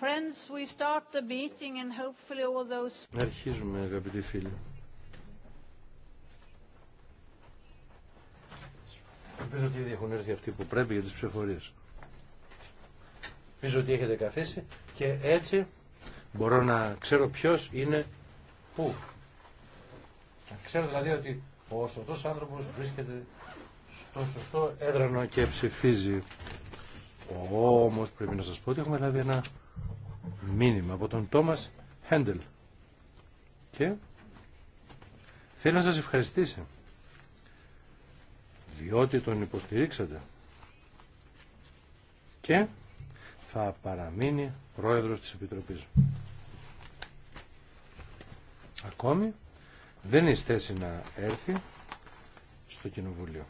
Friends, we start the meeting and hopefully all those... Αρχίζουμε αγαπητοί φίλοι. Ελπίζω ότι ήδη έχουν έρθει αυτοί που πρέπει για τις ψηφορίες. Ελπίζω ότι έχετε καθίσει και έτσι μπορώ να ξέρω ποιος είναι πού. Να ξέρω δηλαδή ότι ο σωστός άνθρωπος βρίσκεται στο σωστό έδρανο και ψηφίζει. Όμως πρέπει να σας πω ότι έχουμε λάβει ένα μήνυμα από τον Τόμας Χέντελ και θέλω να σας ευχαριστήσω διότι τον υποστηρίξατε και θα παραμείνει πρόεδρος της Επιτροπής. Ακόμη δεν είναι θέση να έρθει στο Κοινοβούλιο.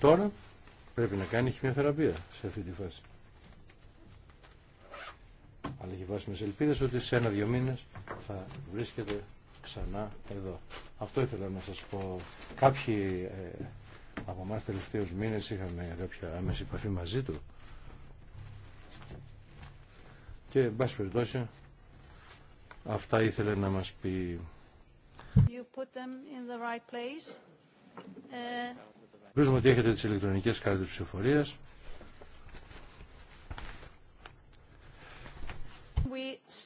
Τώρα πρέπει να κάνει χημειοθεραπεία σε αυτή τη φάση. Αλλά έχει βάσει με ελπίδε ότι σε ένα-δύο μήνε θα βρίσκεται ξανά εδώ. Αυτό ήθελα να σα πω. Κάποιοι ε, από εμά τελευταίου μήνε είχαμε κάποια άμεση επαφή μαζί του. Και, εν πάση περιπτώσει, αυτά ήθελε να μας πει. You put them in the right place. Uh... Ελπίζουμε ότι έχετε τις ηλεκτρονικές κάρτες ψηφοφορίας.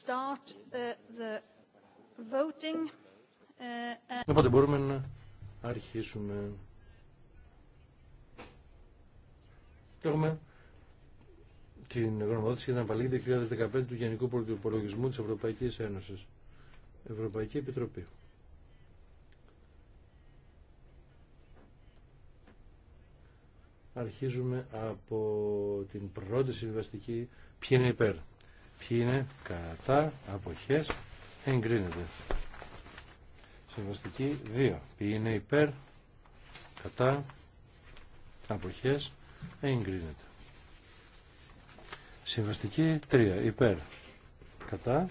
Uh, uh, Οπότε μπορούμε να αρχίσουμε. Έχουμε την γνωμοδότηση για την απαλλαγή 2015 του Γενικού Υπολογισμού της Ευρωπαϊκής Ένωσης. Ευρωπαϊκή Επιτροπή. αρχίζουμε από την πρώτη συμβαστική. ποιοι είναι υπέρ ποιοι είναι κατά αποχές εγκρίνεται συμβαστική 2 ποιοι είναι υπέρ κατά αποχές εγκρίνεται συμβαστική 3 υπέρ κατά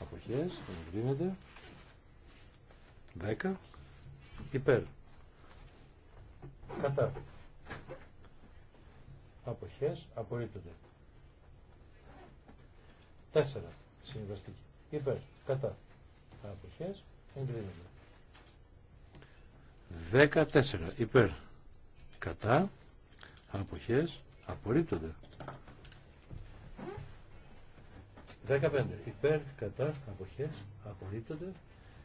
αποχές εγκρίνεται 10 υπέρ κατά αποχές απορρίπτονται. 4. Συμβαστική. Υπέρ. Κατά. Αποχές εγκρίνονται. 14. Υπέρ. Κατά. Αποχές απορρίπτονται. 15. Υπέρ. Κατά. Αποχές απορρίπτονται.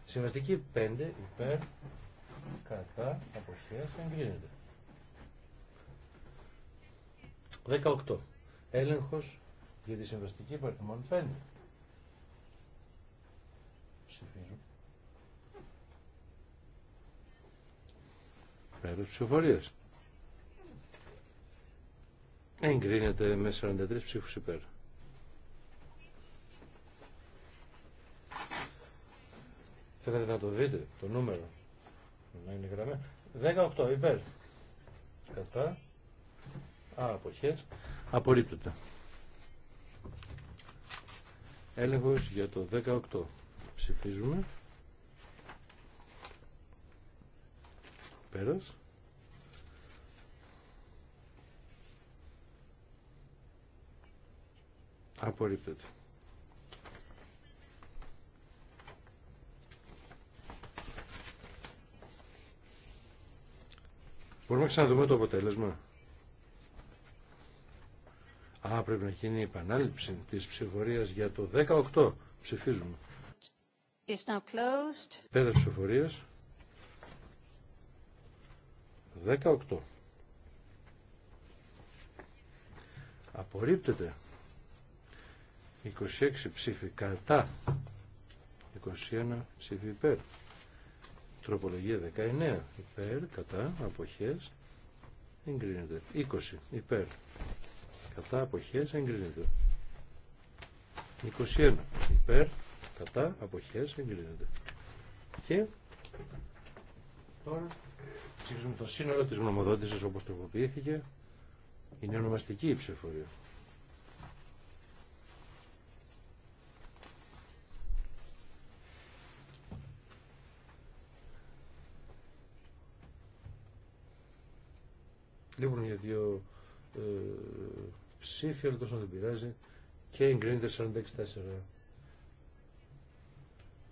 Συμβαστική 5. Υπέρ. Κατά. Αποχές εγκρίνεται. 18. Έλεγχος για τη συμβαστική υπαριθμών φαίνεται. Ψηφίζω. Πέρα ψηφοφορίας. Εγκρίνεται με 43 ψήφους υπέρ. Θέλετε να το δείτε, το νούμερο. Να είναι γραμμένο. 18 υπέρ. Κατά αποχές απορρίπτεται. Έλεγχος για το 18. Ψηφίζουμε. Πέρας. Απορρίπτεται. Μπορούμε να ξαναδούμε το αποτέλεσμα. Α, πρέπει να γίνει η επανάληψη της ψηφορίας για το 18. Ψηφίζουμε. Is now ψηφορίας. 18. Απορρίπτεται. 26 ψήφι κατά. 21 ψήφι υπέρ. Τροπολογία 19 υπέρ, κατά, αποχές, εγκρίνεται. 20 υπέρ, κατά αποχές εγκρίνεται 21 υπέρ κατά αποχές εγκρίνεται και τώρα ψήφισαμε το σύνολο της γνωμοδότησης όπως τροποποιήθηκε είναι ονομαστική η ψηφοφορία. Λείπουν για δύο ε, ψήφι, αλλά τόσο δεν πειράζει και εγκρίνεται 46-4.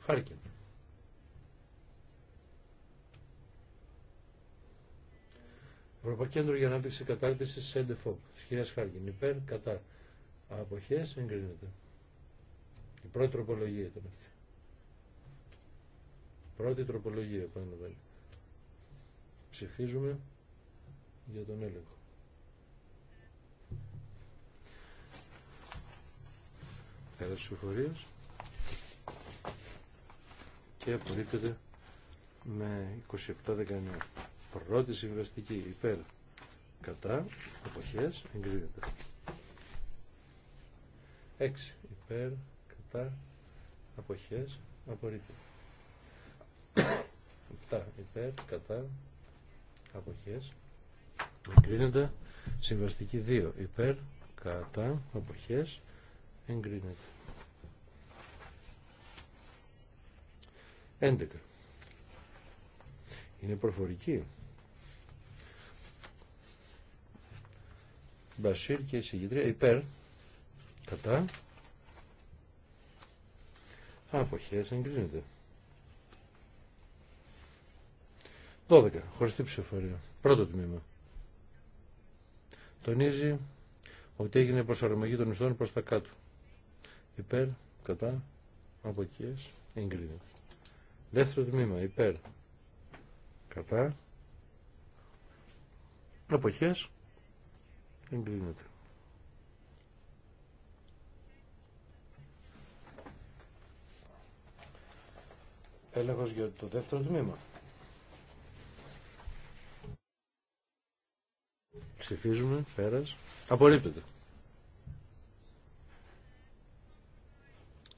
Χάρκιν. Ευρωπαϊκό Κέντρο για Ανάπτυξη Κατάρτιση ΣΕΝΤΕΦΟΠ. Σχυρία Χάρκιν. Υπέρ, κατά. Αποχέ εγκρίνεται. Η πρώτη τροπολογία ήταν αυτή. Πρώτη τροπολογία επαναλαμβάνει. Ψηφίζουμε για τον έλεγχο. Πέρα ψηφοφορία. Και απορρίπτεται με 27-19. Πρώτη συμβαστική υπέρ κατά εποχές εγκρίνεται. 6 υπέρ κατά αποχές απορρίπτεται. 7 υπέρ κατά αποχές εγκρίνεται. Συμβαστική 2 υπέρ κατά αποχές εγκρίνεται 11 είναι προφορική Μπασίρ και συγκεντρία υπέρ κατά αποχές εγκρίνεται 12 χωριστή ψηφορία. πρώτο τμήμα τονίζει ότι έγινε προσαρμογή των ιστών προς τα κάτω υπέρ, κατά, αποχές, εγκρίνεται. Δεύτερο τμήμα, υπέρ, κατά, αποχές, εγκρίνεται. Έλεγχος για το δεύτερο τμήμα. Ψηφίζουμε, πέρας. Απορρίπτεται.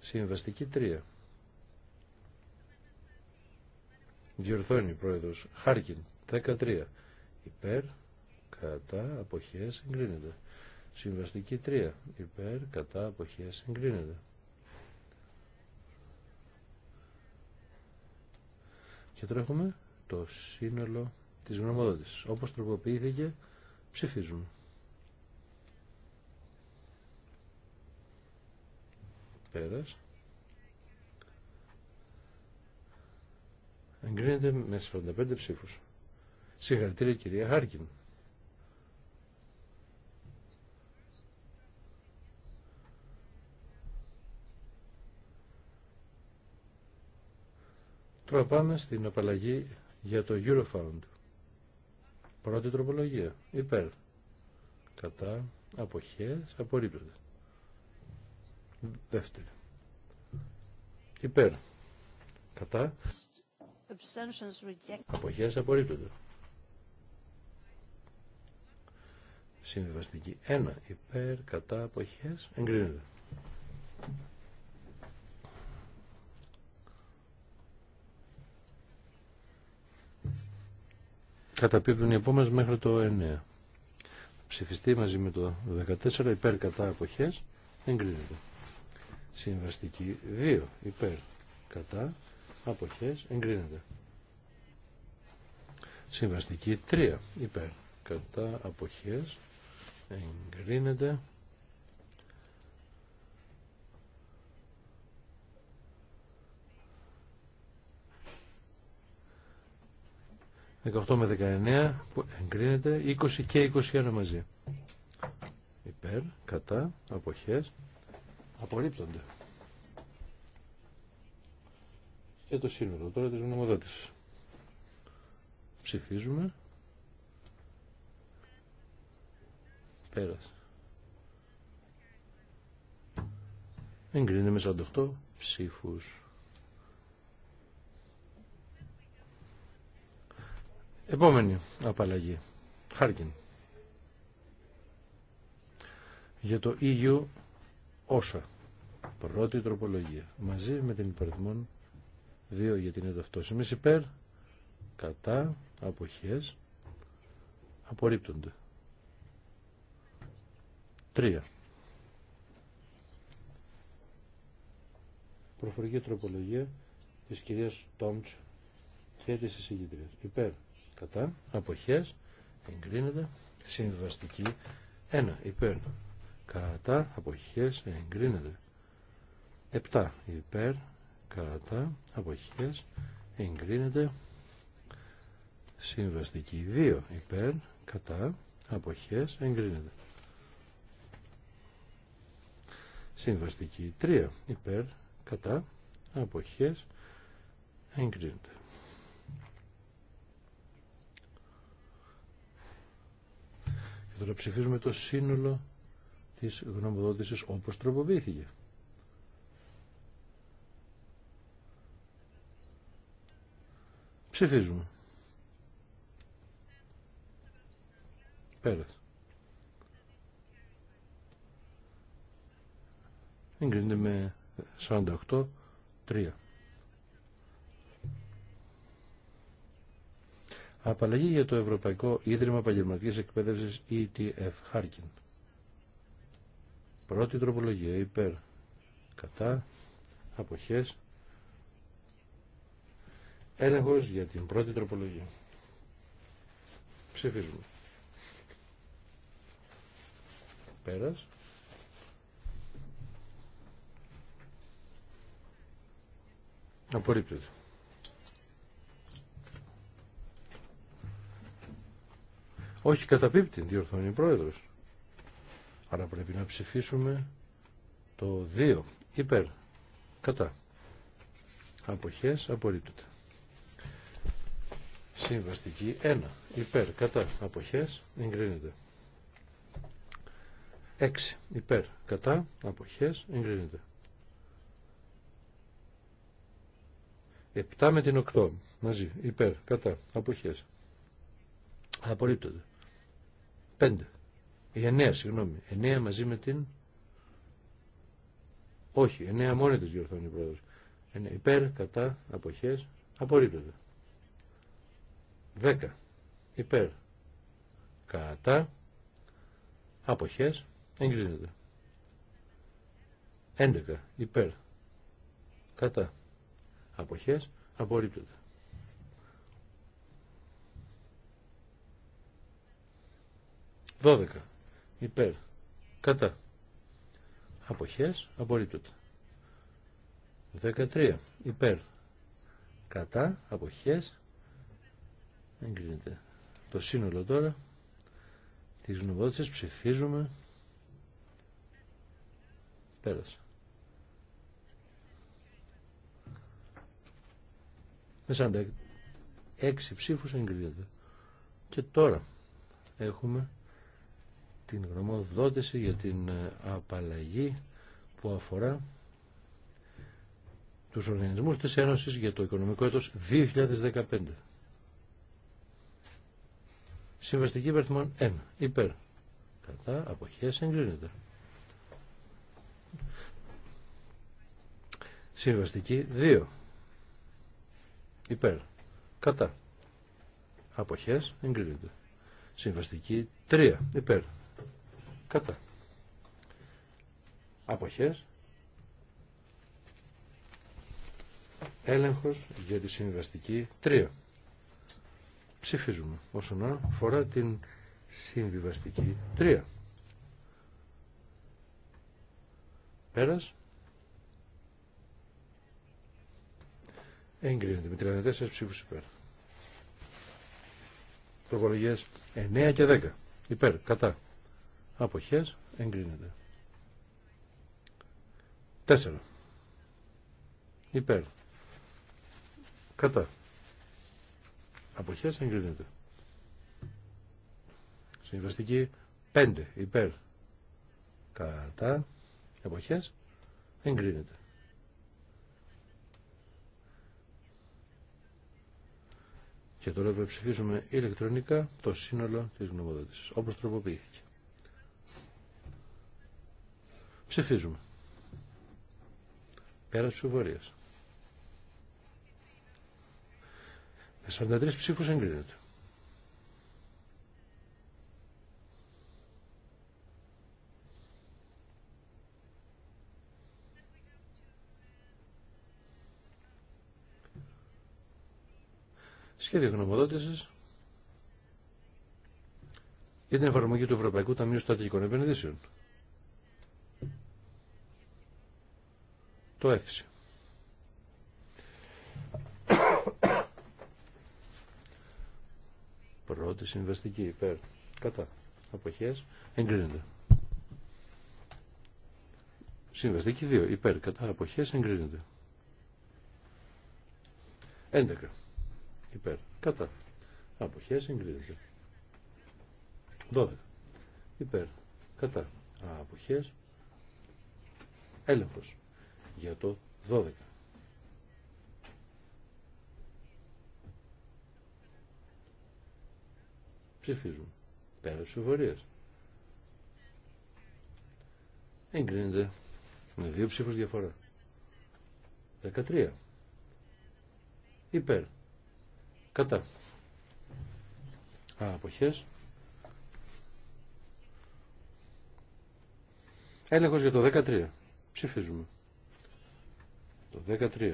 Συμβαστική 3. Διορθώνει πρόεδρος Χάρκιν 13. Υπέρ, κατά, απόχέ συγκρίνεται. Συμβαστική 3. Υπέρ, κατά, αποχές, εγκρίνεται. Και τώρα έχουμε το σύνολο της γνωμοδότησης. Όπως τροποποιήθηκε, ψηφίζουμε. Πέρας. Εγκρίνεται με 45 ψήφους. Συγχαρητήρια κυρία Χάρκιν. Τώρα πάμε στην απαλλαγή για το Eurofound. Πρώτη τροπολογία. Υπέρ. Κατά. Αποχές. Απορρίπτονται. Δεύτερη. Υπέρ. Κατά. Αποχές απορρίπτονται. Συμβιβαστική 1. Υπέρ. Κατά. Αποχές. Εγκρίνεται. Καταπίπτουν οι επόμενες μέχρι το 9. Ψηφιστεί μαζί με το 14 υπέρ κατά αποχές εγκρίνεται. Συμβαστική 2 υπέρ κατά αποχές εγκρίνεται. Συμβαστική 3 υπέρ κατά αποχές εγκρίνεται. ...18 με 19 που εγκρίνεται 20 και 21 μαζί. Υπέρ, κατά, αποχές, απορρίπτονται. Και το σύνολο τώρα της γνωμοδότησης. Ψηφίζουμε. Πέρασε. Εγκρίνεται με 8 ψήφους. Επόμενη απαλλαγή. Χάρκιν. Για το EU όσα πρώτη τροπολογία μαζί με την υπερθμόν 2 για την Εμείς υπέρ κατά αποχές απορρίπτονται Τρία. προφορική τροπολογία της κυρίας Τόμτς και της εισηγητρίας υπέρ κατά αποχές εγκρίνεται συμβαστική Ένα. υπέρ κατά αποχές εγκρίνεται 7 υπέρ κατά αποχές εγκρίνεται συμβαστική 2 υπέρ κατά αποχές εγκρίνεται συμβαστική 3 υπέρ κατά αποχές εγκρίνεται και τώρα ψηφίζουμε το σύνολο της γνωμοδότησης όπως τροποποιήθηκε. Ψηφίζουμε. Πέρασε. Εγκρίνεται με 48-3. Απαλλαγή για το Ευρωπαϊκό Ίδρυμα Επαγγελματικής Εκπαίδευσης ETF Harkin. Πρώτη τροπολογία υπέρ κατά αποχές έλεγχος για την πρώτη τροπολογία. Ψηφίζουμε. Πέρας. Απορρίπτεται. Όχι καταπίπτει, διορθώνει ο πρόεδρος. Άρα πρέπει να ψηφίσουμε το 2 υπέρ κατά αποχές απορρίπτεται. Συμβαστική 1 υπέρ κατά αποχές εγκρίνεται. 6 υπέρ κατά αποχές εγκρίνεται. 7 με την 8 μαζί υπέρ κατά αποχές απορρίπτωται. 5 9, ε, συγγνώμη. εννέα μαζί με την... Όχι, εννέα μόνη τη διορθώνει η πρόεδρο. υπέρ, κατά, αποχές, απορρίπτεται. 10. Υπέρ. Κατά. Αποχές. Εγκρίνεται. 11. Υπέρ. Κατά. Αποχές. Απορρίπτεται. 12 υπέρ, κατά, αποχές, Απορρίπτωτα. 13 υπέρ, κατά, αποχές, εγκρίνεται. Το σύνολο τώρα Τις γνωμοδότησης ψηφίζουμε πέρασε. Με 46 ψήφους εγκρίνεται. Και τώρα έχουμε την γνωμοδότηση για την ε, απαλλαγή που αφορά τους οργανισμούς της Ένωσης για το οικονομικό έτος 2015. Συμβαστική υπερθυμών 1. Υπέρ. Κατά αποχές εγκρίνεται. Συμβαστική 2. Υπέρ. Κατά. Αποχές εγκρίνεται. Συμβαστική 3. Υπέρ κατά αποχές έλεγχος για τη συμβιβαστική 3 ψηφίζουμε όσον αφορά την συμβιβαστική 3 πέρας εγκρίνεται με 34 ψήφους υπέρ Προπολογίε 9 και 10 υπέρ κατά Αποχές εγκρίνεται. Τέσσερα. Υπέρ. Κατά. Αποχές εγκρίνεται. Συμβαστική πέντε. Υπέρ. Κατά. Αποχές εγκρίνεται. Και τώρα θα ψηφίσουμε ηλεκτρονικά το σύνολο της γνωμοδότησης, όπως τροποποιήθηκε. Ψηφίζουμε. Πέρα της ψηφοφορίας. Με 43 ψήφους εγκρίνεται. Σχέδιο γνωμοδότηση για την εφαρμογή του Ευρωπαϊκού Ταμείου Στατικών Επενδύσεων. το έφυσε. Πρώτη συμβαστική υπέρ. Κατά. Αποχές. Εγκρίνεται. Συμβαστική 2. Υπέρ. Κατά. Αποχές. Εγκρίνεται. 11. Υπέρ. Κατά. Αποχές. Εγκρίνεται. 12. Υπέρ. Κατά. Αποχές. Έλεγχος για το 12. Ψηφίζουν. Πέρα τη ευφορίας. Εγκρίνεται με δύο ψήφους διαφορά. 13. Υπέρ. Κατά. Α, αποχές. Έλεγχος για το 13. Ψηφίζουμε. 13.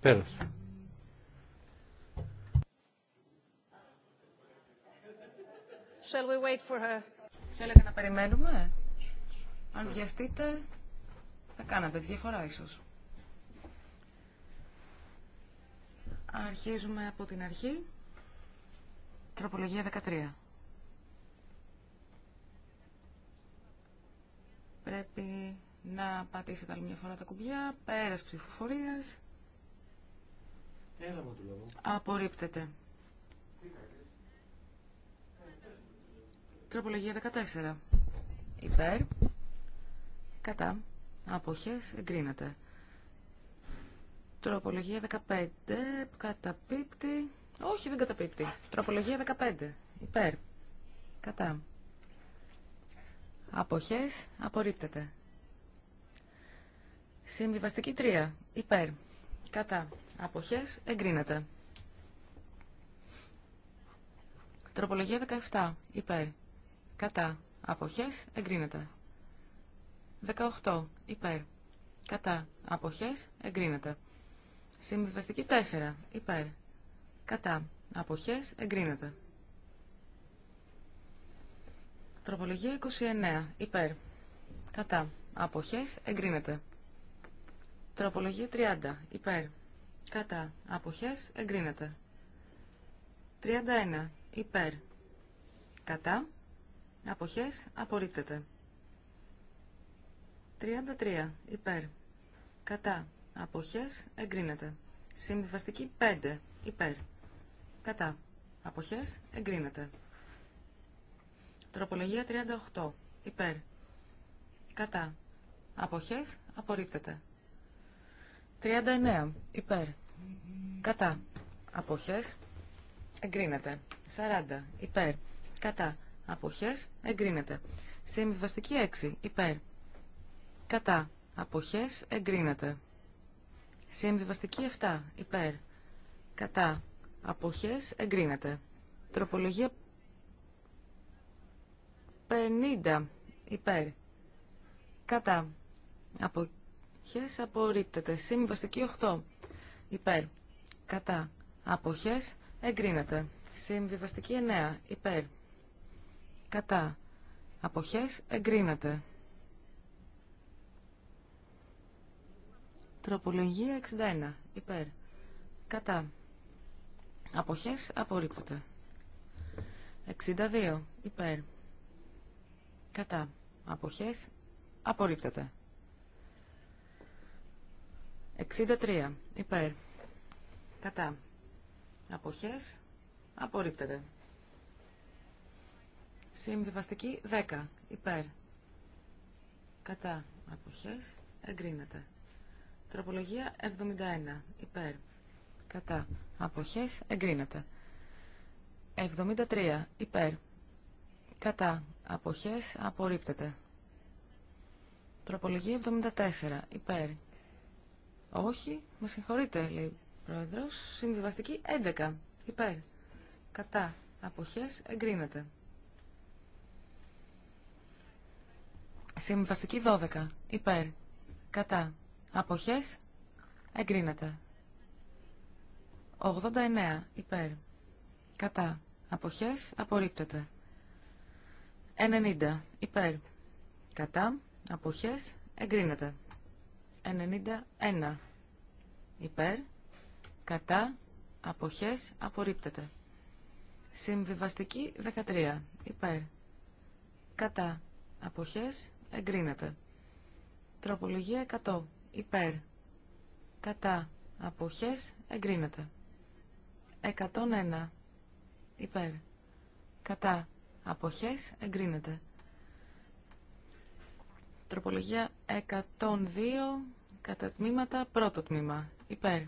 Πέρασε. Shall we wait for her? Θέλετε να περιμένουμε. Αν βιαστείτε, θα κάνατε διαφορά ίσως. Αρχίζουμε από την αρχή. Τροπολογία 13. Πρέπει να πατήσετε άλλη μια φορά τα κουμπιά. Πέρας ψηφοφορίας. Έλα μου Απορρίπτεται. Τροπολογία 14. Υπέρ. Κατά. Αποχές. Εγκρίνεται. Τροπολογία 15. Καταπίπτει. Όχι, δεν καταπίπτει. Τροπολογία 15. Υπέρ. Κατά. Αποχές απορρίπτεται. Συμβιβαστική 3. Υπέρ. Κατά. Αποχές εγκρίνεται. Τροπολογία 17. Υπέρ. Κατά. Αποχές εγκρίνεται. 18. Υπέρ. Κατά. Αποχές εγκρίνεται. Συμβιβαστική 4. Υπέρ. Κατά. Αποχές εγκρίνεται. Τροπολογία 29. Υπέρ. Κατά. Αποχές. Εγκρίνεται. Τροπολογία 30. Υπέρ. Κατά. Αποχές. Εγκρίνεται. 31. Υπέρ. Κατά. Αποχές. Απορρίπτεται. 33. Υπέρ. Κατά. Αποχές. Εγκρίνεται. Συμβιβαστική 5. Υπέρ. Κατά. Αποχές. Εγκρίνεται. Τροπολογία 38. Υπέρ. Κατά. Αποχές. Απορρίπτεται. 39. Υπέρ. Κατά. Αποχές. Εγκρίνεται. 40. Υπέρ. Κατά. Αποχές. Εγκρίνεται. Συμβιβαστική 6. Υπέρ. Κατά. Αποχές. Εγκρίνεται. Συμβιβαστική 7. Υπέρ. Κατά. Αποχές. Εγκρίνεται. Τροπολογία 50 υπέρ. Κατά. Αποχές απορρίπτεται. Συμβαστική 8 υπέρ. Κατά. Αποχές εγκρίνεται. Συμβιβαστική 9 υπέρ. Κατά. Αποχές εγκρίνεται. Τροπολογία 61. Υπέρ. Κατά. Αποχές απορρίπτεται. 62. Υπέρ. Κατά. Αποχές. Απορρίπτεται. 63. Υπέρ. Κατά. Αποχές. Απορρίπτεται. Συμβιβαστική 10. Υπέρ. Κατά. Αποχές. Εγκρίνεται. Τροπολογία 71. Υπέρ. Κατά. Αποχές. Εγκρίνεται. 73. Υπέρ. Κατά αποχές απορρίπτεται. Τροπολογία 74. Υπέρ. Όχι, με συγχωρείτε, λέει ο Πρόεδρος. Συμβιβαστική 11. Υπέρ. Κατά. Αποχές εγκρίνεται. Συμβιβαστική 12. Υπέρ. Κατά. Αποχές εγκρίνεται. 89. Υπέρ. Κατά. Αποχές απορρίπτεται. 90 υπέρ. Κατά. Αποχές. Εγκρίνεται. 91 υπέρ. Κατά. Αποχές. Απορρίπτεται. Συμβιβαστική 13 υπέρ. Κατά. Αποχές. Εγκρίνεται. Τροπολογία 100 υπέρ. Κατά. Αποχές. Εγκρίνεται. 101 υπέρ. Κατά αποχές εγκρίνεται. Τροπολογία 102 κατά τμήματα, πρώτο τμήμα, υπέρ.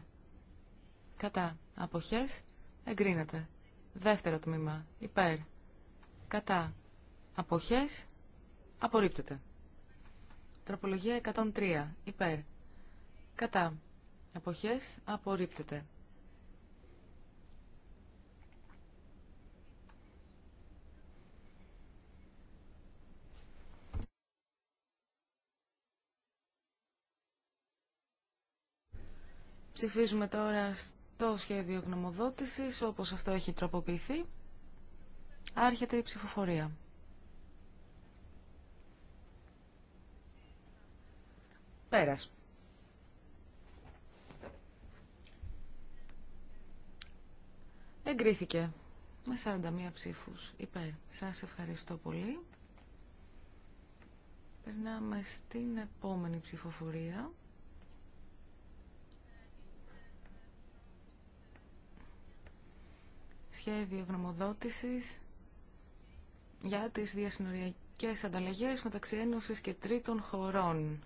Κατά αποχές εγκρίνεται. Δεύτερο τμήμα, υπέρ. Κατά αποχές απορρίπτεται. Τροπολογία 103, υπέρ. Κατά αποχές απορρίπτεται. Ψηφίζουμε τώρα στο σχέδιο γνωμοδότησης, όπως αυτό έχει τροποποιηθεί. Άρχεται η ψηφοφορία. Πέρας. Εγκρίθηκε με 41 ψήφους υπέρ. Σας ευχαριστώ πολύ. Περνάμε στην επόμενη ψηφοφορία. σχέδιο γνωμοδότηση για τις διασυνοριακές ανταλλαγές μεταξύ Ένωσης και Τρίτων χωρών.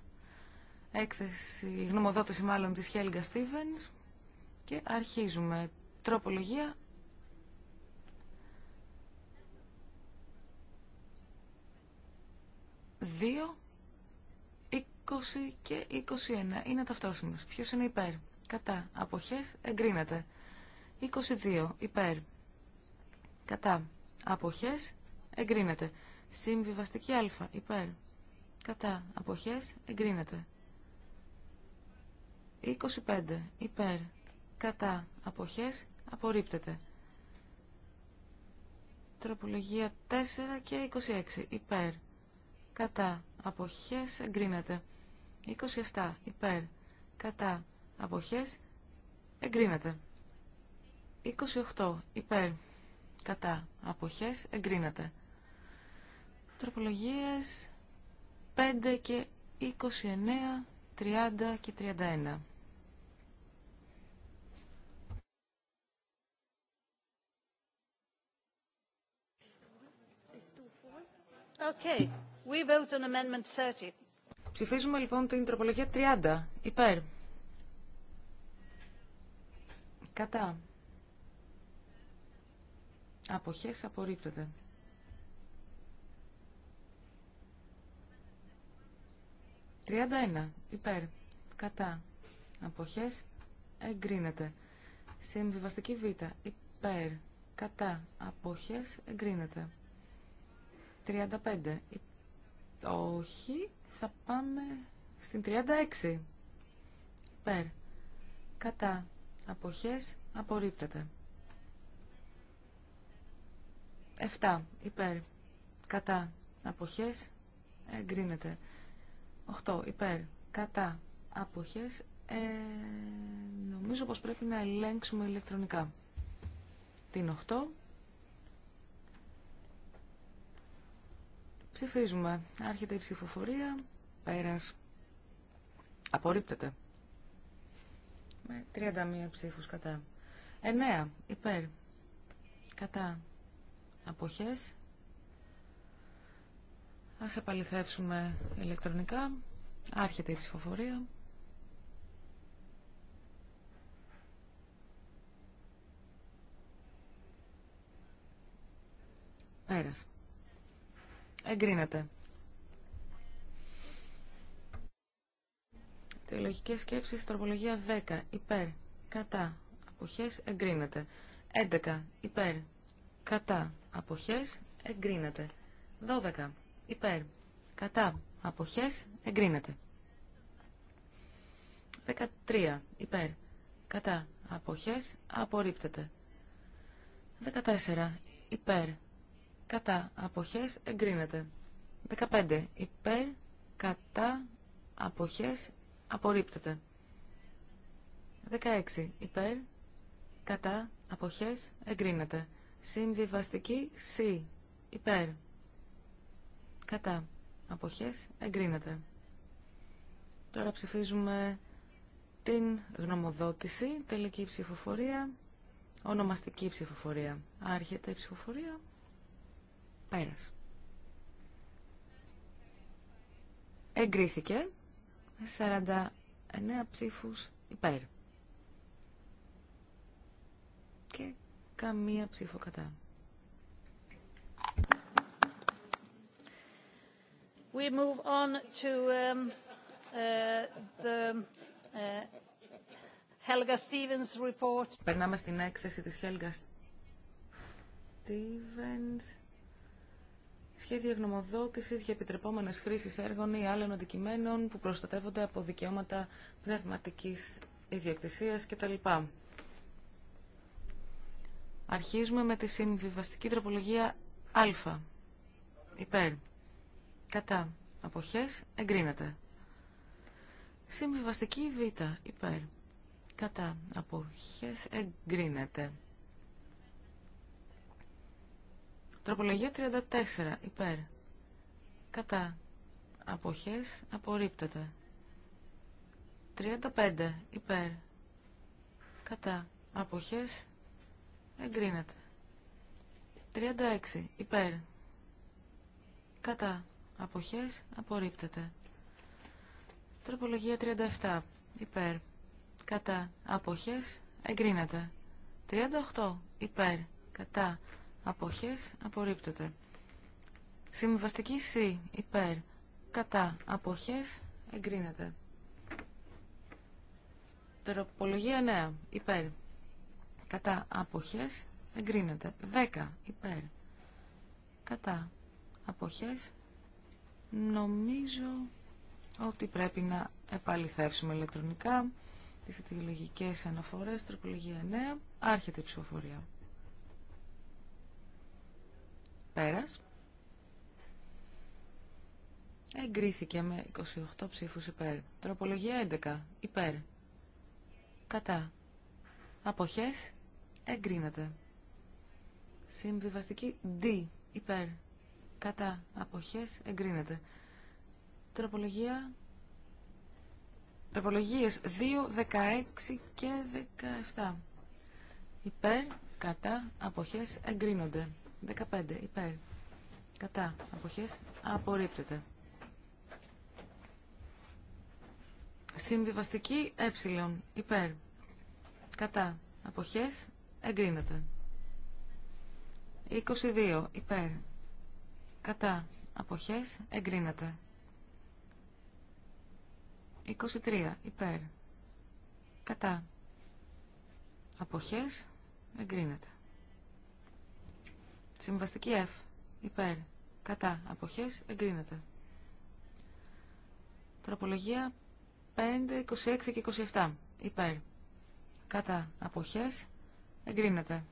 Έκθεση, γνωμοδότηση μάλλον της Χέλγκα Στίβενς και αρχίζουμε. Τροπολογία Δύο, 20 και 21 είναι ταυτόσιμες. Ποιος είναι υπέρ. Κατά. Αποχές εγκρίνεται. 22 υπέρ. Κατά. Αποχές. Εγκρίνεται. Συμβιβαστική α. Υπέρ. Κατά. Αποχές. Εγκρίνεται. 25. Υπέρ. Κατά. Αποχές. Απορρίπτεται. Τροπολογία 4 και 26. Υπέρ. Κατά. Αποχές. Εγκρίνεται. 27. Υπέρ. Κατά. Αποχές. Εγκρίνεται. 28. Υπέρ κατά αποχές εγκρίνεται. Τροπολογίες 5 και 29, 30 και 31. Okay. We vote on amendment 30. Ψηφίζουμε λοιπόν την τροπολογία 30. Υπέρ. Κατά. Αποχές απορρίπτεται. 31. Υπέρ. Κατά. Αποχές εγκρίνεται. Συμβιβαστική Β. Υπέρ. Κατά. Αποχές εγκρίνεται. 35. Όχι. Θα πάμε στην 36. Υπέρ. Κατά. Αποχές απορρίπτεται. 7 υπέρ κατά αποχές εγκρίνεται. 8 υπέρ κατά αποχές ε, νομίζω πως πρέπει να ελέγξουμε ηλεκτρονικά. Την 8 ψηφίζουμε. Άρχεται η ψηφοφορία. Πέρας. Απορρίπτεται. Με 31 ψήφους κατά. 9 υπέρ κατά αποχές. Ας επαληθεύσουμε ηλεκτρονικά. Άρχεται η ψηφοφορία. Πέρας. Εγκρίνεται. Τελογικέ σκέψει. τροπολογία 10, υπέρ, κατά, αποχές, εγκρίνεται. 11, υπέρ, κατά, αποχές εγκρίνεται. 12 υπέρ κατά αποχές εγκρίνεται. 13 υπέρ κατά αποχές απορρίπτεται. 14 υπέρ κατά αποχές εγκρίνεται. 15 υπέρ κατά αποχές απορρίπτεται. 16 υπέρ κατά αποχές εγκρίνεται. Συμβιβαστική C. Υπέρ. Κατά. Αποχές. Εγκρίνεται. Τώρα ψηφίζουμε την γνωμοδότηση. Τελική ψηφοφορία. Ονομαστική ψηφοφορία. Άρχεται η ψηφοφορία. Πέρας. Εγκρίθηκε. 49 ψήφους υπέρ. Και καμία ψήφο κατά. We move on to um, uh, the uh, Helga Stevens report. Περνάμε στην έκθεση της Helga Stevens. Σχέδιο γνωμοδότηση για επιτρεπόμενε χρήσει έργων ή άλλων αντικειμένων που προστατεύονται από δικαιώματα πνευματική ιδιοκτησία κτλ. Αρχίζουμε με τη συμβιβαστική τροπολογία α. Υπέρ. Κατά. Αποχές. Εγκρίνεται. Συμβιβαστική β. Υπέρ. Κατά. Αποχές. Εγκρίνεται. Τροπολογία 34. Υπέρ. Κατά. Αποχές. Απορρίπτεται. 35. Υπέρ. Κατά. Αποχές. Εγκρίνεται. 36. Υπέρ. Κατά. Αποχές. Απορρίπτεται. Τροπολογία 37. Υπέρ. Κατά. Αποχές. Εγκρίνεται. 38. Υπέρ. Κατά. Αποχές. Απορρίπτεται. Συμβαστική C. Υπέρ. Κατά. Αποχές. Εγκρίνεται. Τροπολογία 9. Υπέρ. Κατά αποχές εγκρίνεται. 10 υπέρ. Κατά αποχές νομίζω ότι πρέπει να επαληθεύσουμε ηλεκτρονικά τις αιτιολογικές αναφορές, τροπολογία 9, άρχεται η ψηφοφορία. Πέρας. Εγκρίθηκε με 28 ψήφους υπέρ. Τροπολογία 11, υπέρ. Κατά. Αποχές εγκρίνεται. Συμβιβαστική D υπέρ κατά αποχές εγκρίνεται. Τροπολογία Τροπολογίες 2, 16 και 17. Υπέρ, κατά, αποχές εγκρίνονται. 15. Υπέρ, κατά, αποχές απορρίπτεται. Συμβιβαστική ε. Υπέρ, κατά, αποχές Εγκρίνεται. 22. Υπέρ. Κατά. Αποχές. Εγκρίνεται. 23. Υπέρ. Κατά. Αποχές. Εγκρίνεται. Συμβαστική F. Υπέρ. Κατά. Αποχές. Εγκρίνεται. Τροπολογία 5, 26 και 27. Υπέρ. Κατά. Αποχές. Εγκρίνεται.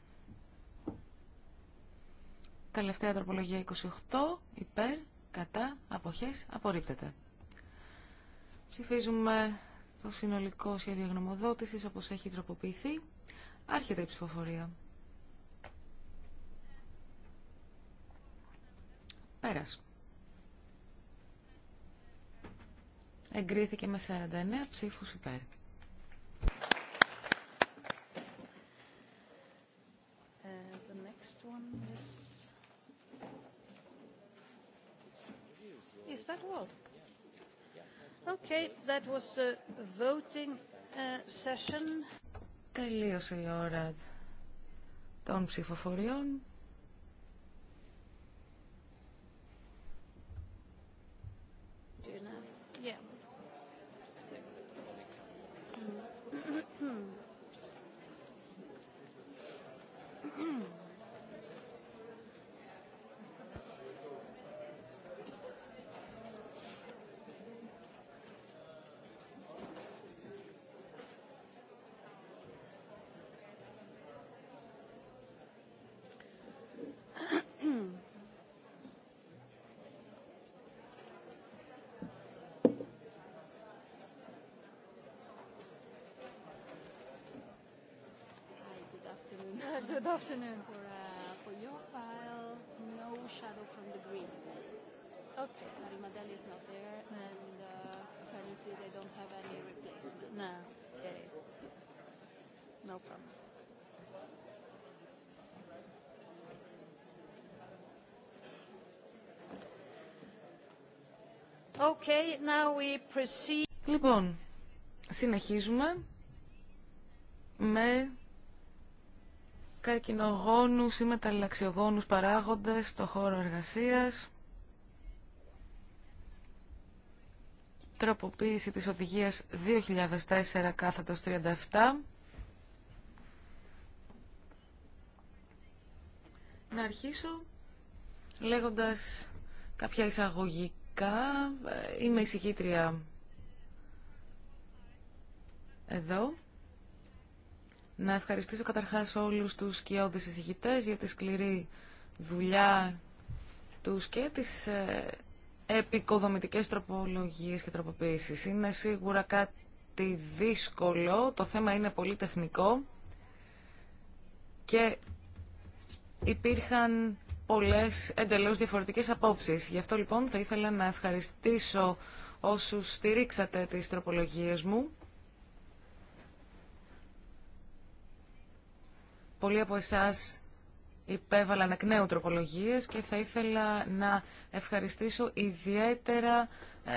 Τελευταία τροπολογία 28. Υπέρ, κατά, αποχές, απορρίπτεται. Ψηφίζουμε το συνολικό σχέδιο γνωμοδότησης όπως έχει τροποποιηθεί. Άρχεται η ψηφοφορία. Πέρας. Εγκρίθηκε με 49 ψήφους υπέρ. that all? Okay, that was the voting session. Τελείωσε η ώρα των ψηφοφοριών. Yeah. good afternoon for, uh, for your file. No shadow from the Greens. Okay, Marimadelli is not there, and uh, apparently they don't have any replacement. No, okay. no problem. Okay, now we proceed. Λοιπόν, συνεχίζουμε με καρκινογόνους ή μεταλλαξιογόνους παράγοντες στο χώρο εργασίας, τροποποίηση της οδηγίας 2004 κάθετος 37, να αρχίσω λέγοντας κάποια εισαγωγικά. Ε, είμαι εισηγήτρια εδώ να ευχαριστήσω καταρχάς όλους τους σκιώδεις εισηγητές για τη σκληρή δουλειά τους και τις ε, επικοδομητικές τροπολογίες και τροποποίησεις. Είναι σίγουρα κάτι δύσκολο, το θέμα είναι πολύ τεχνικό και υπήρχαν πολλές εντελώς διαφορετικές απόψεις. Γι' αυτό λοιπόν θα ήθελα να ευχαριστήσω όσους στηρίξατε τις τροπολογίες μου Πολλοί από εσάς υπέβαλαν εκ νέου τροπολογίες και θα ήθελα να ευχαριστήσω ιδιαίτερα ε,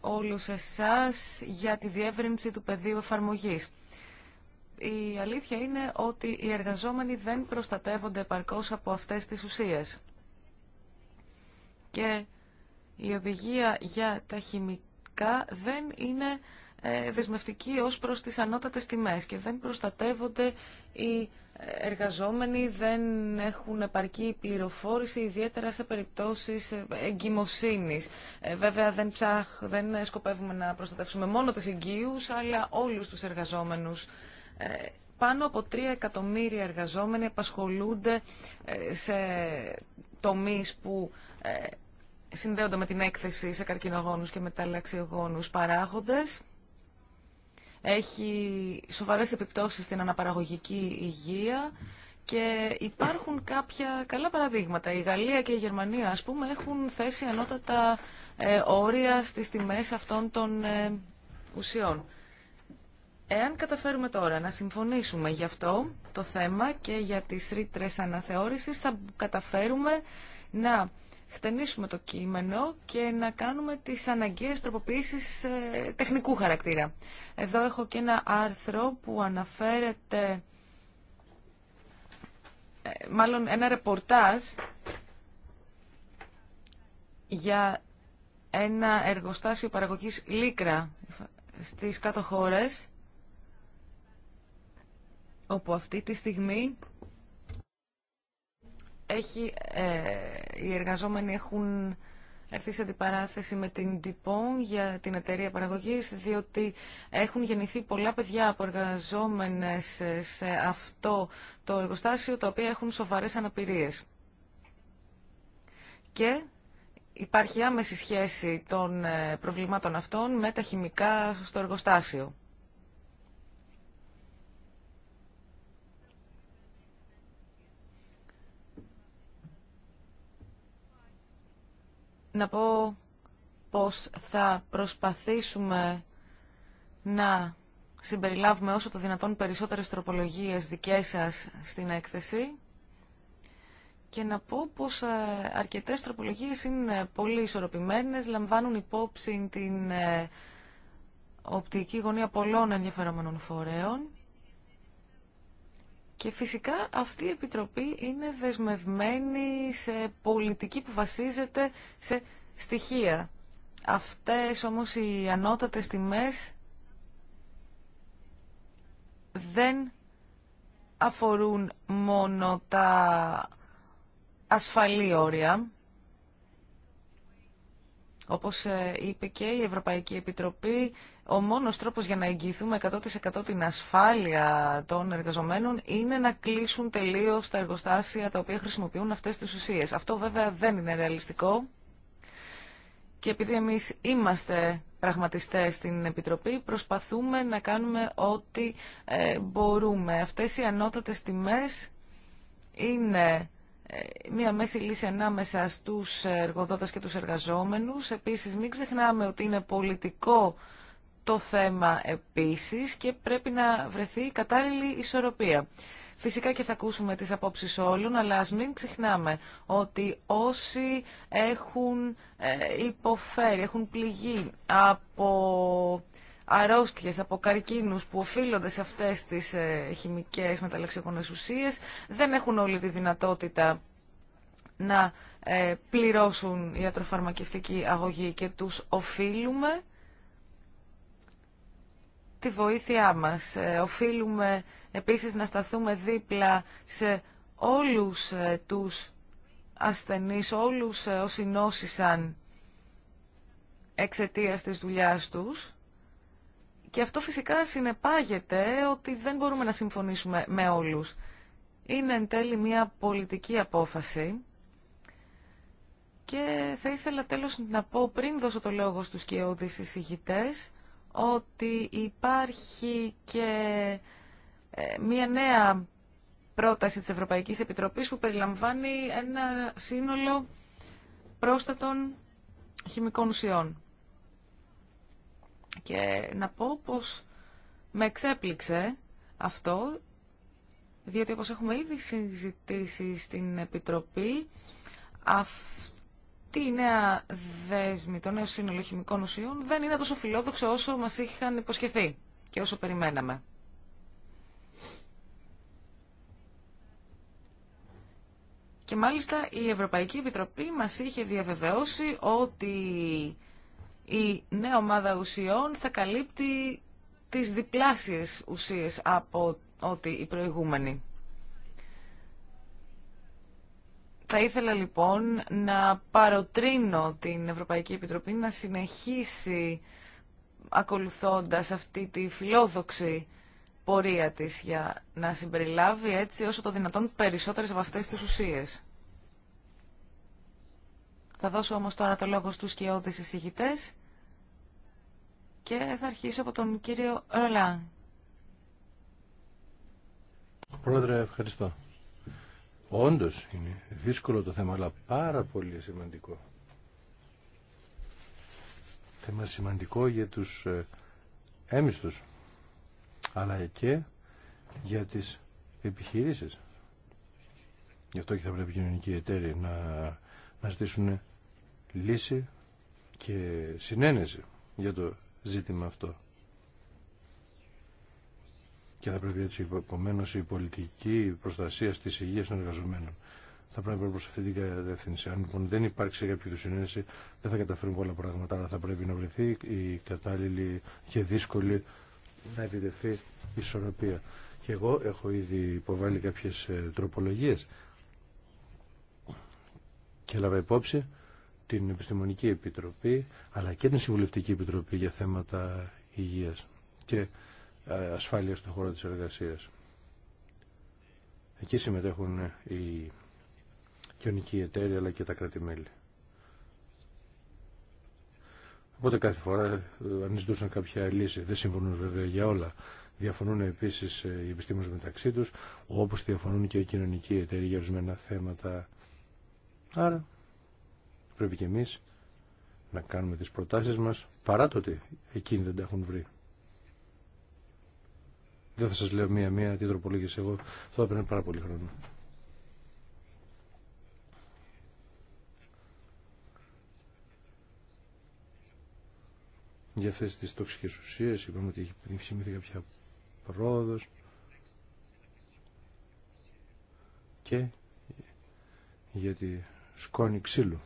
όλους εσάς για τη διεύρυνση του πεδίου εφαρμογής. Η αλήθεια είναι ότι οι εργαζόμενοι δεν προστατεύονται επαρκώς από αυτές τις ουσίες. Και η οδηγία για τα χημικά δεν είναι ε, δεσμευτική ως προς τις ανώτατες τιμές και δεν προστατεύονται οι εργαζόμενοι, δεν έχουν επαρκή πληροφόρηση, ιδιαίτερα σε περιπτώσεις εγκυμοσύνης. Ε, βέβαια δεν, ψάχ, δεν σκοπεύουμε να προστατεύσουμε μόνο τις εγκύους αλλά όλους τους εργαζόμενους. Ε, πάνω από 3 εκατομμύρια εργαζόμενοι απασχολούνται σε τομείς που συνδέονται με την έκθεση σε καρκινογόνους και μεταλλαξιογόνους παράγοντες έχει σοβαρές επιπτώσεις στην αναπαραγωγική υγεία και υπάρχουν κάποια καλά παραδείγματα. Η Γαλλία και η Γερμανία, ας πούμε, έχουν θέσει ανώτατα ε, όρια στις τιμές αυτών των ε, ουσιών. Εάν καταφέρουμε τώρα να συμφωνήσουμε γι' αυτό το θέμα και για τις ρήτρες αναθεώρησης, θα καταφέρουμε να χτενίσουμε το κείμενο και να κάνουμε τις αναγκαίες τροποποιήσεις ε, τεχνικού χαρακτήρα. Εδώ έχω και ένα άρθρο που αναφέρεται, ε, μάλλον ένα ρεπορτάζ για ένα εργοστάσιο παραγωγής λίκρα στις κάτω χώρες, όπου αυτή τη στιγμή έχει, ε, οι εργαζόμενοι έχουν έρθει σε αντιπαράθεση με την Dupont για την εταιρεία παραγωγής, διότι έχουν γεννηθεί πολλά παιδιά από εργαζόμενες σε αυτό το εργοστάσιο, τα οποία έχουν σοβαρές αναπηρίες. Και υπάρχει άμεση σχέση των ε, προβλημάτων αυτών με τα χημικά στο εργοστάσιο. να πω πως θα προσπαθήσουμε να συμπεριλάβουμε όσο το δυνατόν περισσότερες τροπολογίες δικές σας στην έκθεση και να πω πως ε, αρκετές τροπολογίες είναι πολύ ισορροπημένες, λαμβάνουν υπόψη την ε, οπτική γωνία πολλών ενδιαφερόμενων φορέων και φυσικά αυτή η Επιτροπή είναι δεσμευμένη σε πολιτική που βασίζεται σε στοιχεία. Αυτές όμως οι ανώτατες τιμές δεν αφορούν μόνο τα ασφαλή όρια. Όπως ε, είπε και η Ευρωπαϊκή Επιτροπή, ο μόνος τρόπος για να εγγυηθούμε 100% την ασφάλεια των εργαζομένων είναι να κλείσουν τελείως τα εργοστάσια τα οποία χρησιμοποιούν αυτές τις ουσίες. Αυτό βέβαια δεν είναι ρεαλιστικό και επειδή εμείς είμαστε πραγματιστές στην Επιτροπή προσπαθούμε να κάνουμε ό,τι ε, μπορούμε. Αυτές οι ανώτατες τιμές είναι ε, μία μέση λύση ανάμεσα στους εργοδότες και τους εργαζόμενους. Επίσης μην ξεχνάμε ότι είναι πολιτικό το θέμα επίσης και πρέπει να βρεθεί η κατάλληλη ισορροπία. Φυσικά και θα ακούσουμε τις απόψεις όλων, αλλά ας μην ξεχνάμε ότι όσοι έχουν ε, υποφέρει, έχουν πληγεί από αρρώστιες, από καρκίνους που οφείλονται σε αυτές τις ε, χημικές μεταλλαξιακόνες ουσίες, δεν έχουν όλη τη δυνατότητα να ε, πληρώσουν ιατροφαρμακευτική αγωγή και τους οφείλουμε τη βοήθειά μας. Ε, οφείλουμε επίσης να σταθούμε δίπλα σε όλους ε, τους ασθενείς, όλους ε, όσοι νόσησαν εξαιτίας της δουλειάς τους. Και αυτό φυσικά συνεπάγεται ότι δεν μπορούμε να συμφωνήσουμε με όλους. Είναι εν τέλει μια πολιτική απόφαση. Και θα ήθελα τέλος να πω πριν δώσω το λόγο στους ότι υπάρχει και ε, μία νέα πρόταση της Ευρωπαϊκής Επιτροπής που περιλαμβάνει ένα σύνολο πρόσθετων χημικών ουσιών. Και να πω πως με εξέπληξε αυτό, διότι όπως έχουμε ήδη συζητήσει στην Επιτροπή, αυτό αυτή η νέα δέσμη, των νέων σύνολο ουσιών δεν είναι τόσο φιλόδοξο όσο μας είχαν υποσχεθεί και όσο περιμέναμε. Και μάλιστα η Ευρωπαϊκή Επιτροπή μας είχε διαβεβαιώσει ότι η νέα ομάδα ουσιών θα καλύπτει τις διπλάσιες ουσίες από ό,τι η προηγούμενη. Θα ήθελα λοιπόν να παροτρύνω την Ευρωπαϊκή Επιτροπή να συνεχίσει ακολουθώντας αυτή τη φιλόδοξη πορεία της για να συμπεριλάβει έτσι όσο το δυνατόν περισσότερες από αυτές τις ουσίες. Θα δώσω όμως τώρα το λόγο στους σκιώδεις εισηγητές και θα αρχίσω από τον κύριο Ρολάν. Πρόεδρε, ευχαριστώ. Όντως είναι δύσκολο το θέμα, αλλά πάρα πολύ σημαντικό. Θέμα σημαντικό για τους ε, έμιστους, αλλά και για τις επιχειρήσεις. Γι' αυτό και θα πρέπει οι κοινωνικοί εταίροι να, να ζητήσουν λύση και συνένεση για το ζήτημα αυτό. Και θα πρέπει έτσι επομένω η πολιτική προστασία τη υγεία των εργαζομένων. Θα πρέπει να προ αυτή την κατεύθυνση. Αν λοιπόν δεν υπάρξει κάποια συνένεση, δεν θα καταφέρουμε πολλά πράγματα. Αλλά θα πρέπει να βρεθεί η κατάλληλη και δύσκολη να επιτευχθεί ισορροπία. Και εγώ έχω ήδη υποβάλει κάποιε τροπολογίε και έλαβα υπόψη την Επιστημονική Επιτροπή αλλά και την Συμβουλευτική Επιτροπή για θέματα υγεία. Και ε, ασφάλεια στον χώρο της εργασίας. Εκεί συμμετέχουν οι κοινωνικοί εταίροι αλλά και τα κρατημέλη. Οπότε κάθε φορά ε, αν κάποια λύση, δεν συμφωνούν βέβαια για όλα. Διαφωνούν επίσης ε, οι επιστήμονες μεταξύ τους, όπως διαφωνούν και οι κοινωνικοί εταίροι για ορισμένα θέματα. Άρα πρέπει και εμείς να κάνουμε τις προτάσεις μας, παρά το ότι εκείνοι δεν τα έχουν βρει. Δεν θα σας λέω μία-μία τι τροπολογίε εγώ. θα πρέπει πάρα πολύ χρόνο. Για αυτές τις τοξικές ουσίες είπαμε ότι έχει σημειωθεί κάποια πρόοδος και για τη σκόνη ξύλου.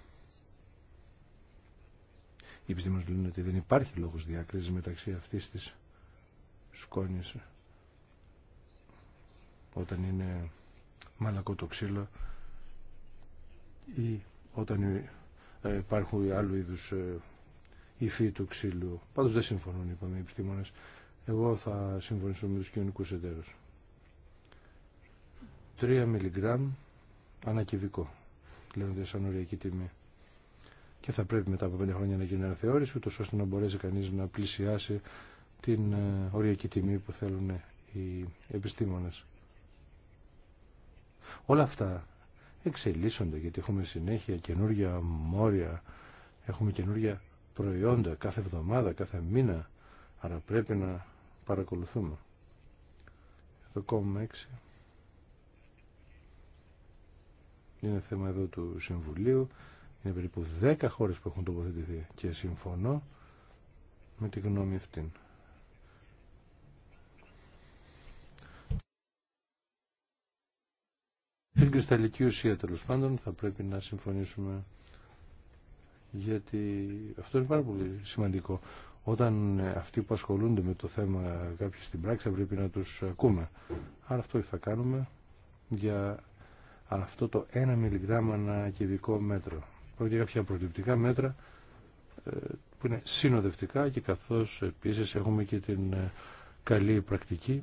Οι επιστήμονες λένε ότι δεν υπάρχει λόγος διάκρισης μεταξύ αυτής της σκόνης όταν είναι μαλακό το ξύλο ή όταν ε, υπάρχουν άλλου είδους ε, υφή του ξύλου. Πάντως δεν συμφωνούν, είπαμε οι επιστήμονες. Εγώ θα συμφωνήσω με τους κοινωνικού εταίρους. 3 μιλιγκράμμ ανακυβικό, λέγονται σαν οριακή τιμή. Και θα πρέπει μετά από 5 χρόνια να γίνει αναθεώρηση, ούτως ώστε να μπορέσει κανείς να πλησιάσει την ε, οριακή τιμή που θέλουν οι επιστήμονες. Όλα αυτά εξελίσσονται γιατί έχουμε συνέχεια καινούργια μόρια, έχουμε καινούργια προϊόντα κάθε εβδομάδα, κάθε μήνα, άρα πρέπει να παρακολουθούμε. Το κόμμα 6 είναι θέμα εδώ του Συμβουλίου, είναι περίπου 10 χώρες που έχουν τοποθετηθεί και συμφωνώ με τη γνώμη αυτήν. κρυσταλλική ουσία τέλο πάντων θα πρέπει να συμφωνήσουμε γιατί αυτό είναι πάρα πολύ σημαντικό. Όταν ε, αυτοί που ασχολούνται με το θέμα κάποιοι στην πράξη θα πρέπει να τους ακούμε. Άρα αυτό θα κάνουμε για αυτό το 1 μιλιγράμμα ένα κυβικό μέτρο. Πρόκειται κάποια προληπτικά μέτρα ε, που είναι συνοδευτικά και καθώς επίσης έχουμε και την ε, καλή πρακτική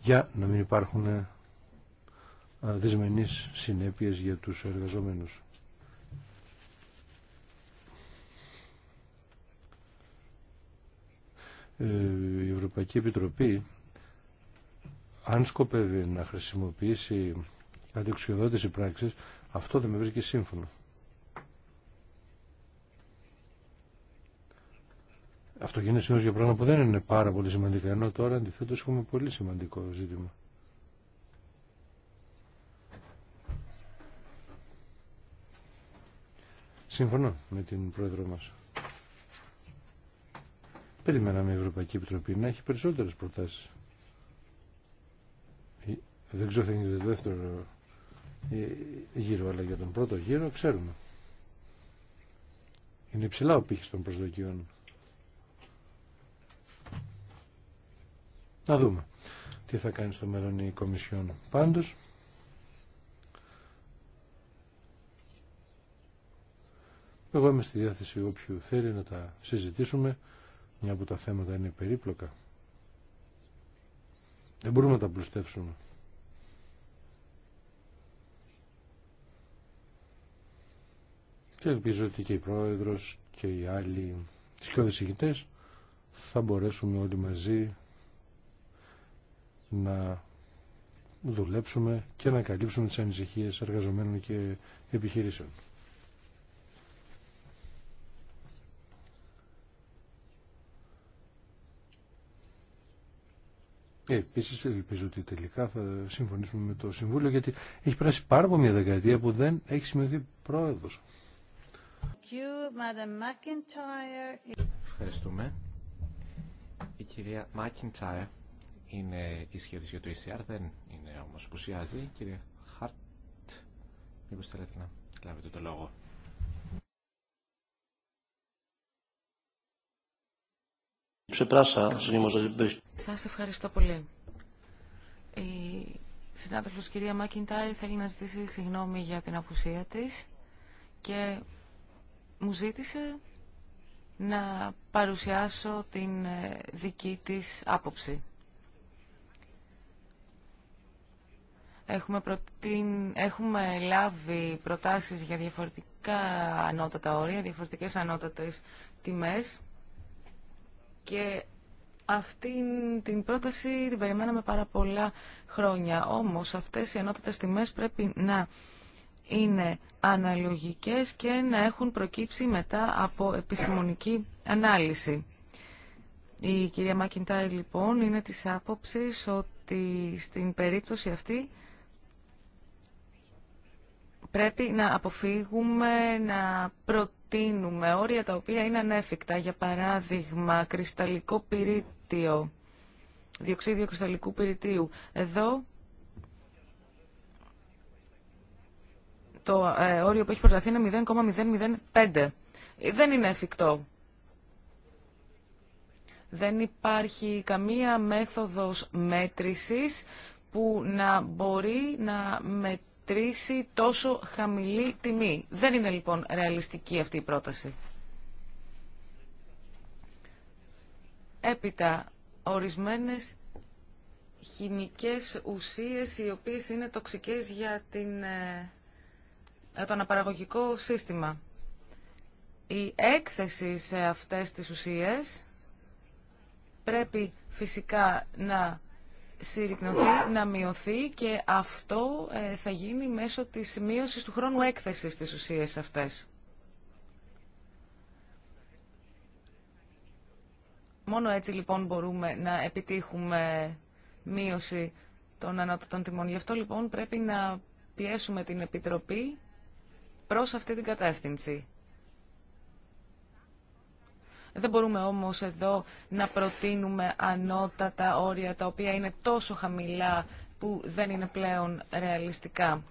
για να μην υπάρχουν δυσμενείς συνέπειες για τους εργαζόμενους. Ε, η Ευρωπαϊκή Επιτροπή αν σκοπεύει να χρησιμοποιήσει εξουσιοδότηση πράξης αυτό δεν με βρίσκει σύμφωνο. Αυτό γίνεται συνήθως για πράγματα που δεν είναι πάρα πολύ σημαντικά ενώ τώρα αντιθέτως έχουμε πολύ σημαντικό ζήτημα. Συμφωνώ με την πρόεδρο μας. Περιμέναμε η Ευρωπαϊκή Επιτροπή να έχει περισσότερες προτάσεις. Ε, δεν ξέρω θα είναι το δεύτερο ε, γύρο, αλλά για τον πρώτο γύρο ξέρουμε. Είναι υψηλά ο πύχης των προσδοκιών. Να δούμε τι θα κάνει στο μέλλον η Κομισιόν. Πάντως, Εγώ είμαι στη διάθεση όποιου θέλει να τα συζητήσουμε, μια που τα θέματα είναι περίπλοκα. Δεν μπορούμε να τα πλουστεύσουμε. Και ελπίζω ότι και η Πρόεδρος και οι άλλοι σκιώδες ηγητές θα μπορέσουμε όλοι μαζί να δουλέψουμε και να καλύψουμε τις ανησυχίες εργαζομένων και επιχειρήσεων. Ε, Επίση, ελπίζω ότι τελικά θα συμφωνήσουμε με το Συμβούλιο, γιατί έχει περάσει πάρα πολύ μια δεκαετία που δεν έχει σημειωθεί πρόεδρο. Ευχαριστούμε. Η κυρία Μάκιντάιρ είναι ισχυρή για το ECR, δεν είναι όμω που σιάζει. Κυρία Χαρτ, μήπω θέλετε να λάβετε το λόγο. Σας ευχαριστώ πολύ. Η συνάδελφος κυρία Μακιντάρη θέλει να ζητήσει συγγνώμη για την απουσία της και μου ζήτησε να παρουσιάσω την ε, δική της άποψη. Έχουμε, προτείν, έχουμε λάβει προτάσεις για διαφορετικά ανώτατα όρια, διαφορετικές ανώτατες τιμές και αυτή την πρόταση την περιμέναμε πάρα πολλά χρόνια. Όμως αυτές οι ενότητες τιμές πρέπει να είναι αναλογικές και να έχουν προκύψει μετά από επιστημονική ανάλυση. Η κυρία Μακιντάρη λοιπόν είναι της άποψης ότι στην περίπτωση αυτή πρέπει να αποφύγουμε να προτείνουμε όρια τα οποία είναι ανέφικτα. Για παράδειγμα, κρυσταλλικό πυρίτιο, διοξίδιο κρυσταλλικού πυριτίου. Εδώ το ε, όριο που έχει προταθεί είναι 0,005. Δεν είναι εφικτό. Δεν υπάρχει καμία μέθοδος μέτρησης που να μπορεί να μετρήσει μετρήσει τόσο χαμηλή τιμή. Δεν είναι λοιπόν ρεαλιστική αυτή η πρόταση. Έπειτα, ορισμένες χημικές ουσίες οι οποίες είναι τοξικές για, την, ε, για το αναπαραγωγικό σύστημα. Η έκθεση σε αυτές τις ουσίες πρέπει φυσικά να συρρυκνωθεί, να μειωθεί και αυτό ε, θα γίνει μέσω της μείωσης του χρόνου έκθεσης της ουσίες αυτές. Μόνο έτσι λοιπόν μπορούμε να επιτύχουμε μείωση των ανώτατων τιμών. Γι' αυτό λοιπόν πρέπει να πιέσουμε την Επιτροπή προς αυτή την κατεύθυνση. Δεν μπορούμε όμως εδώ να προτείνουμε ανώτατα όρια τα οποία είναι τόσο χαμηλά που δεν είναι πλέον ρεαλιστικά.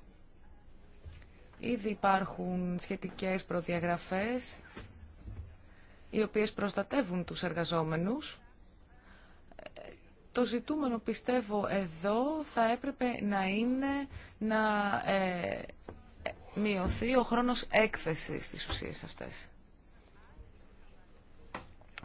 Ήδη υπάρχουν σχετικές προδιαγραφές οι οποίες προστατεύουν τους εργαζόμενους. Το ζητούμενο πιστεύω εδώ θα έπρεπε να είναι να ε, μειωθεί ο χρόνος έκθεσης στις ουσίες αυτές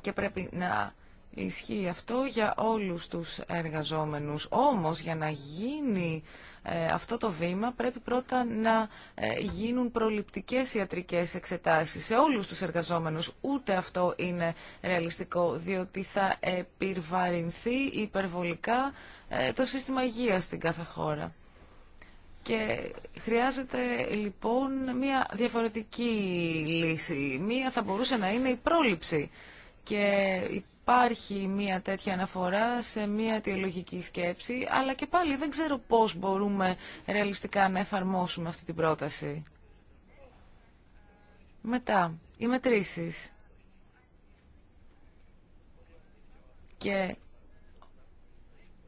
και πρέπει να ισχύει αυτό για όλους τους εργαζόμενους. Όμως για να γίνει ε, αυτό το βήμα πρέπει πρώτα να ε, γίνουν προληπτικές ιατρικές εξετάσεις σε όλους τους εργαζόμενους. Ούτε αυτό είναι ρεαλιστικό διότι θα επιβαρυνθεί υπερβολικά ε, το σύστημα υγείας στην κάθε χώρα. Και χρειάζεται λοιπόν μια διαφορετική λύση. Μία θα μπορούσε να είναι η πρόληψη και υπάρχει μια τέτοια αναφορά σε μια αιτιολογική σκέψη, αλλά και πάλι δεν ξέρω πώς μπορούμε ρεαλιστικά να εφαρμόσουμε αυτή την πρόταση. Μετά, οι μετρήσεις. Και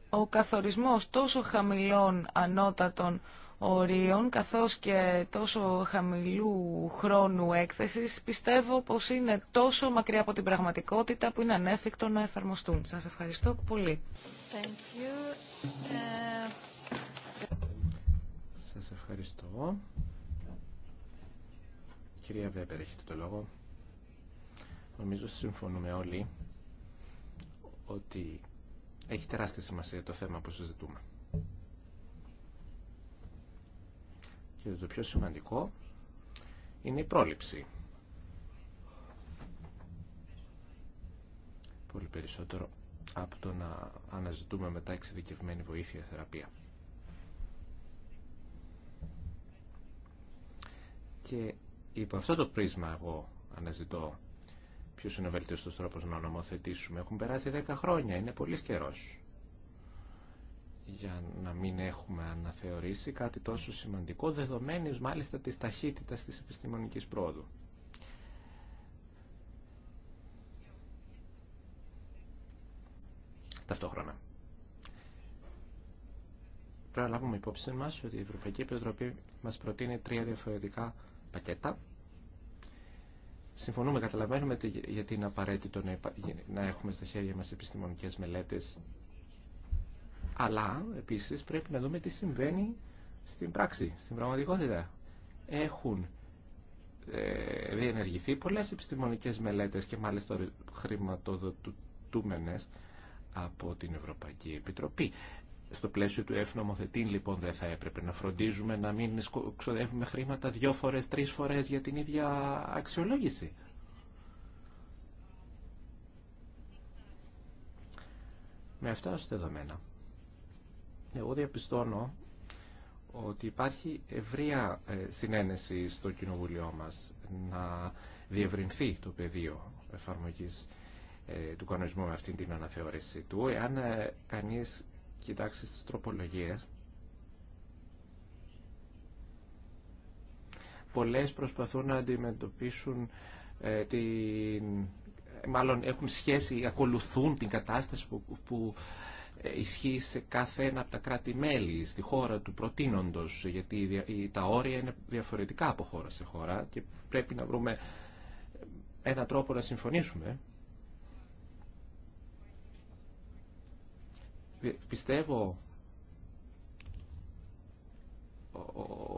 ο καθορισμός τόσο χαμηλών ανώτατων ορίων καθώς και τόσο χαμηλού χρόνου έκθεσης πιστεύω πως είναι τόσο μακριά από την πραγματικότητα που είναι ανέφικτο να εφαρμοστούν. Σας ευχαριστώ πολύ. Ε, σας ευχαριστώ. Κυρία Βέπερ, έχετε το λόγο. Νομίζω συμφωνούμε όλοι ότι έχει τεράστια σημασία το θέμα που συζητούμε. Και το πιο σημαντικό είναι η πρόληψη. Πολύ περισσότερο από το να αναζητούμε μετά εξειδικευμένη βοήθεια θεραπεία. Και υπό αυτό το πρίσμα εγώ αναζητώ ποιος είναι ο βελτιωστός τρόπος να νομοθετήσουμε. Έχουν περάσει 10 χρόνια, είναι πολύ καιρός για να μην έχουμε αναθεωρήσει κάτι τόσο σημαντικό, δεδομένης μάλιστα της ταχύτητας της επιστημονικής πρόοδου. Ταυτόχρονα. Πρέπει να λάβουμε υπόψη μας ότι η Ευρωπαϊκή Επιτροπή μας προτείνει τρία διαφορετικά πακέτα. Συμφωνούμε, καταλαβαίνουμε γιατί είναι απαραίτητο να έχουμε στα χέρια μας επιστημονικές μελέτες αλλά επίσης πρέπει να δούμε τι συμβαίνει στην πράξη, στην πραγματικότητα. Έχουν ε, διενεργηθεί πολλές επιστημονικές μελέτες και μάλιστα χρηματοδοτούμενες από την Ευρωπαϊκή Επιτροπή. Στο πλαίσιο του ευνομοθετήν λοιπόν δεν θα έπρεπε να φροντίζουμε να μην ξοδεύουμε χρήματα δυο φορές, τρεις φορές για την ίδια αξιολόγηση. Με αυτά ως δεδομένα εγώ διαπιστώνω ότι υπάρχει ευρεία ε, συνένεση στο Κοινοβουλίο μας να διευρυνθεί το πεδίο εφαρμογής ε, του κανονισμού με αυτή την αναθεώρηση του. Εάν ε, κανείς κοιτάξει στις τροπολογίες, πολλές προσπαθούν να αντιμετωπίσουν την... μάλλον έχουν σχέση, ακολουθούν την κατάσταση που ισχύει σε κάθε ένα από τα κράτη-μέλη στη χώρα του προτείνοντος, γιατί τα όρια είναι διαφορετικά από χώρα σε χώρα και πρέπει να βρούμε ένα τρόπο να συμφωνήσουμε. Ε, πιστεύω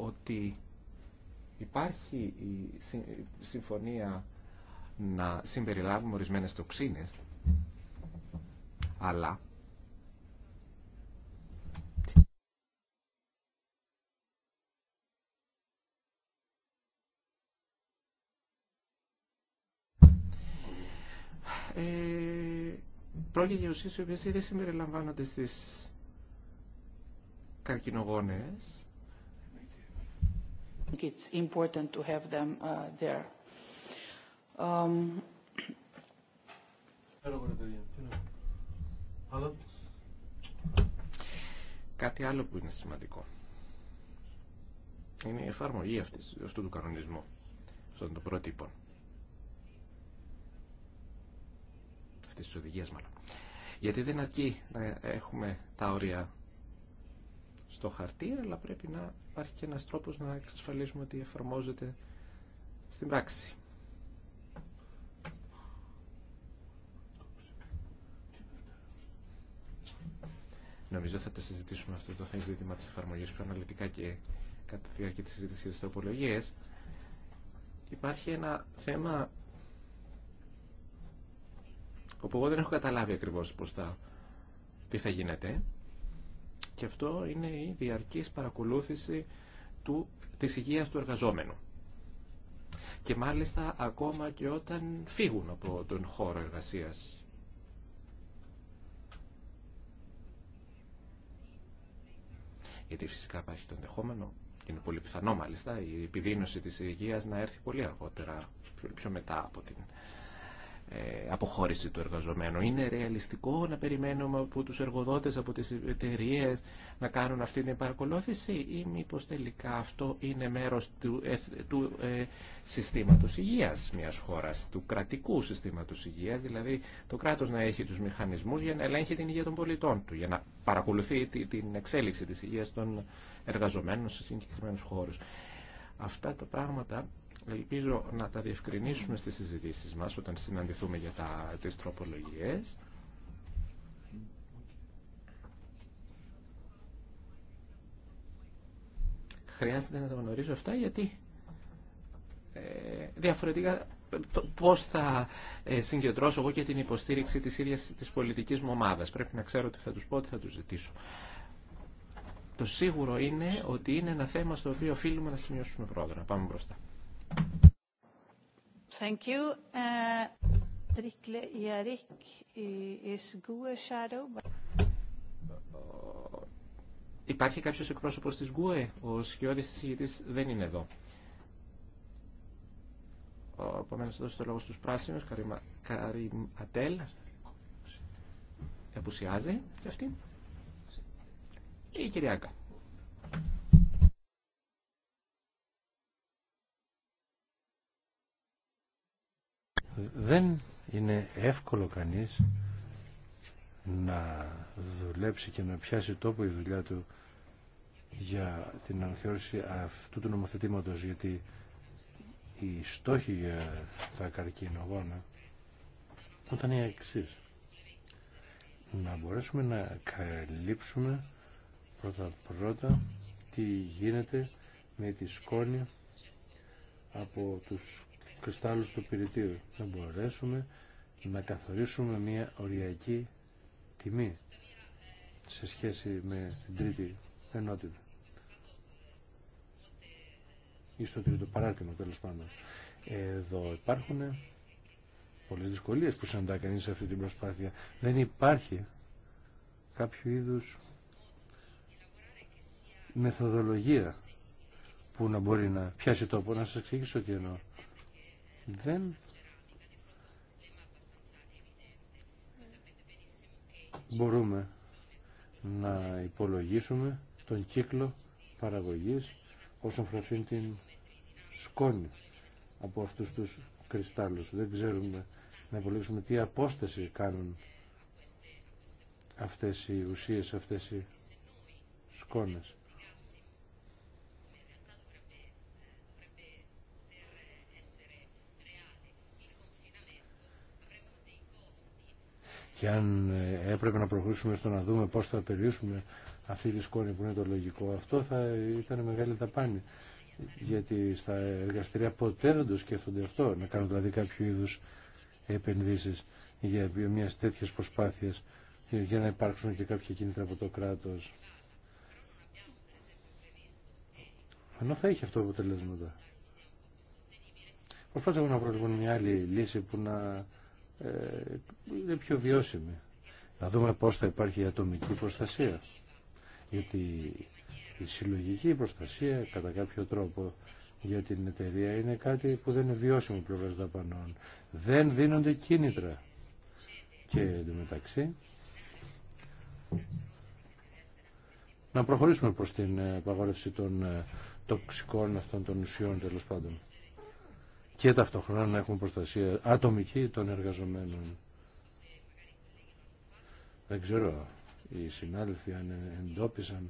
ότι υπάρχει η συμφωνία να συμπεριλάβουμε ορισμένες τοξίνες, αλλά ε, πρόκειται για ουσίες οι οποίες δεν συμπεριλαμβάνονται στις καρκινογόνες. It's important to have them uh, there. Um... Κάτι άλλο που είναι σημαντικό είναι η εφαρμογή αυτής, αυτού του κανονισμού, αυτών των πρότυπων. αυτής της μάλλον. Γιατί δεν αρκεί να έχουμε τα όρια στο χαρτί, αλλά πρέπει να υπάρχει και ένας τρόπος να εξασφαλίσουμε ότι εφαρμόζεται στην πράξη. Νομίζω θα τα συζητήσουμε αυτό το θέμα ζήτημα τη εφαρμογή πιο αναλυτικά και κατά τη διάρκεια της συζήτησης για τι τροπολογίες. Υπάρχει ένα θέμα όπου εγώ δεν έχω καταλάβει ακριβώς πώς θα, τι θα γίνεται. Και αυτό είναι η διαρκής παρακολούθηση του, της υγείας του εργαζόμενου. Και μάλιστα ακόμα και όταν φύγουν από τον χώρο εργασίας. Γιατί φυσικά υπάρχει το ενδεχόμενο, είναι πολύ πιθανό μάλιστα, η επιδείνωση της υγείας να έρθει πολύ αργότερα, πιο, πιο μετά από την ε, αποχώρηση του εργαζομένου. Είναι ρεαλιστικό να περιμένουμε από τους εργοδότες, από τις εταιρείε να κάνουν αυτή την παρακολούθηση ή μήπως τελικά αυτό είναι μέρος του, ε, του ε, συστήματος υγείας μιας χώρας, του κρατικού συστήματος υγείας, δηλαδή το κράτος να έχει τους μηχανισμούς για να ελέγχει την υγεία των πολιτών του, για να παρακολουθεί την εξέλιξη της υγείας των εργαζομένων σε συγκεκριμένους χώρους. Αυτά τα πράγματα Ελπίζω να τα διευκρινίσουμε στις συζητήσεις μας όταν συναντηθούμε για τα, τις τροπολογίες. Χρειάζεται να τα γνωρίζω αυτά γιατί ε, διαφορετικά πώς θα ε, συγκεντρώσω εγώ και την υποστήριξη της ίδιας της πολιτικής μου ομάδας. Πρέπει να ξέρω τι θα τους πω, τι θα τους ζητήσω. Το σίγουρο είναι ότι είναι ένα θέμα στο οποίο οφείλουμε να σημειώσουμε πρόοδο, να πάμε μπροστά. Thank you. Uh, is uh, Υπάρχει κάποιος εκπρόσωπος της ΓΚΟΕ. Ο σκιώδης συζητητής δεν είναι εδώ. Επομένως θα δώσω το λόγο στους πράσινους. Καρίμα, Καρίμ Ατέλ. Επουσιάζει και αυτή. Η κυρία Άκα. δεν είναι εύκολο κανείς να δουλέψει και να πιάσει τόπο η δουλειά του για την αναθεώρηση αυτού του νομοθετήματος γιατί η στόχη για τα καρκινογόνα ήταν η εξή. Να μπορέσουμε να καλύψουμε πρώτα πρώτα τι γίνεται με τη σκόνη από τους κρυστάλλους του πυρητήρου. Να μπορέσουμε να καθορίσουμε μια οριακή τιμή σε σχέση με την τρίτη ενότητα. Ή στο τρίτο παράρτημα τέλος πάντων. Εδώ υπάρχουν πολλές δυσκολίες που συναντά κανείς σε αυτή την προσπάθεια. Δεν υπάρχει κάποιο είδους μεθοδολογία που να μπορεί να πιάσει τόπο. Να σας εξηγήσω τι εννοώ δεν μπορούμε να υπολογίσουμε τον κύκλο παραγωγής όσον αφορά την σκόνη από αυτούς τους κρυστάλλους. Δεν ξέρουμε να υπολογίσουμε τι απόσταση κάνουν αυτές οι ουσίες, αυτές οι σκόνες. και αν ε, έπρεπε να προχωρήσουμε στο να δούμε πώς θα περιούσουμε αυτή τη σκόνη που είναι το λογικό, αυτό θα ήταν μεγάλη δαπάνη. Γιατί στα εργαστήρια ποτέ δεν το σκέφτονται αυτό, να κάνουν δηλαδή κάποιο είδους επενδύσεις για μια τέτοια προσπάθειες για να υπάρξουν και κάποια κίνητρα από το κράτος. Ενώ θα είχε αυτό αποτελέσματα. Προσπάθησα να βρω λοιπόν μια άλλη λύση που να ε, είναι πιο βιώσιμη. Να δούμε πώς θα υπάρχει η ατομική προστασία. Γιατί η συλλογική προστασία κατά κάποιο τρόπο για την εταιρεία είναι κάτι που δεν είναι βιώσιμο πλευράς δαπανών. Δεν δίνονται κίνητρα. Και εντωμεταξύ να προχωρήσουμε προς την ε, απαγόρευση των ε, τοξικών αυτών των ουσιών τέλος πάντων και ταυτόχρονα να έχουμε προστασία ατομική των εργαζομένων. Δεν ξέρω, οι συνάδελφοι αν εντόπισαν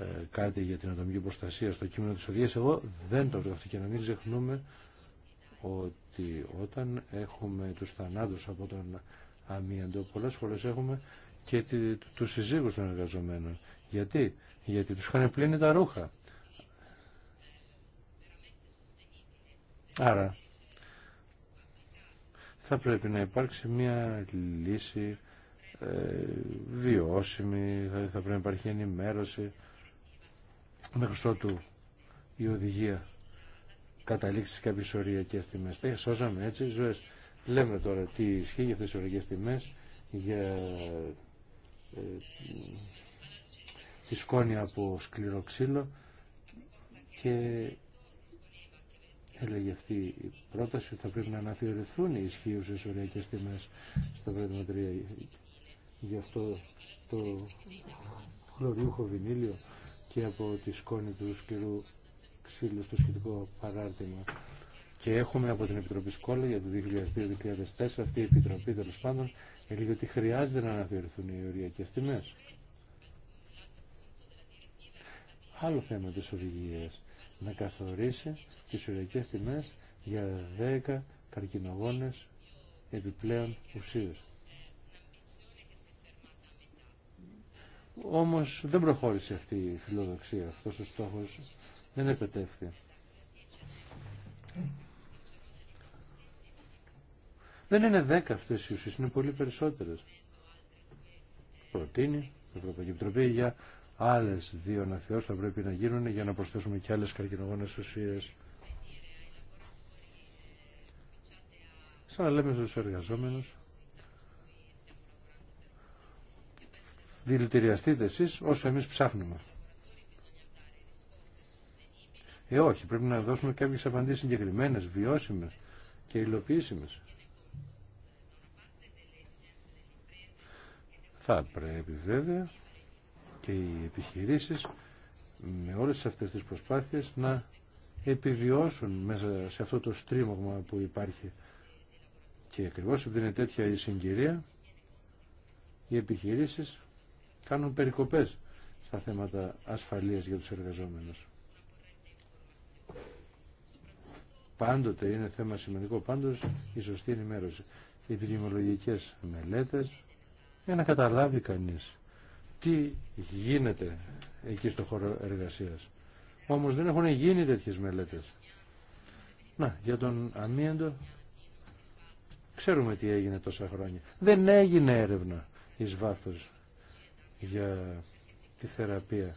ε, κάτι για την ατομική προστασία στο κείμενο της οδηγίας, εγώ δεν το βρήκα και να μην ξεχνούμε ότι όταν έχουμε τους θανάτους από τον αμύαντο, πολλές φορές έχουμε και τη, τους συζύγους των εργαζομένων. Γιατί, γιατί τους είχαν πλύνει τα ρούχα Άρα θα πρέπει να υπάρξει μια λύση ε, βιώσιμη, θα, θα πρέπει να υπάρχει ενημέρωση μέχρι ότου η οδηγία καταλήξει σε κάποιες οριακές τιμές. Τα ε, σώσαμε έτσι ζωές. Λέμε τώρα τι ισχύει για αυτές τις οριακές τιμές, για ε, τη σκόνη από σκληρό ξύλο και έλεγε αυτή η πρόταση ότι θα πρέπει να αναθεωρηθούν οι ισχύουσες οριακέ τιμέ στα βρετματρία. Γι' αυτό το χλωριούχο βινίλιο και από τη σκόνη του σκληρού ξύλου στο σχετικό παράρτημα. Και έχουμε από την Επιτροπή Σκόλα για το 2002-2004, αυτή η Επιτροπή τέλο πάντων έλεγε ότι χρειάζεται να αναθεωρηθούν οι οριακέ τιμέ. Άλλο θέμα τη οδηγία να καθορίσει τις ουριακές τιμές για 10 καρκινογόνες επιπλέον ουσίες. Όμως δεν προχώρησε αυτή η φιλοδοξία, αυτός ο στόχος δεν επετεύχθη. Δεν είναι δέκα αυτές οι ουσίες, είναι πολύ περισσότερες. Προτείνει η Ευρωπαϊκή Επιτροπή για Άλλες δύο αναθεώσεις θα πρέπει να γίνουν για να προσθέσουμε και άλλες καρκινογόνες ουσίες. Σαν να λέμε στους εργαζόμενους, δηλητηριαστείτε εσείς όσο εμείς ψάχνουμε. Ε, όχι, πρέπει να δώσουμε κάποιες απαντήσεις συγκεκριμένε, βιώσιμες και υλοποιήσιμες. Θα πρέπει βέβαια και οι επιχειρήσεις με όλες αυτές τις προσπάθειες να επιβιώσουν μέσα σε αυτό το στρίμωγμα που υπάρχει. Και ακριβώς επειδή είναι τέτοια η συγκυρία, οι επιχειρήσεις κάνουν περικοπές στα θέματα ασφαλείας για τους εργαζόμενους. Πάντοτε είναι θέμα σημαντικό, πάντως η σωστή ενημέρωση. Οι επιδημιολογικές μελέτες για να καταλάβει κανείς τι γίνεται εκεί στο χώρο εργασίας. Όμως δεν έχουν γίνει τέτοιες μελέτες. Να, για τον αμύαντο ξέρουμε τι έγινε τόσα χρόνια. Δεν έγινε έρευνα εις βάθος για τη θεραπεία.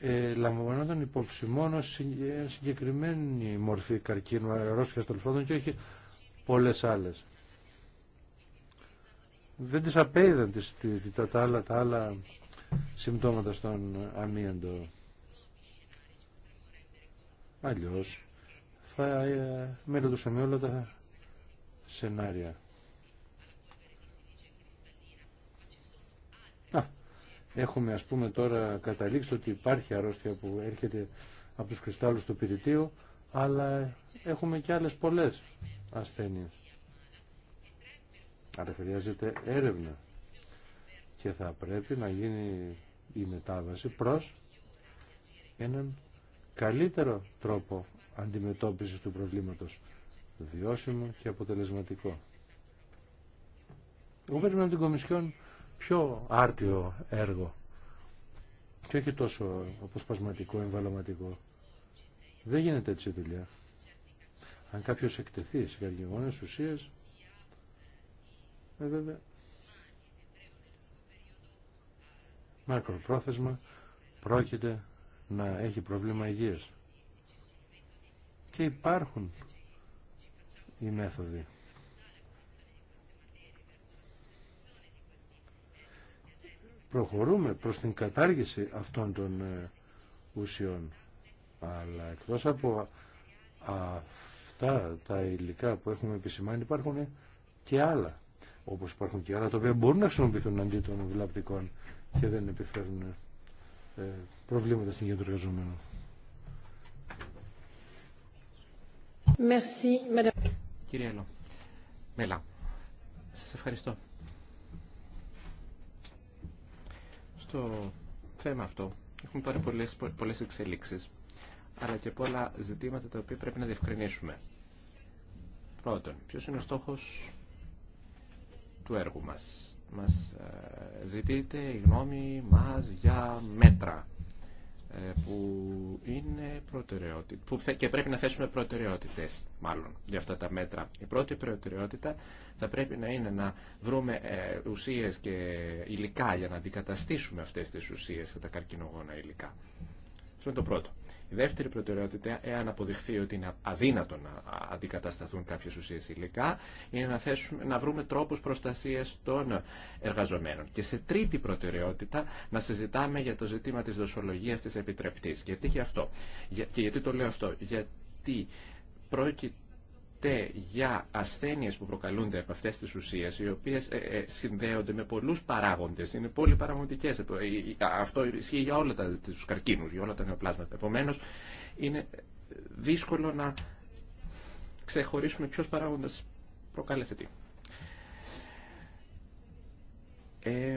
ε, λαμβανόταν υπόψη μόνο συγκεκριμένη μορφή καρκίνου, αρρώστιας των και όχι πολλές άλλες δεν τις απέιδαν τις, τα, τα, άλλα, τα άλλα συμπτώματα στον αμύαντο. Αλλιώς θα ε, μελετούσαμε όλα τα σενάρια. έχουμε ας πούμε τώρα καταλήξει ότι υπάρχει αρρώστια που έρχεται από τους κρυστάλλους του πυρητίου, αλλά έχουμε και άλλες πολλές ασθένειες. Άρα χρειάζεται έρευνα και θα πρέπει να γίνει η μετάβαση προς έναν καλύτερο τρόπο αντιμετώπισης του προβλήματος βιώσιμο και αποτελεσματικό. Εγώ να την Κομισιόν πιο άρτιο έργο και όχι τόσο αποσπασματικό, εμβαλωματικό. Δεν γίνεται έτσι η δουλειά. Αν κάποιος εκτεθεί σε καρδιογόνες ουσίες, ε, βέβαια μακροπρόθεσμα πρόκειται να έχει πρόβλημα υγείας. Και υπάρχουν οι μέθοδοι. Προχωρούμε προς την κατάργηση αυτών των ε, ουσιών. Αλλά εκτός από αυτά τα υλικά που έχουμε επισημάνει υπάρχουν και άλλα όπως υπάρχουν και άλλα τα οποία μπορούν να χρησιμοποιηθούν αντί των βλαπτικών και δεν επιφέρουν ε, προβλήματα στην υγεία του εργαζομένου. Merci, Κύριε Μέλα, σας ευχαριστώ. Στο θέμα αυτό έχουμε πάρει πολλές, πολλές εξελίξεις, αλλά και πολλά ζητήματα τα οποία πρέπει να διευκρινίσουμε. Πρώτον, ποιος είναι ο στόχος του έργου μας. Μας ε, ζητείτε η γνώμη μας για μέτρα ε, που είναι προτεραιότητα που και πρέπει να θέσουμε προτεραιότητες μάλλον για αυτά τα μέτρα. Η πρώτη προτεραιότητα θα πρέπει να είναι να βρούμε ε, ουσίες και υλικά για να αντικαταστήσουμε αυτές τις ουσίες τα καρκινογόνα υλικά. Αυτό είναι το πρώτο. Η δεύτερη προτεραιότητα, εάν αποδειχθεί ότι είναι αδύνατο να αντικατασταθούν κάποιε ουσίε υλικά, είναι να, θέσουμε, να βρούμε τρόπου προστασία των εργαζομένων. Και σε τρίτη προτεραιότητα, να συζητάμε για το ζήτημα τη δοσολογία τη επιτρεπτή. Γιατί και αυτό. Και γιατί το λέω αυτό. Γιατί πρόκειται τέ για ασθένειες που προκαλούνται από αυτές τις ουσίες, οι οποίες ε, ε, συνδέονται με πολλούς παράγοντες, είναι πολύ παραγωγικέ. Ε, αυτό ισχύει για όλα τα, τους καρκίνους, για όλα τα νεοπλάσματα. Επομένως, είναι δύσκολο να ξεχωρίσουμε ποιος παράγοντας προκάλεσε τι. Ε,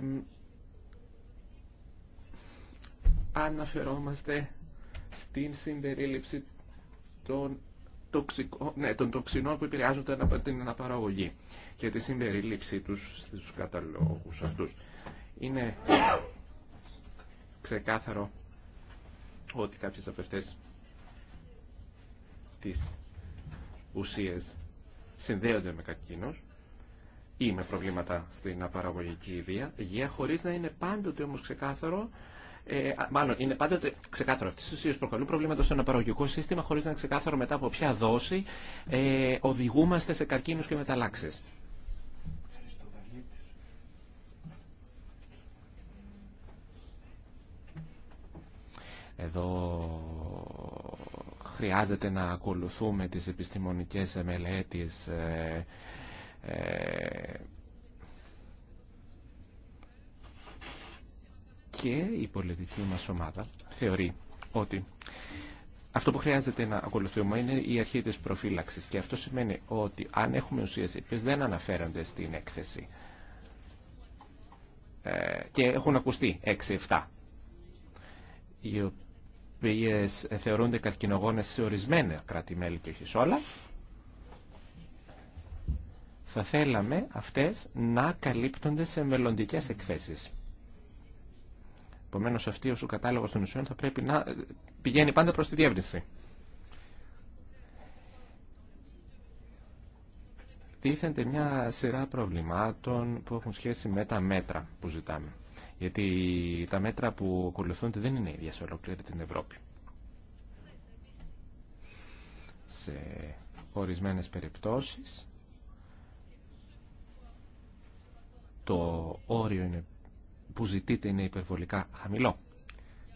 αναφερόμαστε στην συμπερίληψη των τοξικό, ναι, των τοξινών που επηρεάζονται από την αναπαραγωγή και τη συμπερίληψή τους στους καταλόγους αυτούς. Είναι ξεκάθαρο ότι κάποιες από αυτές τις ουσίες συνδέονται με καρκίνο ή με προβλήματα στην αναπαραγωγική υγεία, χωρίς να είναι πάντοτε όμως ξεκάθαρο ε, μάλλον είναι πάντοτε ξεκάθαρο αυτή τη ουσία προκαλούν προβλήματα στον απαραγωγικό σύστημα χωρί να ξεκάθαρο μετά από ποια δόση ε, οδηγούμαστε σε καρκίνου και μεταλλάξει. Εδώ χρειάζεται να ακολουθούμε τις επιστημονικές μελέτες ε, ε και η πολιτική μας ομάδα θεωρεί ότι αυτό που χρειάζεται να ακολουθούμε είναι η αρχή της προφύλαξης και αυτό σημαίνει ότι αν έχουμε ουσίες οι οποίες δεν αναφέρονται στην έκθεση ε, και έχουν ακουστεί 6-7 οι οποίες θεωρούνται καρκινογόνες σε ορισμένα κράτη-μέλη και όχι σε όλα θα θέλαμε αυτές να καλύπτονται σε μελλοντικές εκθέσεις. Επομένω, αυτή ο κατάλογο των νησιών θα πρέπει να ε, πηγαίνει πάντα προ τη διεύρυνση. Τίθενται μια σειρά προβλημάτων που έχουν σχέση με τα μέτρα που ζητάμε. Γιατί τα μέτρα που ακολουθούνται δεν είναι ίδια σε ολόκληρη την Ευρώπη. Σε ορισμένες περιπτώσεις το όριο είναι που ζητείτε είναι υπερβολικά χαμηλό.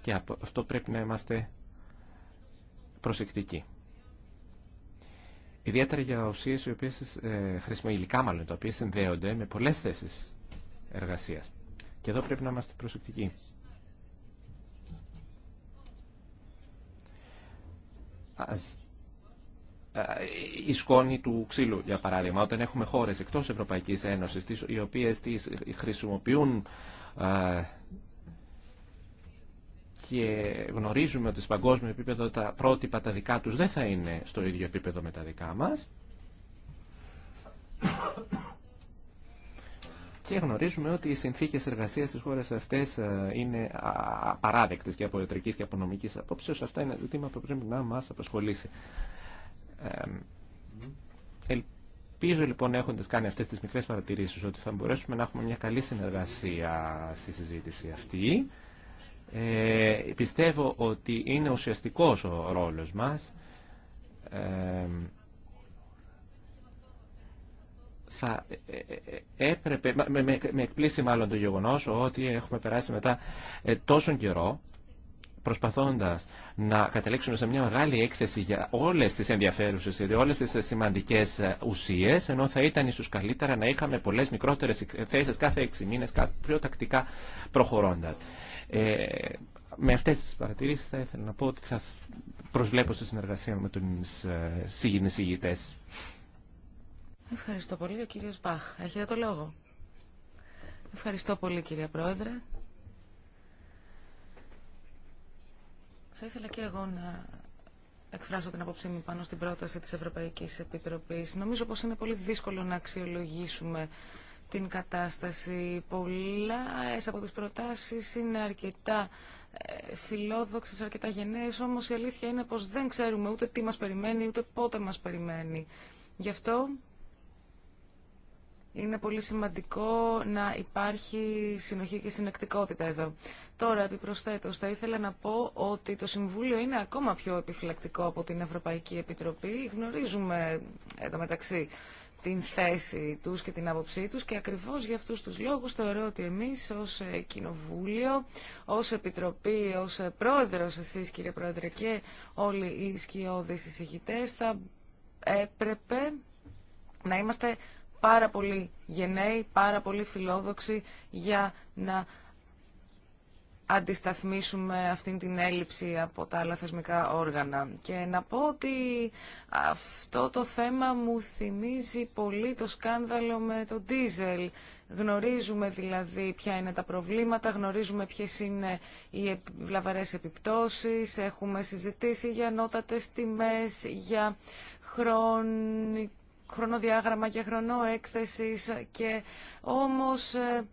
Και αυτό πρέπει να είμαστε προσεκτικοί. Ιδιαίτερα για ουσίε οι οποίε ε, μάλλον, τα οποία συνδέονται με πολλέ θέσει εργασία. Και εδώ πρέπει να είμαστε προσεκτικοί. Ας, ε, ε, η σκόνη του ξύλου, για παράδειγμα, όταν έχουμε χώρε εκτό Ευρωπαϊκή Ένωση, οι οποίε χρησιμοποιούν και γνωρίζουμε ότι σε παγκόσμιο επίπεδο τα πρότυπα τα δικά τους δεν θα είναι στο ίδιο επίπεδο με τα δικά μας. Και γνωρίζουμε ότι οι συνθήκες εργασίας στις χώρες αυτές είναι απαράδεκτες και από ιατρικής και από νομικής απόψεως. Αυτά είναι ζητήματα που πρέπει να μας απασχολήσει. Ελπίζω λοιπόν έχοντας κάνει αυτές τις μικρές παρατηρήσεις ότι θα μπορέσουμε να έχουμε μια καλή συνεργασία στη συζήτηση αυτή. Ε, πιστεύω ότι είναι ουσιαστικός ο ρόλος μας. Ε, θα ε, έπρεπε, με, με, εκπλήσει μάλλον το γεγονός ότι έχουμε περάσει μετά ε, τόσο καιρό προσπαθώντας να καταλήξουμε σε μια μεγάλη έκθεση για όλες τις ενδιαφέρουσες, για όλες τις σημαντικές ε, ουσίες, ενώ θα ήταν ίσως καλύτερα να είχαμε πολλές μικρότερες θέσεις κάθε 6 μήνες, πιο τακτικά προχωρώντας. Ε, με αυτές τις παρατηρήσεις θα ήθελα να πω ότι θα προσβλέπω στη συνεργασία με τους ε, συγγενείς Ευχαριστώ πολύ, ο κύριος Μπαχ. Έχετε το λόγο. Ευχαριστώ πολύ, κύριε Πρόεδρε. Θα ήθελα και εγώ να εκφράσω την απόψή μου πάνω στην πρόταση της Ευρωπαϊκής Επιτροπής. Νομίζω πως είναι πολύ δύσκολο να αξιολογήσουμε την κατάσταση. Πολλά από τις προτάσεις είναι αρκετά ε, φιλόδοξες, αρκετά γενναίες, όμως η αλήθεια είναι πως δεν ξέρουμε ούτε τι μας περιμένει, ούτε πότε μας περιμένει. Γι' αυτό είναι πολύ σημαντικό να υπάρχει συνοχή και συνεκτικότητα εδώ. Τώρα, επιπροσθέτω, θα ήθελα να πω ότι το Συμβούλιο είναι ακόμα πιο επιφυλακτικό από την Ευρωπαϊκή Επιτροπή. Γνωρίζουμε, εδώ μεταξύ, την θέση τους και την άποψή τους και ακριβώς για αυτούς τους λόγους θεωρώ ότι εμείς ως ε, Κοινοβούλιο, ως Επιτροπή, ως ε, Πρόεδρος εσείς κύριε Πρόεδρε και όλοι οι σκιώδεις εισηγητές θα έπρεπε να είμαστε πάρα πολύ γενναίοι, πάρα πολύ φιλόδοξοι για να αντισταθμίσουμε αυτήν την έλλειψη από τα άλλα θεσμικά όργανα. Και να πω ότι αυτό το θέμα μου θυμίζει πολύ το σκάνδαλο με το ντίζελ. Γνωρίζουμε δηλαδή ποια είναι τα προβλήματα, γνωρίζουμε ποιες είναι οι βλαβαρές επιπτώσεις, έχουμε συζητήσει για ανώτατες τιμές, για χρονικό χρονοδιάγραμμα και χρονό έκθεσης και όμως ε,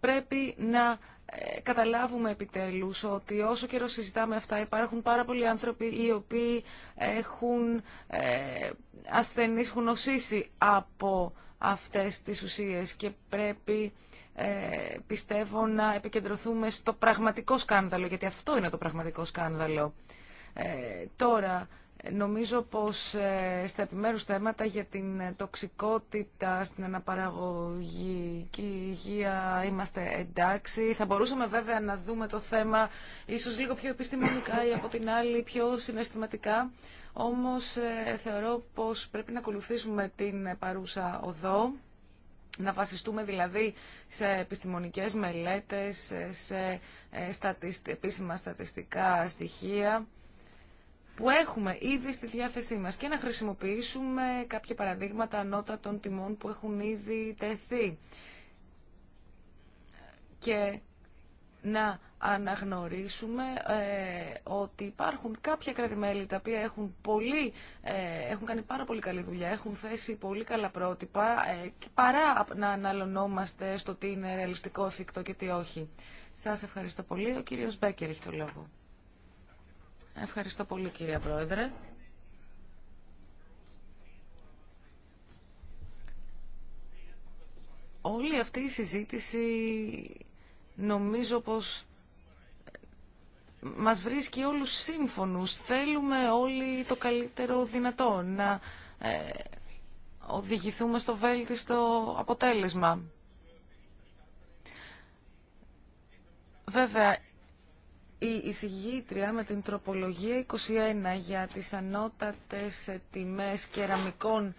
πρέπει να ε, καταλάβουμε επιτέλους ότι όσο καιρό συζητάμε αυτά υπάρχουν πάρα πολλοί άνθρωποι οι οποίοι έχουν ε, ασθενείς, έχουν νοσήσει από αυτές τις ουσίες και πρέπει πιστεύω να επικεντρωθούμε στο πραγματικό σκάνδαλο γιατί αυτό είναι το πραγματικό σκάνδαλο. Τώρα, Νομίζω πως ε, στα επιμέρους θέματα για την τοξικότητα στην αναπαραγωγική υγεία είμαστε εντάξει. Θα μπορούσαμε βέβαια να δούμε το θέμα ίσως λίγο πιο επιστημονικά ή από την άλλη πιο συναισθηματικά. Όμως ε, θεωρώ πως πρέπει να ακολουθήσουμε την παρούσα οδό. Να βασιστούμε δηλαδή σε επιστημονικές μελέτες, σε ε, επίσημα στατιστικά στοιχεία που έχουμε ήδη στη διάθεσή μας και να χρησιμοποιήσουμε κάποια παραδείγματα των τιμών που έχουν ήδη τεθεί και να αναγνωρίσουμε ε, ότι υπάρχουν κάποια κρατημέλη τα οποία έχουν, πολύ, ε, έχουν κάνει πάρα πολύ καλή δουλειά, έχουν θέσει πολύ καλά πρότυπα ε, και παρά να αναλωνόμαστε στο τι είναι ρεαλιστικό, εφικτό και τι όχι. Σας ευχαριστώ πολύ. Ο κύριος Μπέκερ έχει το λόγο. Ευχαριστώ πολύ κυρία Πρόεδρε. Όλη αυτή η συζήτηση νομίζω πως μας βρίσκει όλους σύμφωνους. Θέλουμε όλοι το καλύτερο δυνατό, να ε, οδηγηθούμε στο βέλτιστο αποτέλεσμα. Βέβαια, η εισηγήτρια με την τροπολογία 21 για τις ανώτατες τιμές κεραμικών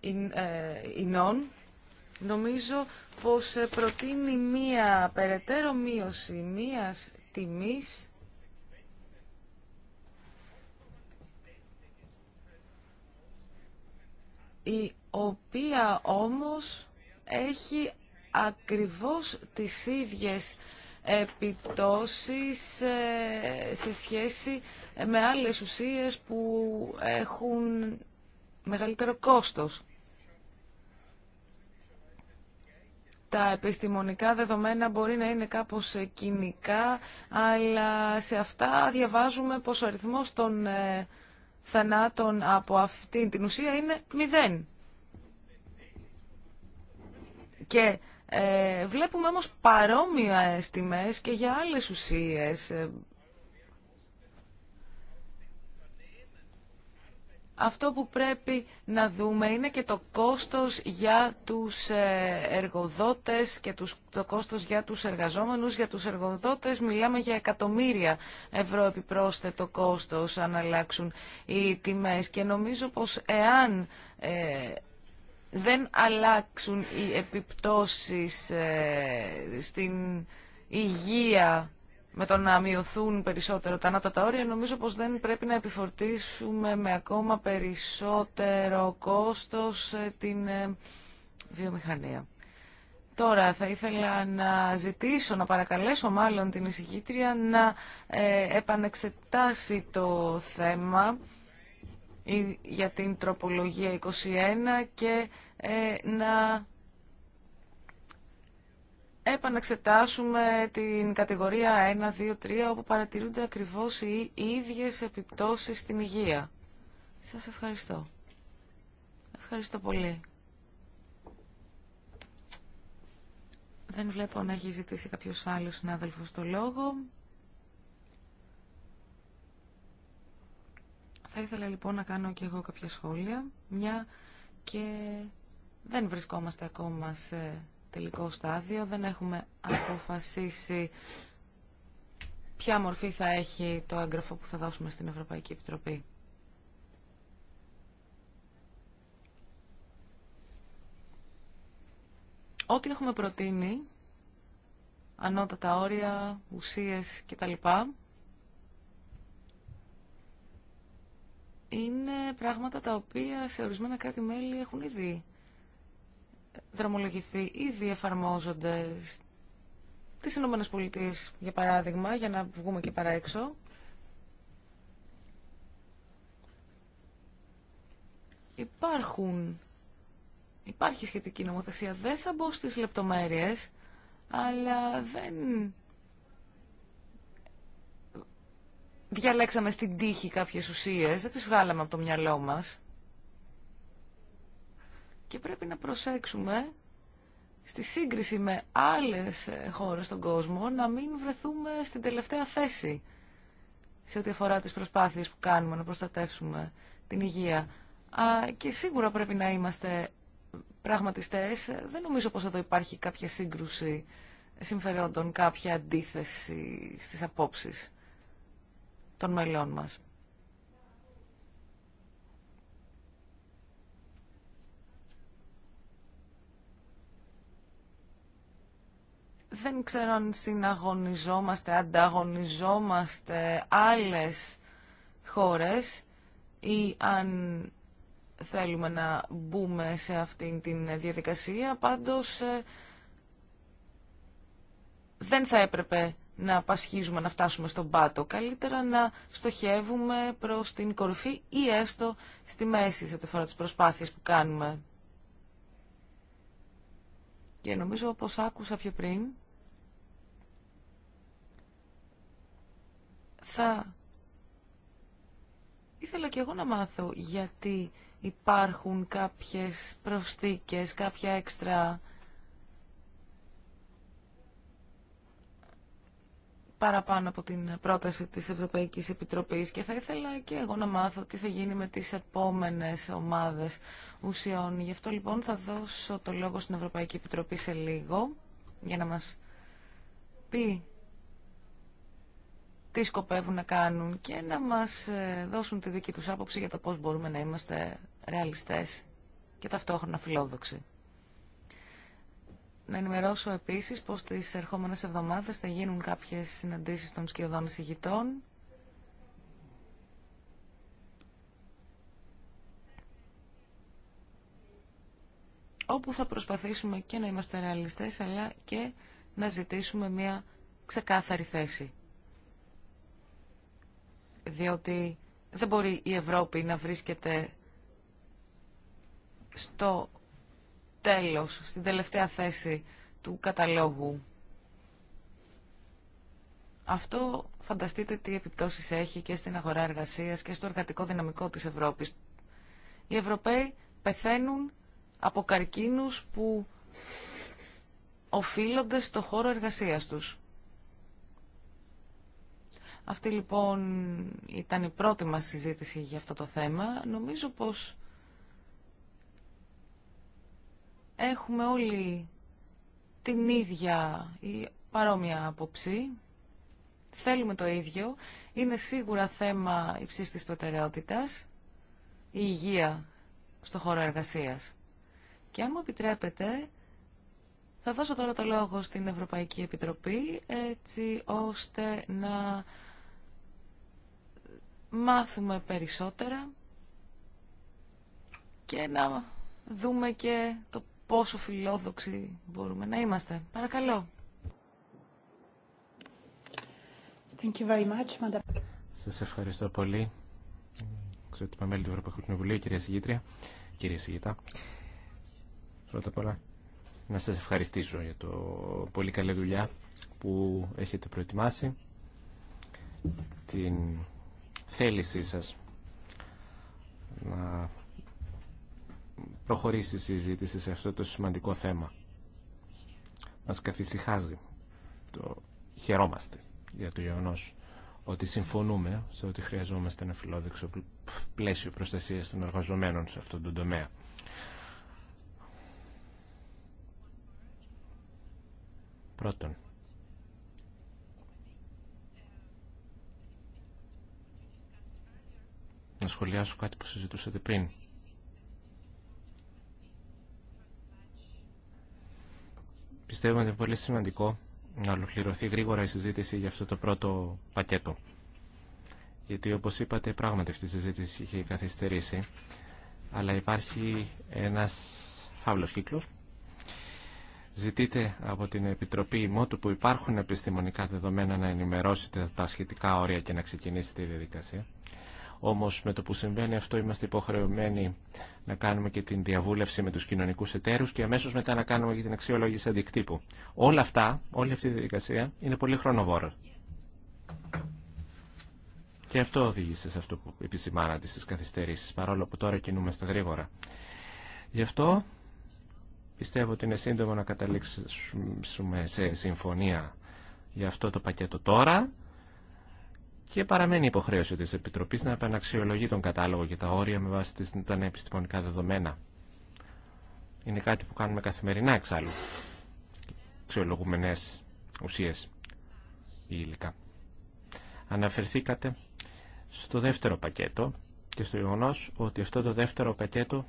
ε, ινών νομίζω πως προτείνει μία περαιτέρω μείωση μίας τιμής η οποία όμως έχει ακριβώς τις ίδιες επιπτώσεις ε, σε σχέση ε, με άλλες ουσίες που έχουν μεγαλύτερο κόστος. Τα επιστημονικά δεδομένα μπορεί να είναι κάπως ε, κοινικά, αλλά σε αυτά διαβάζουμε πως ο αριθμός των θανάτων από αυτή την ουσία είναι μηδέν. Και ε, βλέπουμε όμως παρόμοια τιμές και για άλλες ουσίες. Ε, αυτό που πρέπει να δούμε είναι και το κόστος για τους ε, εργοδότες και το κόστος για τους εργαζόμενους. Για τους εργοδότες μιλάμε για εκατομμύρια ευρώ επιπρόσθετο κόστος αν αλλάξουν οι τιμές. Και νομίζω πως εάν ε, δεν αλλάξουν οι επιπτώσεις ε, στην υγεία με το να μειωθούν περισσότερο τα ανάτατα όρια, νομίζω πως δεν πρέπει να επιφορτήσουμε με ακόμα περισσότερο κόστος ε, την ε, βιομηχανία. Τώρα θα ήθελα να ζητήσω, να παρακαλέσω μάλλον την εισηγήτρια να επανεξετάσει το θέμα για την τροπολογία 21 και ε, να επαναξετάσουμε την κατηγορία 1, 2, 3 όπου παρατηρούνται ακριβώς οι ίδιες επιπτώσεις στην υγεία. Σας ευχαριστώ. Ευχαριστώ πολύ. Δεν βλέπω να έχει ζητήσει κάποιος άλλος συνάδελφος το λόγο. Θα ήθελα λοιπόν να κάνω και εγώ κάποια σχόλια, μια και δεν βρισκόμαστε ακόμα σε τελικό στάδιο, δεν έχουμε αποφασίσει ποια μορφή θα έχει το έγγραφο που θα δώσουμε στην Ευρωπαϊκή Επιτροπή. Ό,τι έχουμε προτείνει, ανώτατα όρια, ουσίες κτλ. είναι πράγματα τα οποία σε ορισμένα κράτη-μέλη έχουν ήδη δρομολογηθεί, ήδη εφαρμόζονται στις Ηνωμένες Πολιτείες, για παράδειγμα, για να βγούμε και παραέξω; Υπάρχουν, υπάρχει σχετική νομοθεσία. Δεν θα μπω στις λεπτομέρειες, αλλά δεν διαλέξαμε στην τύχη κάποιες ουσίες, δεν τις βγάλαμε από το μυαλό μας. Και πρέπει να προσέξουμε στη σύγκριση με άλλες ε, χώρες στον κόσμο να μην βρεθούμε στην τελευταία θέση σε ό,τι αφορά τις προσπάθειες που κάνουμε να προστατεύσουμε την υγεία. και σίγουρα πρέπει να είμαστε πραγματιστές. Δεν νομίζω πως εδώ υπάρχει κάποια σύγκρουση συμφερόντων, κάποια αντίθεση στις απόψεις των μελών μας. Δεν ξέρω αν συναγωνιζόμαστε, ανταγωνιζόμαστε άλλες χώρες ή αν θέλουμε να μπούμε σε αυτήν την διαδικασία, πάντως ε, δεν θα έπρεπε να πασχίζουμε να φτάσουμε στον πάτο. Καλύτερα να στοχεύουμε προς την κορυφή ή έστω στη μέση σε τη φορά που κάνουμε. Και νομίζω όπως άκουσα πιο πριν, θα ήθελα και εγώ να μάθω γιατί υπάρχουν κάποιες προσθήκες, κάποια έξτρα παραπάνω από την πρόταση της Ευρωπαϊκής Επιτροπής και θα ήθελα και εγώ να μάθω τι θα γίνει με τις επόμενες ομάδες ουσιών. Γι' αυτό λοιπόν θα δώσω το λόγο στην Ευρωπαϊκή Επιτροπή σε λίγο για να μας πει τι σκοπεύουν να κάνουν και να μας ε, δώσουν τη δική τους άποψη για το πώς μπορούμε να είμαστε ρεαλιστές και ταυτόχρονα φιλόδοξοι να ενημερώσω επίση πω τι ερχόμενε εβδομάδε θα γίνουν κάποιε συναντήσει των σκιωδών εισηγητών. όπου θα προσπαθήσουμε και να είμαστε ρεαλιστές, αλλά και να ζητήσουμε μια ξεκάθαρη θέση. Διότι δεν μπορεί η Ευρώπη να βρίσκεται στο τέλος, στην τελευταία θέση του καταλόγου. Αυτό φανταστείτε τι επιπτώσεις έχει και στην αγορά εργασίας και στο εργατικό δυναμικό της Ευρώπης. Οι Ευρωπαίοι πεθαίνουν από καρκίνους που οφείλονται στο χώρο εργασίας τους. Αυτή λοιπόν ήταν η πρώτη μας συζήτηση για αυτό το θέμα. Νομίζω πως έχουμε όλοι την ίδια ή παρόμοια άποψη. Θέλουμε το ίδιο. Είναι σίγουρα θέμα υψής της προτεραιότητας η υγεία στο χώρο εργασίας. Και αν μου επιτρέπετε, θα δώσω τώρα το λόγο στην Ευρωπαϊκή Επιτροπή, έτσι ώστε να μάθουμε περισσότερα και να δούμε και το πόσο φιλόδοξοι μπορούμε να είμαστε. Παρακαλώ. Thank you very much, Σας ευχαριστώ πολύ. Ξέρω ότι μέλη του Ευρωπαϊκού Κοινοβουλίου, κυρία Σιγητρία. κυρία Σιγητά. Πρώτα απ' όλα, να σας ευχαριστήσω για το πολύ καλή δουλειά που έχετε προετοιμάσει, την θέλησή σας να προχωρήσει η συζήτηση σε αυτό το σημαντικό θέμα. Μας καθησυχάζει. Το χαιρόμαστε για το γεγονό ότι συμφωνούμε σε ότι χρειαζόμαστε ένα φιλόδεξο πλαίσιο προστασίας των εργαζομένων σε αυτόν τον τομέα. Πρώτον, να σχολιάσω κάτι που συζητούσατε πριν Πιστεύουμε ότι είναι πολύ σημαντικό να ολοκληρωθεί γρήγορα η συζήτηση για αυτό το πρώτο πακέτο. Γιατί όπως είπατε πράγματι αυτή η συζήτηση είχε καθυστερήσει, αλλά υπάρχει ένας φαύλος κύκλος. Ζητείτε από την Επιτροπή Μότου που υπάρχουν επιστημονικά δεδομένα να ενημερώσετε τα σχετικά όρια και να ξεκινήσετε τη διαδικασία. Όμως με το που συμβαίνει αυτό είμαστε υποχρεωμένοι να κάνουμε και την διαβούλευση με τους κοινωνικούς εταίρους και αμέσως μετά να κάνουμε και την αξιολόγηση αντικτύπου. Όλα αυτά, όλη αυτή η διαδικασία είναι πολύ χρονοβόρο. Και αυτό οδήγησε σε αυτό που επισημάνατε στις καθυστερήσεις, παρόλο που τώρα κινούμε γρήγορα. Γι' αυτό πιστεύω ότι είναι σύντομο να καταλήξουμε σε συμφωνία για αυτό το πακέτο τώρα και παραμένει υποχρέωση τη επιτροπή να επαναξιολογεί τον κατάλογο και τα όρια με βάση τα νέα επιστημονικά δεδομένα. Είναι κάτι που κάνουμε καθημερινά εξάλλου. Αξιολογούμε νέε ουσίες ή υλικά. Αναφερθήκατε στο δεύτερο πακέτο και στο γεγονό ότι αυτό το δεύτερο πακέτο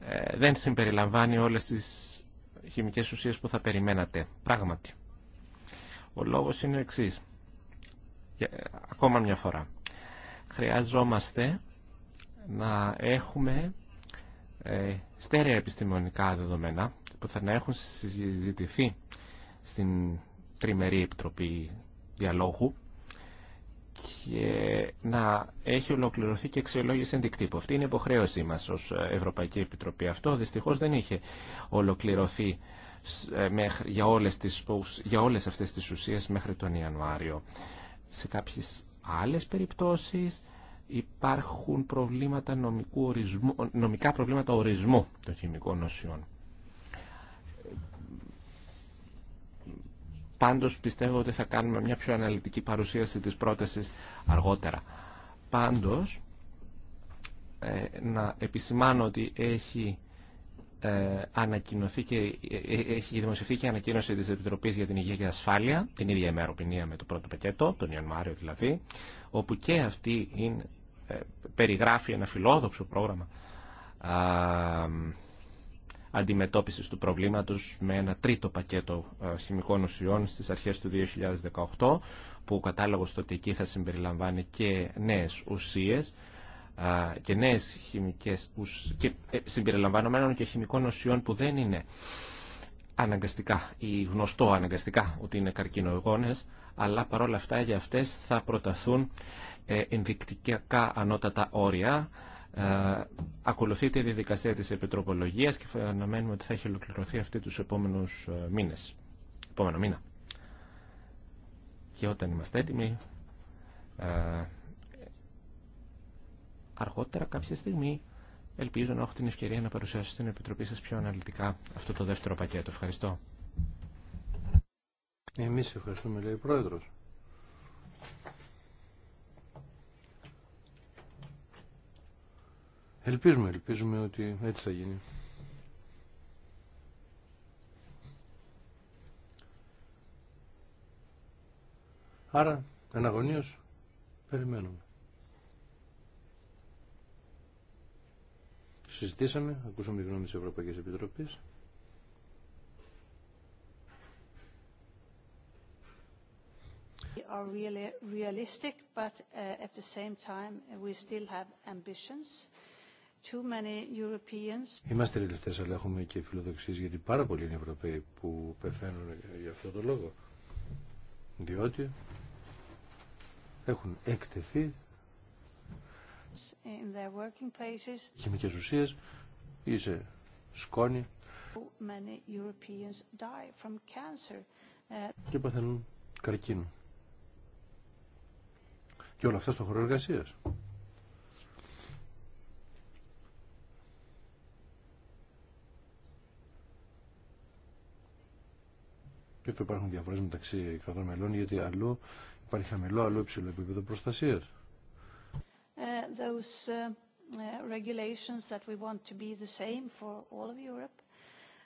ε, δεν συμπεριλαμβάνει όλε τι χημικέ ουσίε που θα περιμένατε. Πράγματι. Ο λόγο είναι ο ακόμα μια φορά. Χρειαζόμαστε να έχουμε ε, στέρεα επιστημονικά δεδομένα που θα να έχουν συζητηθεί στην τριμερή επιτροπή διαλόγου και να έχει ολοκληρωθεί και αξιολόγηση ενδεικτύπου. Αυτή είναι η υποχρέωσή μας ως Ευρωπαϊκή Επιτροπή. Αυτό δυστυχώς δεν είχε ολοκληρωθεί ε, για όλες, τις, για όλες αυτές τις ουσίες μέχρι τον Ιανουάριο. Σε κάποιες άλλες περιπτώσεις υπάρχουν προβλήματα νομικού ορισμού, νομικά προβλήματα ορισμού των χημικών νοσιών. Πάντως πιστεύω ότι θα κάνουμε μια πιο αναλυτική παρουσίαση της πρότασης αργότερα. Πάντως, ε, να επισημάνω ότι έχει ε, ανακοινωθεί και, ε, ε, έχει δημοσιευθεί και ανακοίνωση της Επιτροπής για την Υγεία και Ασφάλεια, την ίδια ημερομηνία με το πρώτο πακέτο, τον Ιανουάριο δηλαδή, όπου και αυτή είναι, περιγράφει ένα φιλόδοξο πρόγραμμα αντιμετώπισης του προβλήματος με ένα τρίτο πακέτο χημικών ουσιών στις αρχές του 2018, που ο κατάλογος τότε εκεί θα συμπεριλαμβάνει και νέες ουσίες, και νέες χημικές και ε, συμπεριλαμβανομένων και χημικών ουσιών που δεν είναι αναγκαστικά ή γνωστό αναγκαστικά ότι είναι καρκινογόνες, αλλά παρόλα αυτά για αυτές θα προταθούν ε, ενδεικτικά ανώτατα όρια. Ε, ακολουθείται η διαδικασία της επιτροπολογίας και αναμένουμε ότι θα έχει ολοκληρωθεί αυτή τους επόμενους μήνες. Επόμενο μήνα. Και όταν είμαστε έτοιμοι αργότερα κάποια στιγμή ελπίζω να έχω την ευκαιρία να παρουσιάσω στην Επιτροπή σας πιο αναλυτικά αυτό το δεύτερο πακέτο. Ευχαριστώ. Εμείς ευχαριστούμε, λέει ο Πρόεδρος. Ελπίζουμε, ελπίζουμε ότι έτσι θα γίνει. Άρα, εναγωνίως, περιμένουμε. συζητήσαμε, ακούσαμε τη γνώμη της Ευρωπαϊκής Επιτροπής. Είμαστε ρεαλιστές, αλλά έχουμε και φιλοδοξίες, γιατί πάρα πολλοί είναι Ευρωπαίοι που πεθαίνουν για αυτό το λόγο. Διότι έχουν εκτεθεί Χημικές ουσίες ή σε σκόνη. Και παθαίνουν καρκίνο. Και όλα αυτά στο χώρο εργασία. Και αυτό υπάρχουν διαφορέ μεταξύ κρατών μελών γιατί αλλού υπάρχει χαμηλό, αλλού υψηλό επίπεδο προστασία those uh, uh, regulations that we want to be the same for all of Europe.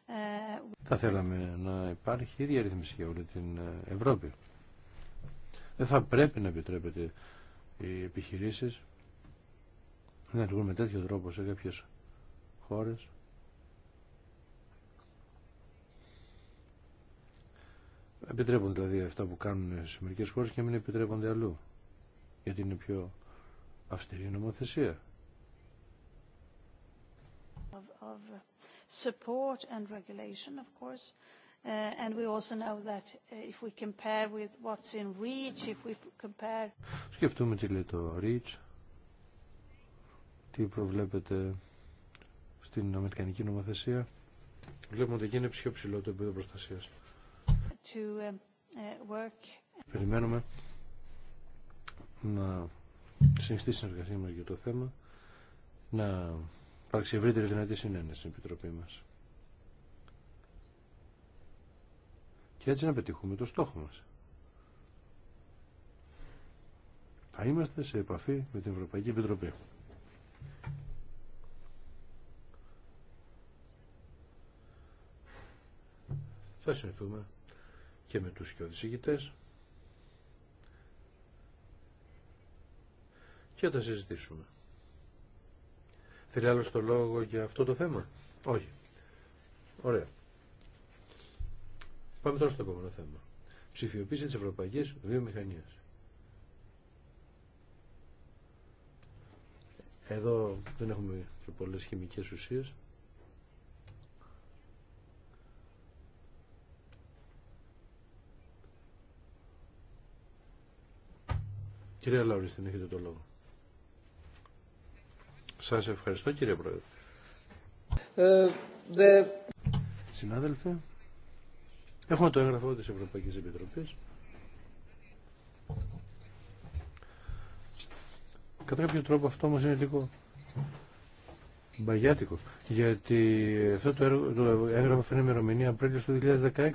Uh, θα θέλαμε να υπάρχει ίδια ρύθμιση για όλη την ε, Ευρώπη. Δεν θα πρέπει να επιτρέπεται οι επιχειρήσεις να λειτουργούν με τέτοιο τρόπο σε κάποιες χώρες. Επιτρέπονται δηλαδή αυτά που κάνουν σε μερικές χώρες και μην επιτρέπονται αλλού. Γιατί είναι πιο αυστηρή νομοθεσία. Of, of support and regulation, of course. Uh, and we also know that uh, if we compare with what's in reach, if we compare... Σκεφτούμε τι λέει το reach, τι προβλέπετε στην Αμερικανική νομοθεσία. Βλέπουμε ότι εκεί είναι πιο ψηλό το επίπεδο προστασίας. To, um, uh, work. Περιμένουμε να συνιστή συνεργασία μα για το θέμα να υπάρξει ευρύτερη δυνατή συνένεση στην Επιτροπή μας. Και έτσι να πετύχουμε το στόχο μας. Θα είμαστε σε επαφή με την Ευρωπαϊκή Επιτροπή. Θα συνηθούμε και με τους σκιώδεις ηγητές και θα συζητήσουμε. Θέλει άλλο το λόγο για αυτό το θέμα. Όχι. Ωραία. Πάμε τώρα στο επόμενο θέμα. Ψηφιοποίηση της Ευρωπαϊκής Βιομηχανίας. Εδώ δεν έχουμε και πολλές χημικές ουσίες. Κυρία Λαουρίστη, έχετε το λόγο. Σας ευχαριστώ κύριε Πρόεδρε. Ε, δε... Συνάδελφε, έχουμε το έγγραφο της Ευρωπαϊκής Επιτροπής. Κατά κάποιο τρόπο αυτό όμως είναι λίγο μπαγιάτικο, γιατί αυτό το, έργο, το έγγραφο φαίνεται ημερομηνία Απρίλιο του 2016.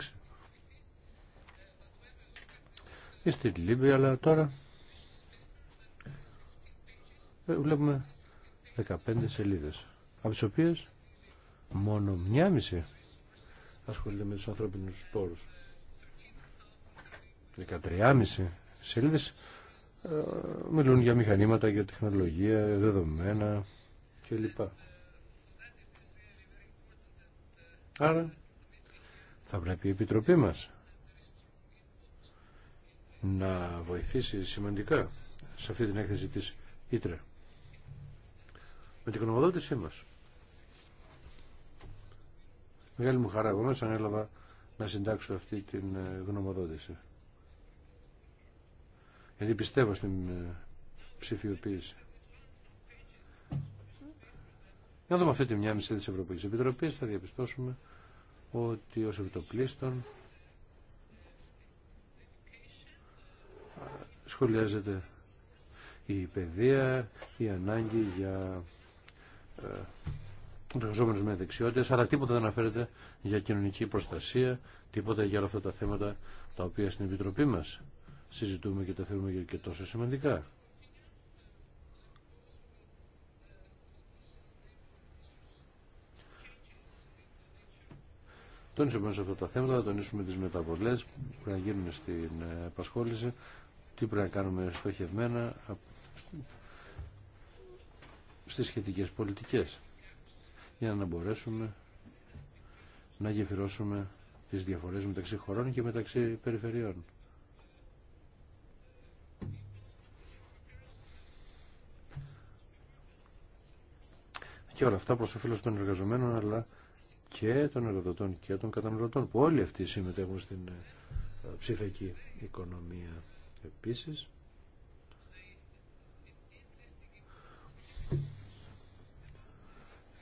Είστε Λίμπη, αλλά τώρα ε, βλέπουμε 15 σελίδες, από τις οποίες μόνο μια μισή ασχολείται με τους ανθρώπινους πόρους. 13,5 σελίδες ε, μιλούν για μηχανήματα, για τεχνολογία, δεδομένα κλπ. Άρα θα πρέπει η Επιτροπή μας να βοηθήσει σημαντικά σε αυτή την έκθεση της Ήτρα με την γνωμοδότησή μας. Μεγάλη μου χαρά, εγώ ανέλαβα να συντάξω αυτή την ε, γνωμοδότηση. Γιατί πιστεύω στην ε, ψηφιοποίηση. Να δούμε αυτή τη μια μισή της Ευρωπαϊκής Επιτροπής, θα διαπιστώσουμε ότι ως επιτοπλίστων ε, σχολιάζεται η παιδεία, η ανάγκη για ε, εργαζόμενους με δεξιότητες, αλλά τίποτα δεν αναφέρεται για κοινωνική προστασία, τίποτα για όλα αυτά τα θέματα τα οποία στην Επιτροπή μας συζητούμε και τα θεωρούμε και τόσο σημαντικά. Τόνισαμε σε αυτά τα θέματα, θα τονίσουμε τις μεταβολές που πρέπει να γίνουν στην επασχόληση, τι πρέπει να κάνουμε στοχευμένα, στις σχετικές πολιτικές για να μπορέσουμε να γεφυρώσουμε τις διαφορές μεταξύ χωρών και μεταξύ περιφερειών. Και όλα αυτά προς οφείλος των εργαζομένων αλλά και των εργοδοτών και των καταναλωτών που όλοι αυτοί συμμετέχουν στην ε, ψηφιακή οικονομία επίσης.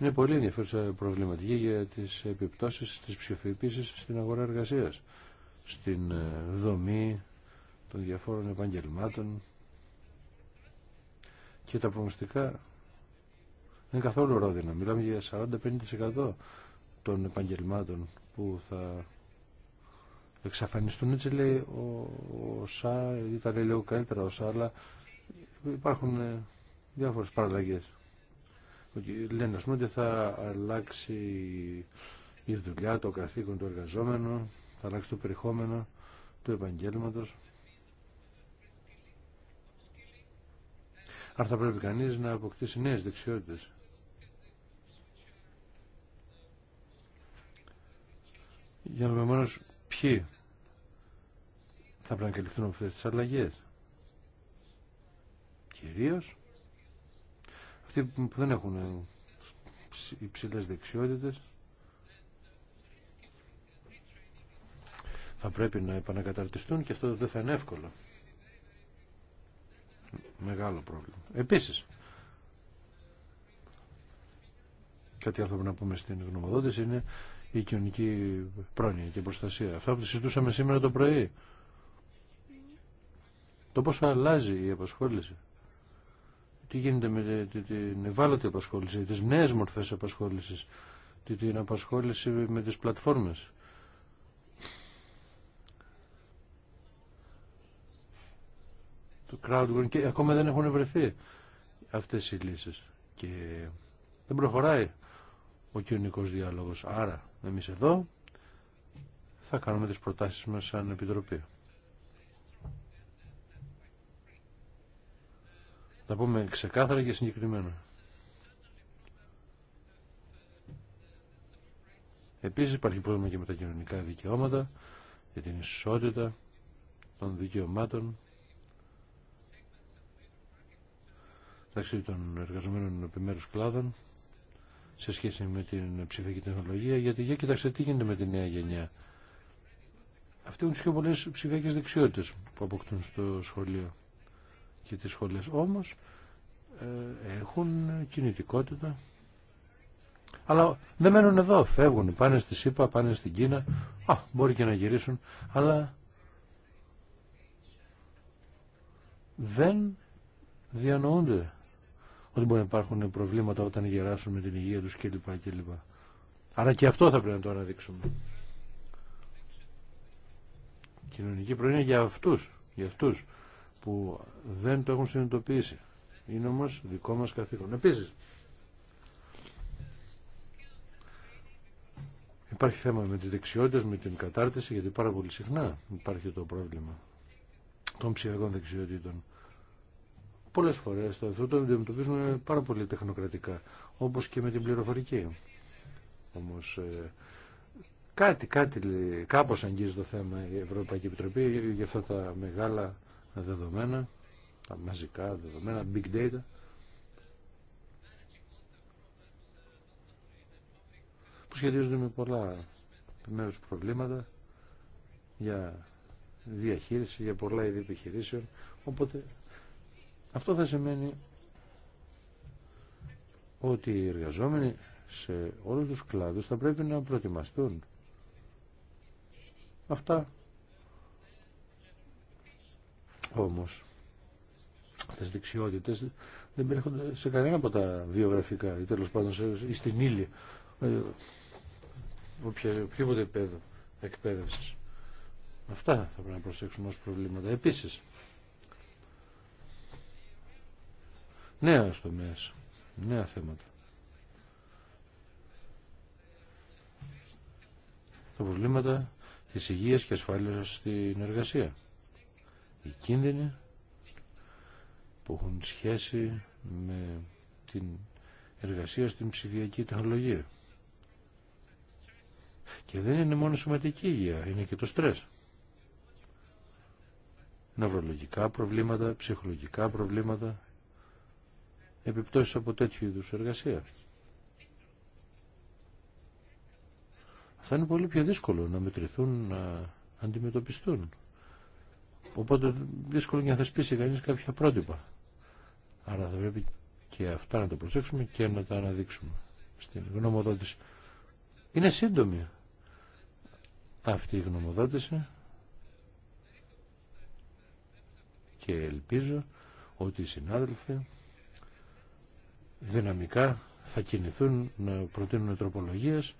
Είναι πολύ ενδιαφέρουσα προβληματική για τις επιπτώσεις τη ψηφιοποίηση στην αγορά εργασίας, στην ε, δομή των διαφόρων επαγγελμάτων και τα προγνωστικά είναι καθόλου ρόδινα. Μιλάμε για 40-50% των επαγγελμάτων που θα εξαφανιστούν. Έτσι λέει ο, ο ΣΑ, ή τα λέει λίγο καλύτερα ο ΣΑ, αλλά υπάρχουν ε, διάφορες παραλλαγές λένε ας πούμε ότι θα αλλάξει η δουλειά, το καθήκον του εργαζόμενου, θα αλλάξει το περιεχόμενο του επαγγέλματο. Άρα θα πρέπει κανείς να αποκτήσει νέε δεξιότητες. Για να δούμε μόνο ποιοι θα πρέπει να καλυφθούν από αυτές τις αλλαγές. Κυρίως αυτοί που δεν έχουν υψηλέ δεξιότητες θα πρέπει να επανακαταρτιστούν και αυτό δεν θα είναι εύκολο. Μεγάλο πρόβλημα. Επίσης, κάτι άλλο που να πούμε στην γνωμοδότηση είναι η κοινωνική πρόνοια και προστασία. Αυτά που συζητούσαμε σήμερα το πρωί. Το πόσο αλλάζει η απασχόληση τι γίνεται με την ευάλωτη απασχόληση, τις νέες μορφές απασχόλησης, την απασχόληση με τις πλατφόρμες. Το και ακόμα δεν έχουν βρεθεί αυτές οι λύσεις και δεν προχωράει ο κοινωνικό διάλογος. Άρα εμείς εδώ θα κάνουμε τις προτάσεις μας σαν Επιτροπή. Να πούμε ξεκάθαρα και συγκεκριμένα. Επίσης υπάρχει πρόβλημα και με τα κοινωνικά δικαιώματα, για την ισότητα των δικαιωμάτων μεταξύ των εργαζομένων επιμέρους κλάδων σε σχέση με την ψηφιακή τεχνολογία, γιατί για κοιτάξτε τι γίνεται με τη νέα γενιά. Αυτοί έχουν πιο πολλές ψηφιακές δεξιότητες που αποκτούν στο σχολείο και τις σχολές όμως ε, έχουν κινητικότητα αλλά δεν μένουν εδώ, φεύγουν, πάνε στη ΣΥΠΑ, πάνε στην Κίνα α, μπορεί και να γυρίσουν αλλά δεν διανοούνται ότι μπορεί να υπάρχουν προβλήματα όταν γεράσουν με την υγεία τους κλπ. κλπ. Άρα και αυτό θα πρέπει να το αναδείξουμε. Η κοινωνική προϊόν για αυτούς, για αυτούς που δεν το έχουν συνειδητοποιήσει. Είναι όμως δικό μας καθήκον. Επίσης, υπάρχει θέμα με τις δεξιότητες, με την κατάρτιση, γιατί πάρα πολύ συχνά υπάρχει το πρόβλημα των ψηφιακών δεξιότητων. Πολλές φορές το αυτό το αντιμετωπίζουμε πάρα πολύ τεχνοκρατικά, όπως και με την πληροφορική. Όμως ε, κάτι, κάτι, κάπως αγγίζει το θέμα η Ευρωπαϊκή Επιτροπή για αυτά τα μεγάλα τα δεδομένα, τα μαζικά δεδομένα, big data. που σχετίζονται με πολλά μέρους προβλήματα για διαχείριση, για πολλά είδη επιχειρήσεων. Οπότε αυτό θα σημαίνει ότι οι εργαζόμενοι σε όλους τους κλάδους θα πρέπει να προετοιμαστούν. Αυτά όμως, αυτές οι δεξιότητες δεν περιέχονται σε κανένα από τα βιογραφικά ή τέλο πάντων ή στην ύλη ε, οποιοδήποτε επίπεδο εκπαίδευσης. Αυτά θα πρέπει να προσέξουμε ως προβλήματα. Επίσης, νέα τομέα, νέα θέματα. Τα προβλήματα της υγείας και ασφάλειας στην εργασία οι κίνδυνοι που έχουν σχέση με την εργασία στην ψηφιακή τεχνολογία. Και δεν είναι μόνο σωματική υγεία, είναι και το στρες. Νευρολογικά προβλήματα, ψυχολογικά προβλήματα, επιπτώσεις από τέτοιου είδους εργασία. Αυτά είναι πολύ πιο δύσκολο να μετρηθούν, να αντιμετωπιστούν. Οπότε δύσκολο και να θεσπίσει κανείς κάποια πρότυπα. Άρα θα πρέπει και αυτά να τα προσέξουμε και να τα αναδείξουμε στην γνωμοδότηση. Είναι σύντομη αυτή η γνωμοδότηση και ελπίζω ότι οι συνάδελφοι δυναμικά θα κινηθούν να προτείνουν τροπολογίες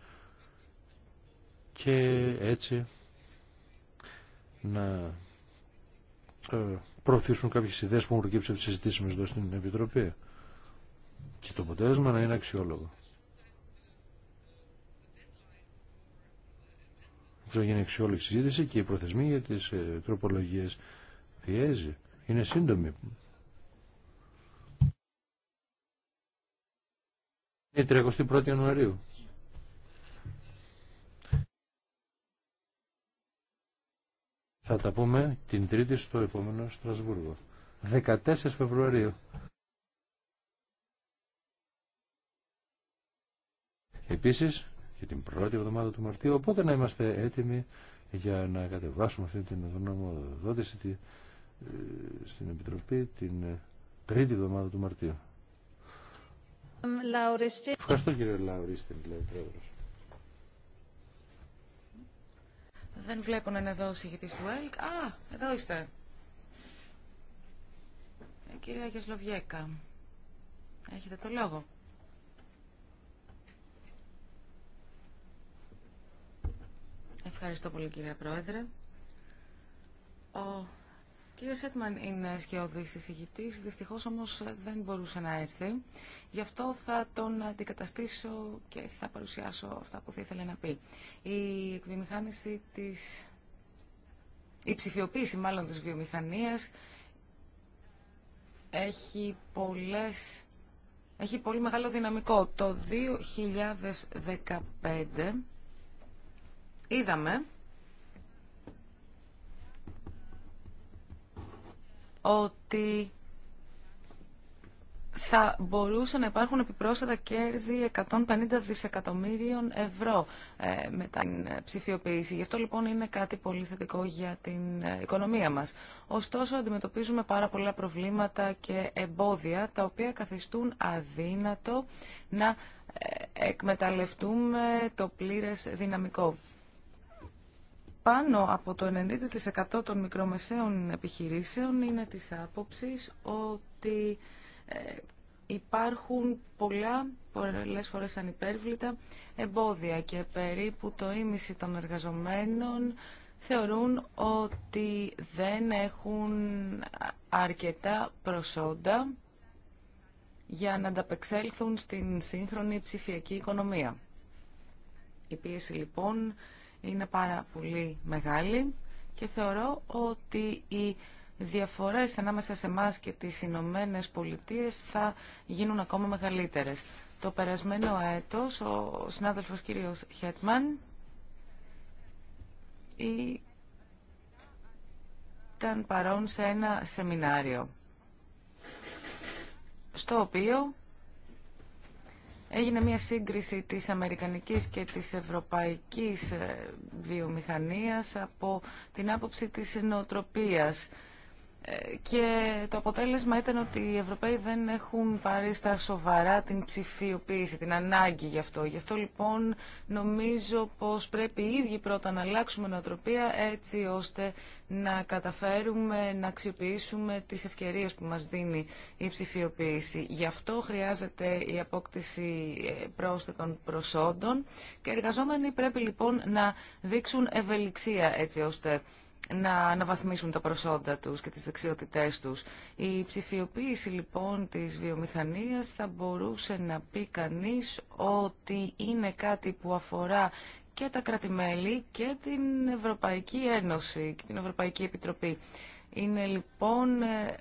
και έτσι να ε, προωθήσουν κάποιες ιδέες που έχουν προκύψει από τις συζητήσεις μας εδώ στην Επιτροπή και το αποτέλεσμα να είναι αξιόλογο. Θα γίνει αξιόλογη συζήτηση και οι προθεσμοί για τις ε, τροπολογίες πιέζει. Είναι σύντομη. Είναι 31 Ιανουαρίου. Θα τα πούμε την Τρίτη στο επόμενο Στρασβούργο. 14 Φεβρουαρίου. Επίσης, για την πρώτη εβδομάδα του Μαρτίου, οπότε να είμαστε έτοιμοι για να κατεβάσουμε αυτή την γνωμοδότηση ε, στην Επιτροπή την ε, τρίτη εβδομάδα του Μαρτίου. Ευχαριστώ κύριε Λαουρίστη, λέει ο Πρόεδρος. Δεν βλέπω να είναι εδώ ο συγητής του ΕΛΚ. Α, εδώ είστε. Ε, κυρία Γεσλοβιέκα. Έχετε το λόγο. Ευχαριστώ πολύ κυρία Πρόεδρε. Ο Κύριε Σέτμαν είναι σκιώδης εισηγητής, δυστυχώς όμως δεν μπορούσε να έρθει. Γι' αυτό θα τον αντικαταστήσω και θα παρουσιάσω αυτά που θα ήθελε να πει. Η εκβιομηχάνηση της... Η ψηφιοποίηση μάλλον της βιομηχανίας έχει πολλές... Έχει πολύ μεγάλο δυναμικό. Το 2015 είδαμε ότι θα μπορούσαν να υπάρχουν επιπρόσθετα κέρδη 150 δισεκατομμύριων ευρώ ε, με την ψηφιοποίηση. Γι' αυτό λοιπόν είναι κάτι πολύ θετικό για την ε, οικονομία μας. Ωστόσο αντιμετωπίζουμε πάρα πολλά προβλήματα και εμπόδια τα οποία καθιστούν αδύνατο να ε, εκμεταλλευτούμε το πλήρες δυναμικό πάνω από το 90% των μικρομεσαίων επιχειρήσεων είναι της άποψης ότι ε, υπάρχουν πολλά, πολλές φορές ανυπέρβλητα, εμπόδια και περίπου το ίμιση των εργαζομένων θεωρούν ότι δεν έχουν αρκετά προσόντα για να ανταπεξέλθουν στην σύγχρονη ψηφιακή οικονομία. Η λοιπόν είναι πάρα πολύ μεγάλη και θεωρώ ότι οι διαφορές ανάμεσα σε εμά και τις Ηνωμένε Πολιτείε θα γίνουν ακόμα μεγαλύτερες. Το περασμένο έτος ο συνάδελφος κύριος Χέτμαν ήταν παρόν σε ένα σεμινάριο στο οποίο Έγινε μια σύγκριση της αμερικανικής και της ευρωπαϊκής ε, βιομηχανίας από την άποψη της νοοτροπίας και το αποτέλεσμα ήταν ότι οι Ευρωπαίοι δεν έχουν πάρει στα σοβαρά την ψηφιοποίηση, την ανάγκη γι' αυτό. Γι' αυτό λοιπόν νομίζω πως πρέπει οι ίδιοι πρώτα να αλλάξουμε νοοτροπία έτσι ώστε να καταφέρουμε να αξιοποιήσουμε τις ευκαιρίες που μας δίνει η ψηφιοποίηση. Γι' αυτό χρειάζεται η απόκτηση πρόσθετων προσόντων και οι εργαζόμενοι πρέπει λοιπόν να δείξουν ευελιξία έτσι ώστε να αναβαθμίσουν τα προσόντα τους και τις δεξιότητές τους. Η ψηφιοποίηση λοιπόν της βιομηχανίας θα μπορούσε να πει κανείς ότι είναι κάτι που αφορά και τα κρατημέλη και την Ευρωπαϊκή Ένωση και την Ευρωπαϊκή Επιτροπή. Είναι λοιπόν ε,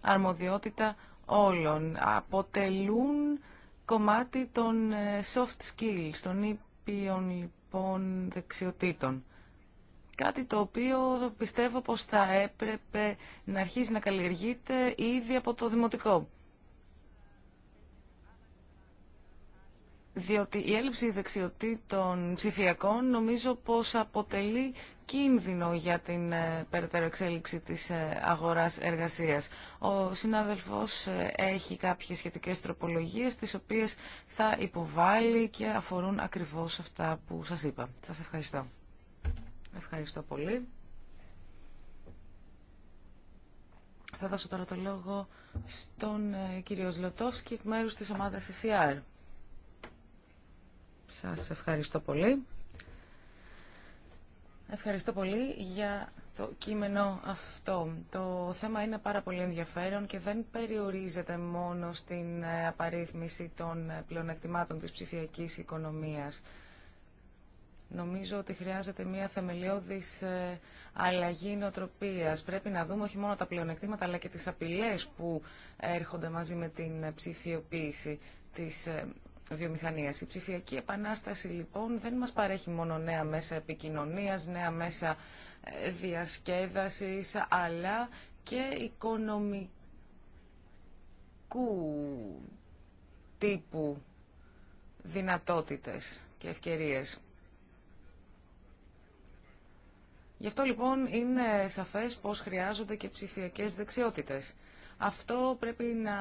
αρμοδιότητα όλων. Αποτελούν κομμάτι των ε, soft skills, των ήπιων λοιπόν δεξιοτήτων. Κάτι το οποίο πιστεύω πως θα έπρεπε να αρχίσει να καλλιεργείται ήδη από το δημοτικό. Διότι η έλλειψη δεξιοτήτων ψηφιακών νομίζω πως αποτελεί κίνδυνο για την ε, περαιτέρω εξέλιξη της ε, αγοράς εργασίας. Ο συνάδελφος ε, έχει κάποιες σχετικές τροπολογίες, τις οποίες θα υποβάλει και αφορούν ακριβώς αυτά που σας είπα. Σας ευχαριστώ. Ευχαριστώ πολύ. Θα δώσω τώρα το λόγο στον ε, κύριο Ζλωτόφσκι εκ μέρους της ομάδας ECR. Σας ευχαριστώ πολύ. Ευχαριστώ πολύ για το κείμενο αυτό. Το θέμα είναι πάρα πολύ ενδιαφέρον και δεν περιορίζεται μόνο στην ε, απαρίθμηση των ε, πλεονεκτημάτων της ψηφιακής οικονομίας. Νομίζω ότι χρειάζεται μια θεμελιώδης ε, αλλαγή νοοτροπία. Πρέπει να δούμε όχι μόνο τα πλεονεκτήματα αλλά και τι απειλές που έρχονται μαζί με την ψηφιοποίηση της ε, βιομηχανίας. Η ψηφιακή επανάσταση λοιπόν δεν μας παρέχει μόνο νέα μέσα επικοινωνίας, νέα μέσα ε, διασκέδασης αλλά και οικονομικού τύπου δυνατότητες και ευκαιρίες. Γι' αυτό λοιπόν είναι σαφές πως χρειάζονται και ψηφιακές δεξιότητες. Αυτό πρέπει να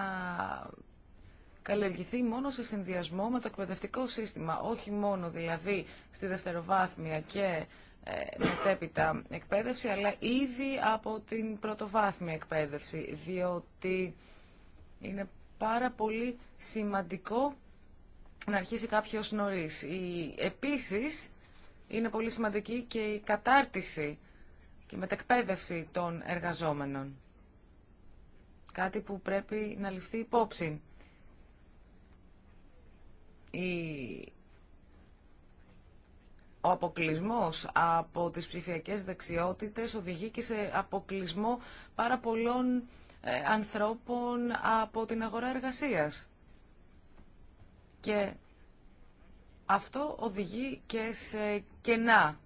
καλλιεργηθεί μόνο σε συνδυασμό με το εκπαιδευτικό σύστημα, όχι μόνο δηλαδή στη δευτεροβάθμια και ε, μετέπειτα εκπαίδευση, αλλά ήδη από την πρωτοβάθμια εκπαίδευση, διότι είναι πάρα πολύ σημαντικό να αρχίσει κάποιος νωρίς. Επίσης, είναι πολύ σημαντική και η κατάρτιση και η μετεκπαίδευση των εργαζόμενων. Κάτι που πρέπει να ληφθεί υπόψη. Ο αποκλεισμό από τις ψηφιακέ δεξιότητες οδηγεί και σε αποκλεισμό πάρα πολλών ε, ανθρώπων από την αγορά εργασίας. Και αυτό οδηγεί και σε κενά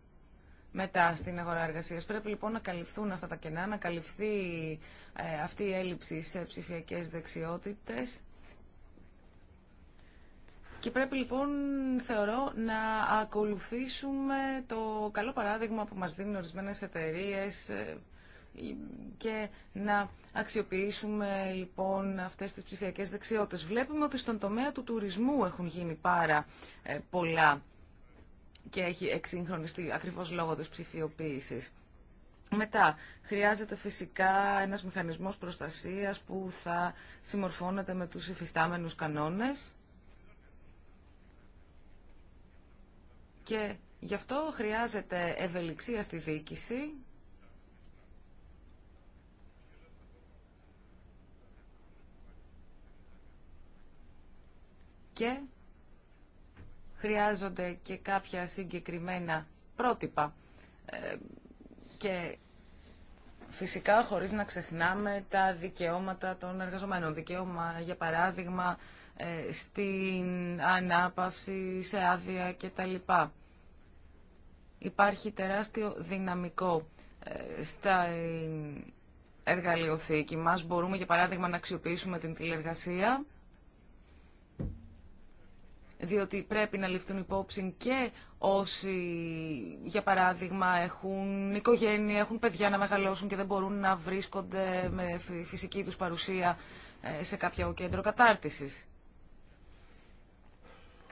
μετά στην αγορά εργασίας. Πρέπει λοιπόν να καλυφθούν αυτά τα κενά, να καλυφθεί ε, αυτή η έλλειψη σε ψηφιακές δεξιότητες και πρέπει λοιπόν, θεωρώ, να ακολουθήσουμε το καλό παράδειγμα που μας δίνουν ορισμένες εταιρείες ε, και να αξιοποιήσουμε λοιπόν αυτές τις ψηφιακές δεξιότητες. Βλέπουμε ότι στον τομέα του τουρισμού έχουν γίνει πάρα ε, πολλά και έχει εξυγχρονιστεί ακριβώς λόγω της ψηφιοποίησης. Μετά, χρειάζεται φυσικά ένας μηχανισμός προστασίας που θα συμμορφώνεται με τους υφιστάμενους κανόνες και γι' αυτό χρειάζεται ευελιξία στη διοίκηση και χρειάζονται και κάποια συγκεκριμένα πρότυπα. Ε, και φυσικά χωρίς να ξεχνάμε τα δικαιώματα των εργαζομένων. Δικαίωμα, για παράδειγμα, ε, στην ανάπαυση, σε άδεια κτλ. Υπάρχει τεράστιο δυναμικό ε, στα εργαλειοθήκη μας. Μπορούμε, για παράδειγμα, να αξιοποιήσουμε την τηλεργασία διότι πρέπει να ληφθούν υπόψη και όσοι, για παράδειγμα, έχουν οικογένεια, έχουν παιδιά να μεγαλώσουν και δεν μπορούν να βρίσκονται με φυσική τους παρουσία ε, σε κάποιο κέντρο κατάρτισης.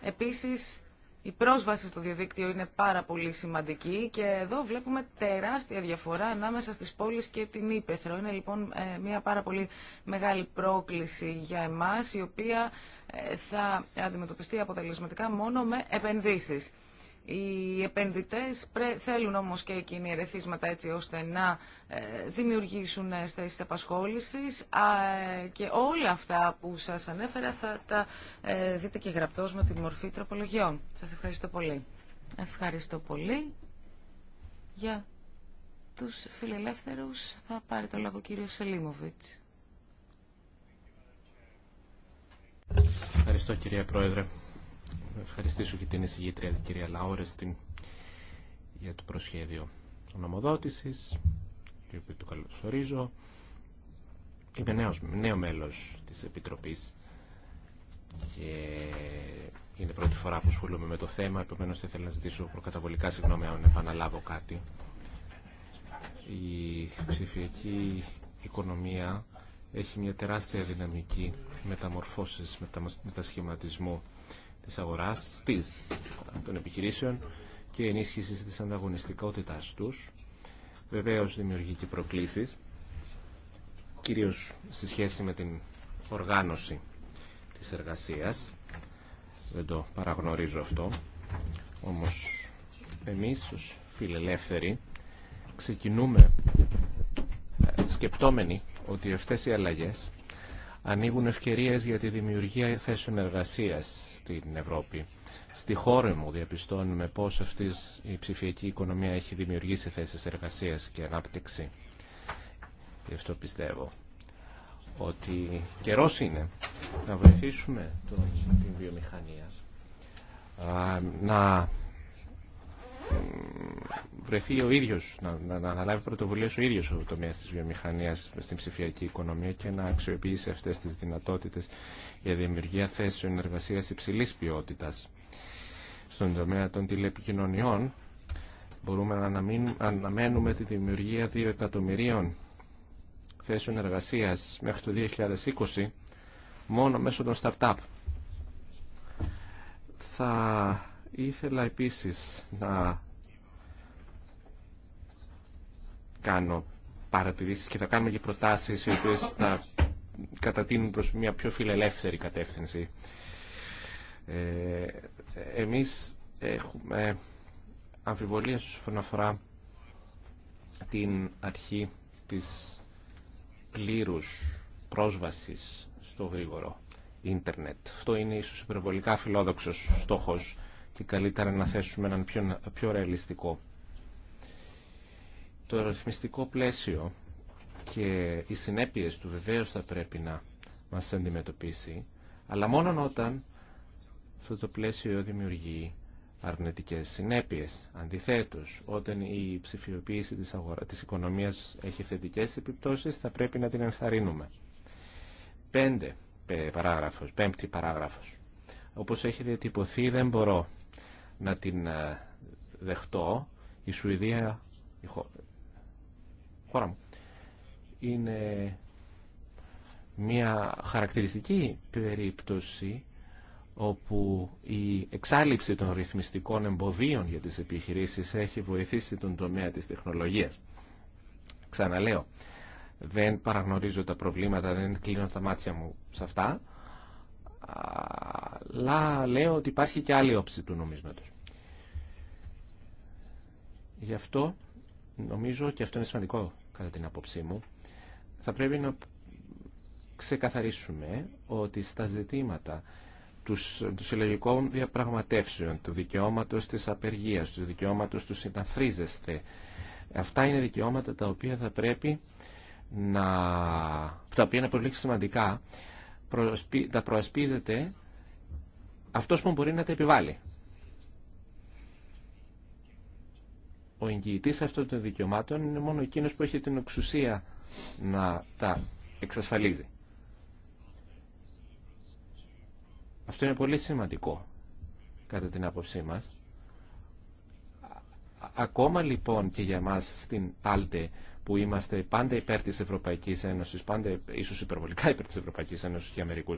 Επίσης, η πρόσβαση στο διαδίκτυο είναι πάρα πολύ σημαντική και εδώ βλέπουμε τεράστια διαφορά ανάμεσα στις πόλεις και την Ήπεθρο. Είναι λοιπόν ε, μια πάρα πολύ μεγάλη πρόκληση για εμάς, η οποία θα αντιμετωπιστεί αποτελεσματικά μόνο με επενδύσεις. Οι επενδυτές θέλουν όμως και εκείνοι ερεθίσματα έτσι ώστε να ε, δημιουργήσουν θέσεις απασχόλησης και όλα αυτά που σας ανέφερα θα τα ε, δείτε και γραπτός με τη μορφή τροπολογιών. Σας ευχαριστώ πολύ. Ευχαριστώ πολύ. Για τους φιλελεύθερους θα πάρει το λόγο ο Σελίμωβιτς. Ευχαριστώ κυρία Πρόεδρε. Ευχαριστήσω και την εισηγήτρια την κυρία Λαόρεστη για το προσχέδιο ονομοδότησης, και οποίο του καλωσορίζω. Είμαι νέος, νέο μέλος της Επιτροπής και είναι πρώτη φορά που ασχολούμαι με το θέμα, επομένω θα ήθελα να ζητήσω προκαταβολικά συγγνώμη αν επαναλάβω κάτι. Η ψηφιακή οικονομία έχει μια τεράστια δυναμική μεταμορφώσεις, μετασχηματισμού της αγοράς, της, των επιχειρήσεων και ενίσχυσης της ανταγωνιστικότητάς τους. Βεβαίως δημιουργεί και προκλήσεις, κυρίως στη σχέση με την οργάνωση της εργασίας. Δεν το παραγνωρίζω αυτό. Όμως εμείς ως φιλελεύθεροι ξεκινούμε ε, σκεπτόμενοι ότι αυτές οι αλλαγές ανοίγουν ευκαιρίες για τη δημιουργία θέσεων εργασίας στην Ευρώπη. Στη χώρα μου διαπιστώνουμε πώς αυτή η ψηφιακή οικονομία έχει δημιουργήσει θέσεις εργασίας και ανάπτυξη. Γι' αυτό πιστεύω ότι καιρό είναι να βοηθήσουμε τον, την βιομηχανία να βρεθεί ο ίδιος, να, να, αναλάβει πρωτοβουλίες ο ίδιος ο τομέα της βιομηχανίας στην ψηφιακή οικονομία και να αξιοποιήσει αυτές τις δυνατότητες για δημιουργία θέσεων εργασίας υψηλής ποιότητας. Στον τομέα των τηλεπικοινωνιών μπορούμε να αναμένουμε τη δημιουργία 2 εκατομμυρίων θέσεων εργασίας μέχρι το 2020 μόνο μέσω των startup. Θα Ήθελα επίσης να κάνω παρατηρήσεις και θα κάνουμε και προτάσεις οι οποίες θα κατατείνουν προς μια πιο φιλελεύθερη κατεύθυνση. Ε, εμείς έχουμε αμφιβολία όσον αφορά την αρχή της πλήρους πρόσβασης στο γρήγορο ίντερνετ. Αυτό είναι ίσως υπερβολικά φιλόδοξος στόχος και καλύτερα να θέσουμε έναν πιο, πιο ρεαλιστικό. Το ρυθμιστικό πλαίσιο και οι συνέπειες του βεβαίως θα πρέπει να μας αντιμετωπίσει, αλλά μόνο όταν αυτό το πλαίσιο δημιουργεί αρνητικές συνέπειες. Αντιθέτως, όταν η ψηφιοποίηση της, αγορά, της οικονομίας έχει θετικές επιπτώσεις, θα πρέπει να την ενθαρρύνουμε. Πέντε παράγραφος, πέμπτη παράγραφος. Όπως έχει διατυπωθεί, δεν μπορώ να την ε, δεχτώ. Η Σουηδία, η χώρα μου, είναι μια χαρακτηριστική περίπτωση όπου η εξάλληψη των ρυθμιστικών εμποδίων για τις επιχειρήσεις έχει βοηθήσει τον τομέα της τεχνολογίας. Ξαναλέω, δεν παραγνωρίζω τα προβλήματα, δεν κλείνω τα μάτια μου σε αυτά, αλλά λέω ότι υπάρχει και άλλη όψη του νομίσματος. Γι' αυτό νομίζω και αυτό είναι σημαντικό κατά την απόψή μου θα πρέπει να ξεκαθαρίσουμε ότι στα ζητήματα του συλλογικών διαπραγματεύσεων, του δικαιώματος της απεργίας, του δικαιώματος του συναφρίζεστε. Αυτά είναι δικαιώματα τα οποία θα πρέπει να... τα οποία είναι πολύ σημαντικά τα προασπίζεται αυτός που μπορεί να τα επιβάλλει. Ο εγγυητής αυτών των δικαιωμάτων είναι μόνο εκείνος που έχει την εξουσία να τα εξασφαλίζει. Αυτό είναι πολύ σημαντικό κατά την άποψή μας. Ακόμα λοιπόν και για μας στην Άλτε που είμαστε πάντα υπέρ τη Ευρωπαϊκής Ένωση, πάντα ίσω υπερβολικά υπέρ τη Ευρωπαϊκής Ένωση και Αμερικού,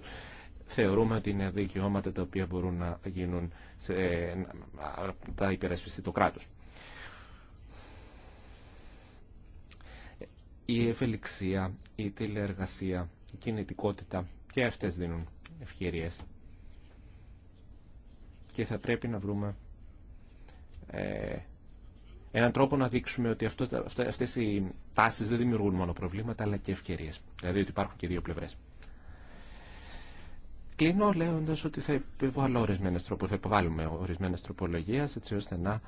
θεωρούμε ότι είναι δικαιώματα τα οποία μπορούν να γίνουν σε, ε, να, τα υπερασπιστεί το κράτος. Η ευελιξία, η τηλεεργασία, η κινητικότητα και αυτές δίνουν ευκαιρίες και θα πρέπει να βρούμε ε, έναν τρόπο να δείξουμε ότι αυτό, αυτές οι τάσεις δεν δημιουργούν μόνο προβλήματα αλλά και ευκαιρίες. Δηλαδή ότι υπάρχουν και δύο πλευρές. Κλείνω λέγοντα ότι θα υποβάλω ορισμένες θα υποβάλουμε ορισμένε τροπολογίε έτσι ώστε να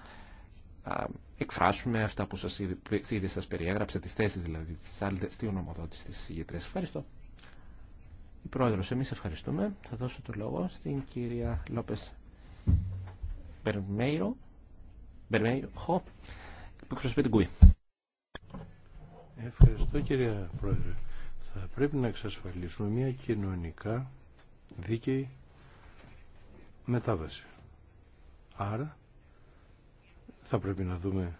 εκφράσουμε αυτά που σας ήδη, ήδη σας περιέγραψα, τις θέσεις δηλαδή της άλλης, τι ονομοδότης της ηγετρίας. Ευχαριστώ. Η Πρόεδρος, εμείς ευχαριστούμε. Θα δώσω το λόγο στην κυρία Λόπες Περμέιρο που την Ευχαριστώ κύριε Πρόεδρε. Θα πρέπει να εξασφαλίσουμε μια κοινωνικά δίκαιη μετάβαση. Άρα θα πρέπει να δούμε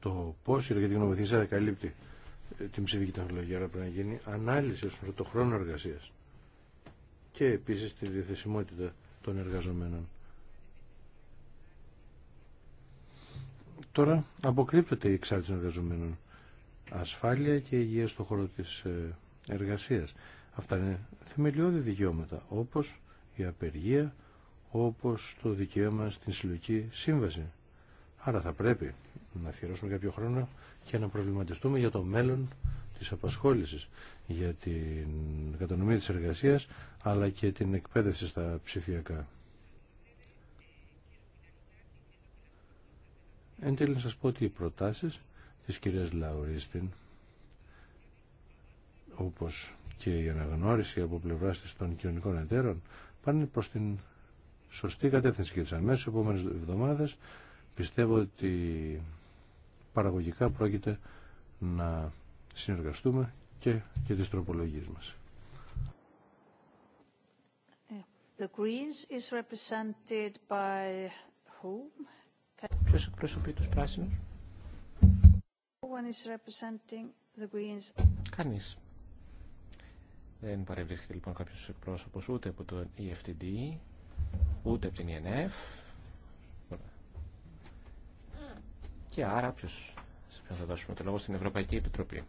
το πώς η εργατική νομοθεσία καλύπτει ε, την ψηφική τεχνολογία. Άρα πρέπει να γίνει ανάλυση όσον το χρόνο εργασίας και επίσης τη διαθεσιμότητα των εργαζομένων. Τώρα αποκρύπτεται η εξάρτηση των εργαζομένων. Ασφάλεια και υγεία στον χώρο της ε, εργασίας. Αυτά είναι θεμελιώδη δικαιώματα, όπως η απεργία, όπως το δικαίωμα στην συλλογική σύμβαση. Άρα θα πρέπει να αφιερώσουμε κάποιο χρόνο και να προβληματιστούμε για το μέλλον της απασχόλησης, για την κατανομή της εργασίας, αλλά και την εκπαίδευση στα ψηφιακά. Εν τέλει να σας πω ότι οι προτάσεις της κυρίας Λαουρίστην όπως και η αναγνώριση από πλευράς της των κοινωνικών εταίρων πάνε προς την σωστή κατεύθυνση και τις αμέσως επόμενες εβδομάδες πιστεύω ότι παραγωγικά πρόκειται να συνεργαστούμε και, και τις τροπολογίες μας. The is by Ποιος εκπροσωπεί τους πράσινους. Κανείς. Δεν παρευρίσκεται λοιπόν κάποιος εκπρόσωπος ούτε από το EFTD, ούτε από την ENF. Και άρα ποιος, σε ποιον θα δώσουμε το λόγο στην Ευρωπαϊκή Επιτροπή.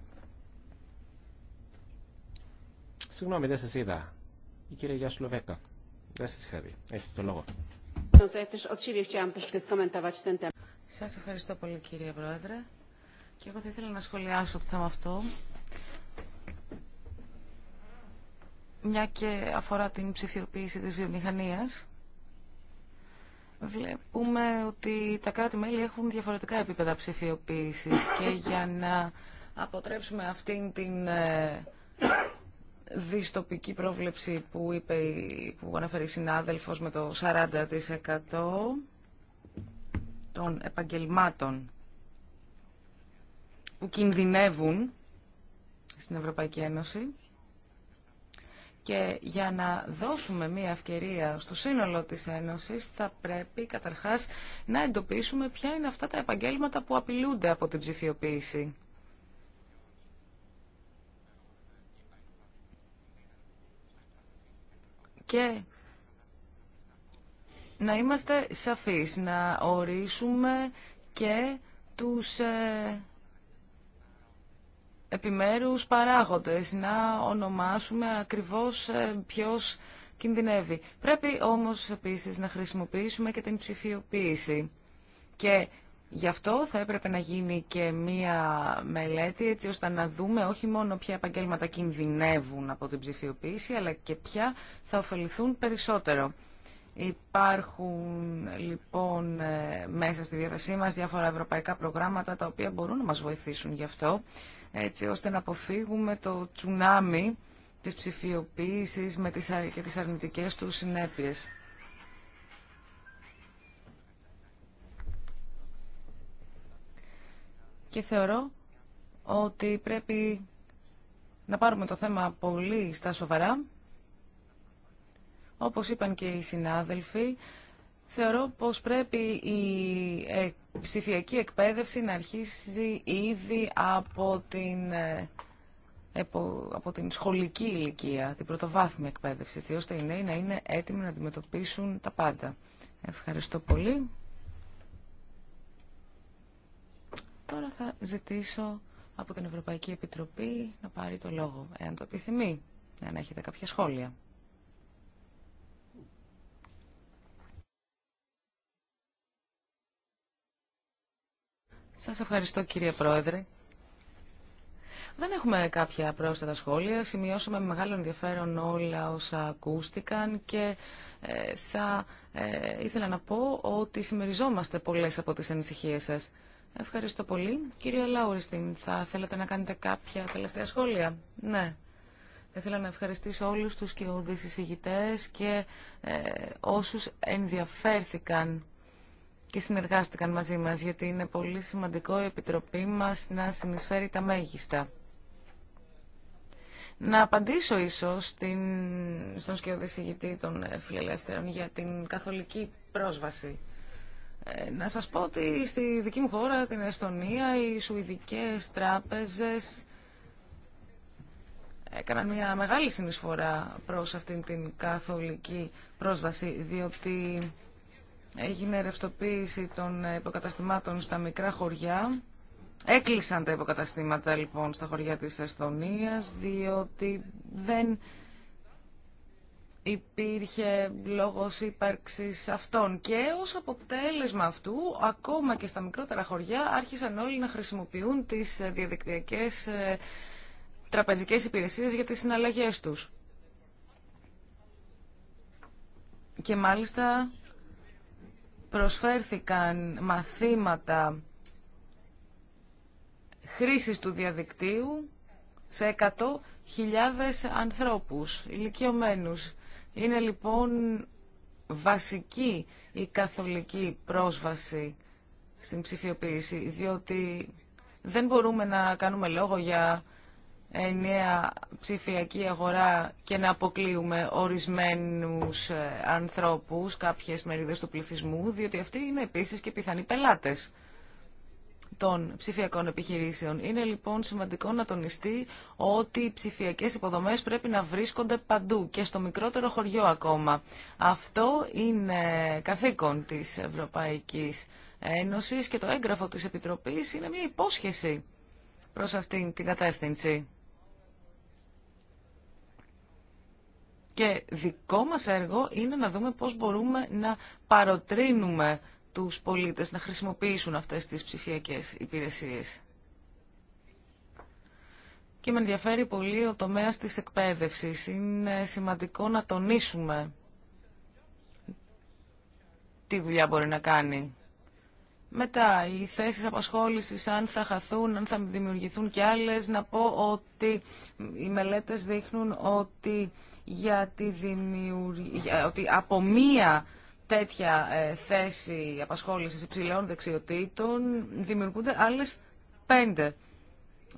Συγγνώμη, δεν σας είδα. Η κυρία Λοβέκα. Δεν σας είχα δει. Έχετε το λόγο. Σας ευχαριστώ πολύ κύριε Πρόεδρε. Και εγώ θα ήθελα να σχολιάσω το θέμα αυτό. Μια και αφορά την ψηφιοποίηση της βιομηχανίας, βλέπουμε ότι τα κράτη-μέλη έχουν διαφορετικά επίπεδα ψηφιοποίησης και για να αποτρέψουμε αυτήν την ε, δυστοπική πρόβλεψη που, είπε, που αναφέρει η συνάδελφος με το 40% των επαγγελμάτων που κινδυνεύουν στην Ευρωπαϊκή Ένωση και για να δώσουμε μία ευκαιρία στο σύνολο της Ένωσης θα πρέπει καταρχάς να εντοπίσουμε ποια είναι αυτά τα επαγγέλματα που απειλούνται από την ψηφιοποίηση. Και να είμαστε σαφείς, να ορίσουμε και τους ε, επιμέρους παράγοντες, να ονομάσουμε ακριβώς ε, ποιος κινδυνεύει. Πρέπει όμως επίσης να χρησιμοποιήσουμε και την ψηφιοποίηση. Και γι' αυτό θα έπρεπε να γίνει και μία μελέτη έτσι ώστε να δούμε όχι μόνο ποια επαγγέλματα κινδυνεύουν από την ψηφιοποίηση αλλά και ποια θα ωφεληθούν περισσότερο. Υπάρχουν λοιπόν ε, μέσα στη διάθεσή μας διάφορα ευρωπαϊκά προγράμματα τα οποία μπορούν να μας βοηθήσουν γι' αυτό, έτσι ώστε να αποφύγουμε το τσουνάμι της ψηφιοποίησης με τις, και τις αρνητικές του συνέπειες. Και θεωρώ ότι πρέπει να πάρουμε το θέμα πολύ στα σοβαρά όπως είπαν και οι συνάδελφοι, θεωρώ πως πρέπει η ε, ψηφιακή εκπαίδευση να αρχίσει ήδη από την, ε, από την σχολική ηλικία, την πρωτοβάθμια εκπαίδευση, έτσι ώστε οι νέοι να είναι έτοιμοι να αντιμετωπίσουν τα πάντα. Ευχαριστώ πολύ. Τώρα θα ζητήσω από την Ευρωπαϊκή Επιτροπή να πάρει το λόγο, εάν το επιθυμεί, αν έχετε κάποια σχόλια. Σας ευχαριστώ κύριε Πρόεδρε. Δεν έχουμε κάποια πρόσθετα σχόλια. Σημειώσαμε με μεγάλο ενδιαφέρον όλα όσα ακούστηκαν και ε, θα ε, ήθελα να πω ότι συμμεριζόμαστε πολλές από τις ανησυχίες σας. Ευχαριστώ πολύ. Κύριε Λάουριστιν, θα θέλατε να κάνετε κάποια τελευταία σχόλια. Ναι. Θα ήθελα να ευχαριστήσω όλους τους και εισηγητές και ε, όσους ενδιαφέρθηκαν και συνεργάστηκαν μαζί μας, γιατί είναι πολύ σημαντικό η Επιτροπή μας να συνεισφέρει τα μέγιστα. Να απαντήσω ίσως στην, στον συγητή των φιλελεύθερων για την καθολική πρόσβαση. Ε, να σας πω ότι στη δική μου χώρα, την Εστονία, οι Σουηδικές τράπεζες έκαναν μια μεγάλη συνεισφορά προς αυτήν την καθολική πρόσβαση, διότι Έγινε ρευστοποίηση των υποκαταστημάτων στα μικρά χωριά. Έκλεισαν τα υποκαταστήματα λοιπόν στα χωριά της Εστονίας διότι δεν υπήρχε λόγος ύπαρξης αυτών και ως αποτέλεσμα αυτού ακόμα και στα μικρότερα χωριά άρχισαν όλοι να χρησιμοποιούν τις διαδικτυακές ε, τραπεζικές υπηρεσίες για τις συναλλαγές τους. Και μάλιστα προσφέρθηκαν μαθήματα χρήσης του διαδικτύου σε 100.000 ανθρώπους ηλικιωμένους. Είναι λοιπόν βασική η καθολική πρόσβαση στην ψηφιοποίηση, διότι δεν μπορούμε να κάνουμε λόγο για νέα ψηφιακή αγορά και να αποκλείουμε ορισμένους ε, ανθρώπους, κάποιες μερίδες του πληθυσμού, διότι αυτοί είναι επίσης και πιθανοί πελάτες των ψηφιακών επιχειρήσεων. Είναι λοιπόν σημαντικό να τονιστεί ότι οι ψηφιακές υποδομές πρέπει να βρίσκονται παντού και στο μικρότερο χωριό ακόμα. Αυτό είναι καθήκον της Ευρωπαϊκής Ένωσης και το έγγραφο της Επιτροπής είναι μια υπόσχεση προς αυτήν την κατεύθυνση. Και δικό μας έργο είναι να δούμε πώς μπορούμε να παροτρύνουμε τους πολίτες να χρησιμοποιήσουν αυτές τις ψηφιακές υπηρεσίες. Και με ενδιαφέρει πολύ ο τομέας της εκπαίδευσης. Είναι σημαντικό να τονίσουμε τι δουλειά μπορεί να κάνει μετά, οι θέσεις απασχόλησης, αν θα χαθούν, αν θα δημιουργηθούν και άλλες, να πω ότι οι μελέτες δείχνουν ότι, για τη ότι από μία τέτοια ε, θέση απασχόλησης υψηλών δεξιοτήτων δημιουργούνται άλλες πέντε.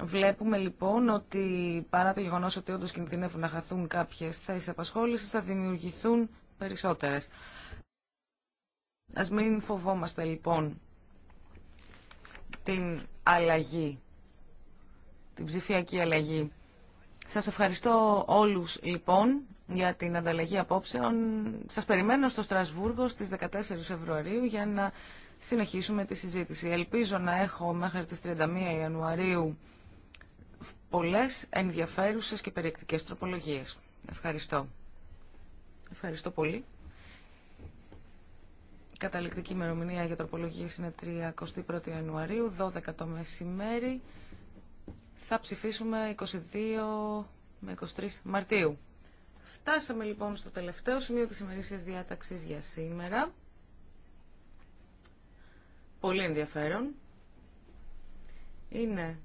Βλέπουμε λοιπόν ότι παρά το γεγονός ότι όντως κινδυνεύουν να χαθούν κάποιες θέσεις απασχόλησης θα δημιουργηθούν περισσότερες. Ας μην φοβόμαστε λοιπόν την αλλαγή, την ψηφιακή αλλαγή. Σας ευχαριστώ όλους λοιπόν για την ανταλλαγή απόψεων. Σας περιμένω στο Στρασβούργο στις 14 Φεβρουαρίου για να συνεχίσουμε τη συζήτηση. Ελπίζω να έχω μέχρι τις 31 Ιανουαρίου πολλές ενδιαφέρουσες και περιεκτικές τροπολογίες. Ευχαριστώ. Ευχαριστώ πολύ. Καταληκτική ημερομηνία για τροπολογίε είναι 31 Ιανουαρίου, 12 το μεσημέρι. Θα ψηφίσουμε 22 με 23 Μαρτίου. Φτάσαμε λοιπόν στο τελευταίο σημείο της ημερήσιας διάταξης για σήμερα. Πολύ ενδιαφέρον. Είναι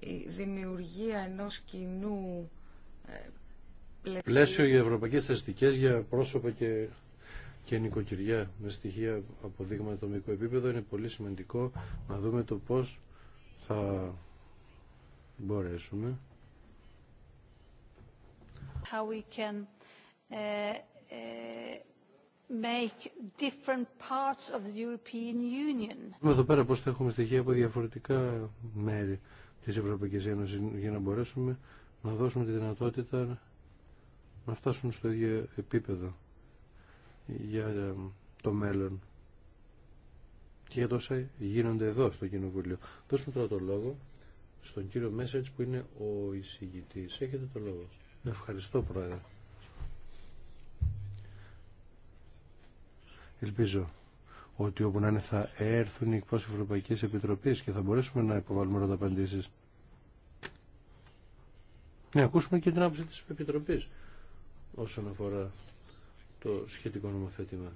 η δημιουργία ενός κοινού ε, πλαισίου... Πλαίσιο για ευρωπαϊκές θεστικές για πρόσωπα και και νοικοκυριά με στοιχεία από δείγμα ατομικό επίπεδο είναι πολύ σημαντικό να δούμε το πώς θα μπορέσουμε How we can, Εδώ πέρα πώς θα έχουμε στοιχεία από διαφορετικά μέρη της Ευρωπαϊκής Ένωσης για να μπορέσουμε να δώσουμε τη δυνατότητα να φτάσουμε στο ίδιο επίπεδο για ε, το μέλλον και για τόσα γίνονται εδώ στο Κοινοβούλιο. Δώσουμε τώρα το λόγο στον κύριο Μέσετς που είναι ο εισηγητής. Έχετε το λόγο. Ευχαριστώ πρόεδρε. Ελπίζω ότι όπου να είναι θα έρθουν οι εκπρόσωποι Ευρωπαϊκής Επιτροπής και θα μπορέσουμε να υποβάλουμε τα απαντήσει. Να ακούσουμε και την άποψη της Επιτροπής όσον αφορά το σχετικό νομοθέτημα.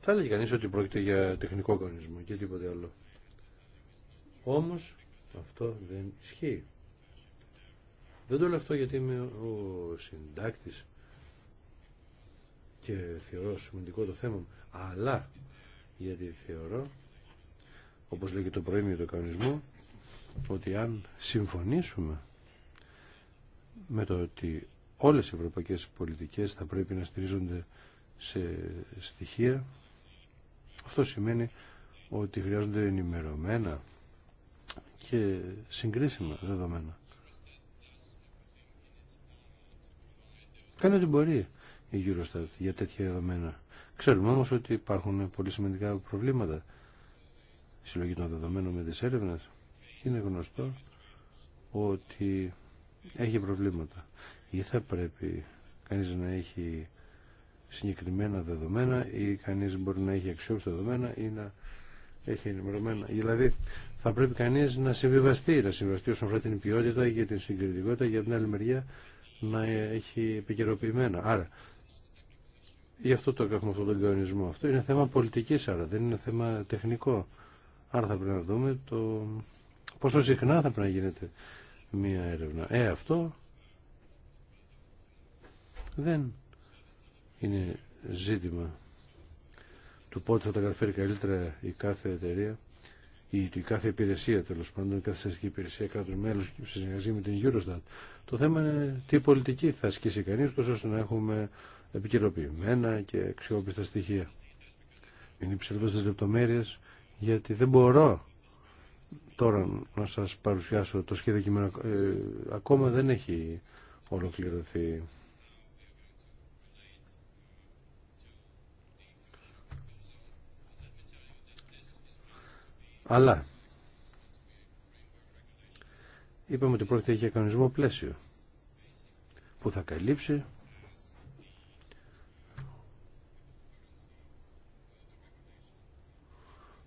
Θα έλεγε κανείς ότι πρόκειται για τεχνικό κανονισμό και τίποτε άλλο. Όμως αυτό δεν ισχύει. Δεν το λέω αυτό γιατί είμαι ο συντάκτης και θεωρώ σημαντικό το θέμα μου, αλλά γιατί θεωρώ, όπως λέει και το προήμιο του κανονισμού, ότι αν συμφωνήσουμε με το ότι όλες οι ευρωπαϊκές πολιτικές θα πρέπει να στηρίζονται σε στοιχεία. Αυτό σημαίνει ότι χρειάζονται ενημερωμένα και συγκρίσιμα δεδομένα. Κάνει ό,τι μπορεί η Eurostat για τέτοια δεδομένα. Ξέρουμε όμως ότι υπάρχουν πολύ σημαντικά προβλήματα. Η συλλογή των δεδομένων με τις έρευνες είναι γνωστό ότι έχει προβλήματα ή θα πρέπει κανείς να έχει συγκεκριμένα δεδομένα ή κανείς μπορεί να έχει αξιόπιστα δεδομένα ή να έχει ενημερωμένα. Δηλαδή θα πρέπει κανείς να συμβιβαστεί, να συμβιβαστεί όσον αφορά την ποιότητα και την συγκριτικότητα για την άλλη μεριά να έχει επικαιροποιημένα. Άρα γι' αυτό το έχουμε αυτόν τον κανονισμό. Αυτό είναι θέμα πολιτικής άρα δεν είναι θέμα τεχνικό. Άρα θα πρέπει να δούμε το πόσο συχνά θα πρέπει να γίνεται μία έρευνα. Ε, αυτό δεν είναι ζήτημα του πότε θα τα καταφέρει καλύτερα η κάθε εταιρεία ή η κάθε υπηρεσία τέλο πάντων, η κάθε στατιστική υπηρεσία κράτου μέλου σε συνεργασία με την Eurostat. Το θέμα είναι τι πολιτική θα ασκήσει κανεί, ώστε να έχουμε επικαιροποιημένα και αξιόπιστα στοιχεία. Είναι υψηλό στι λεπτομέρειε, γιατί δεν μπορώ τώρα να σα παρουσιάσω το σχέδιο κειμένου. Ε, ακόμα δεν έχει ολοκληρωθεί. Αλλά είπαμε ότι πρόκειται για κανονισμό πλαίσιο που θα καλύψει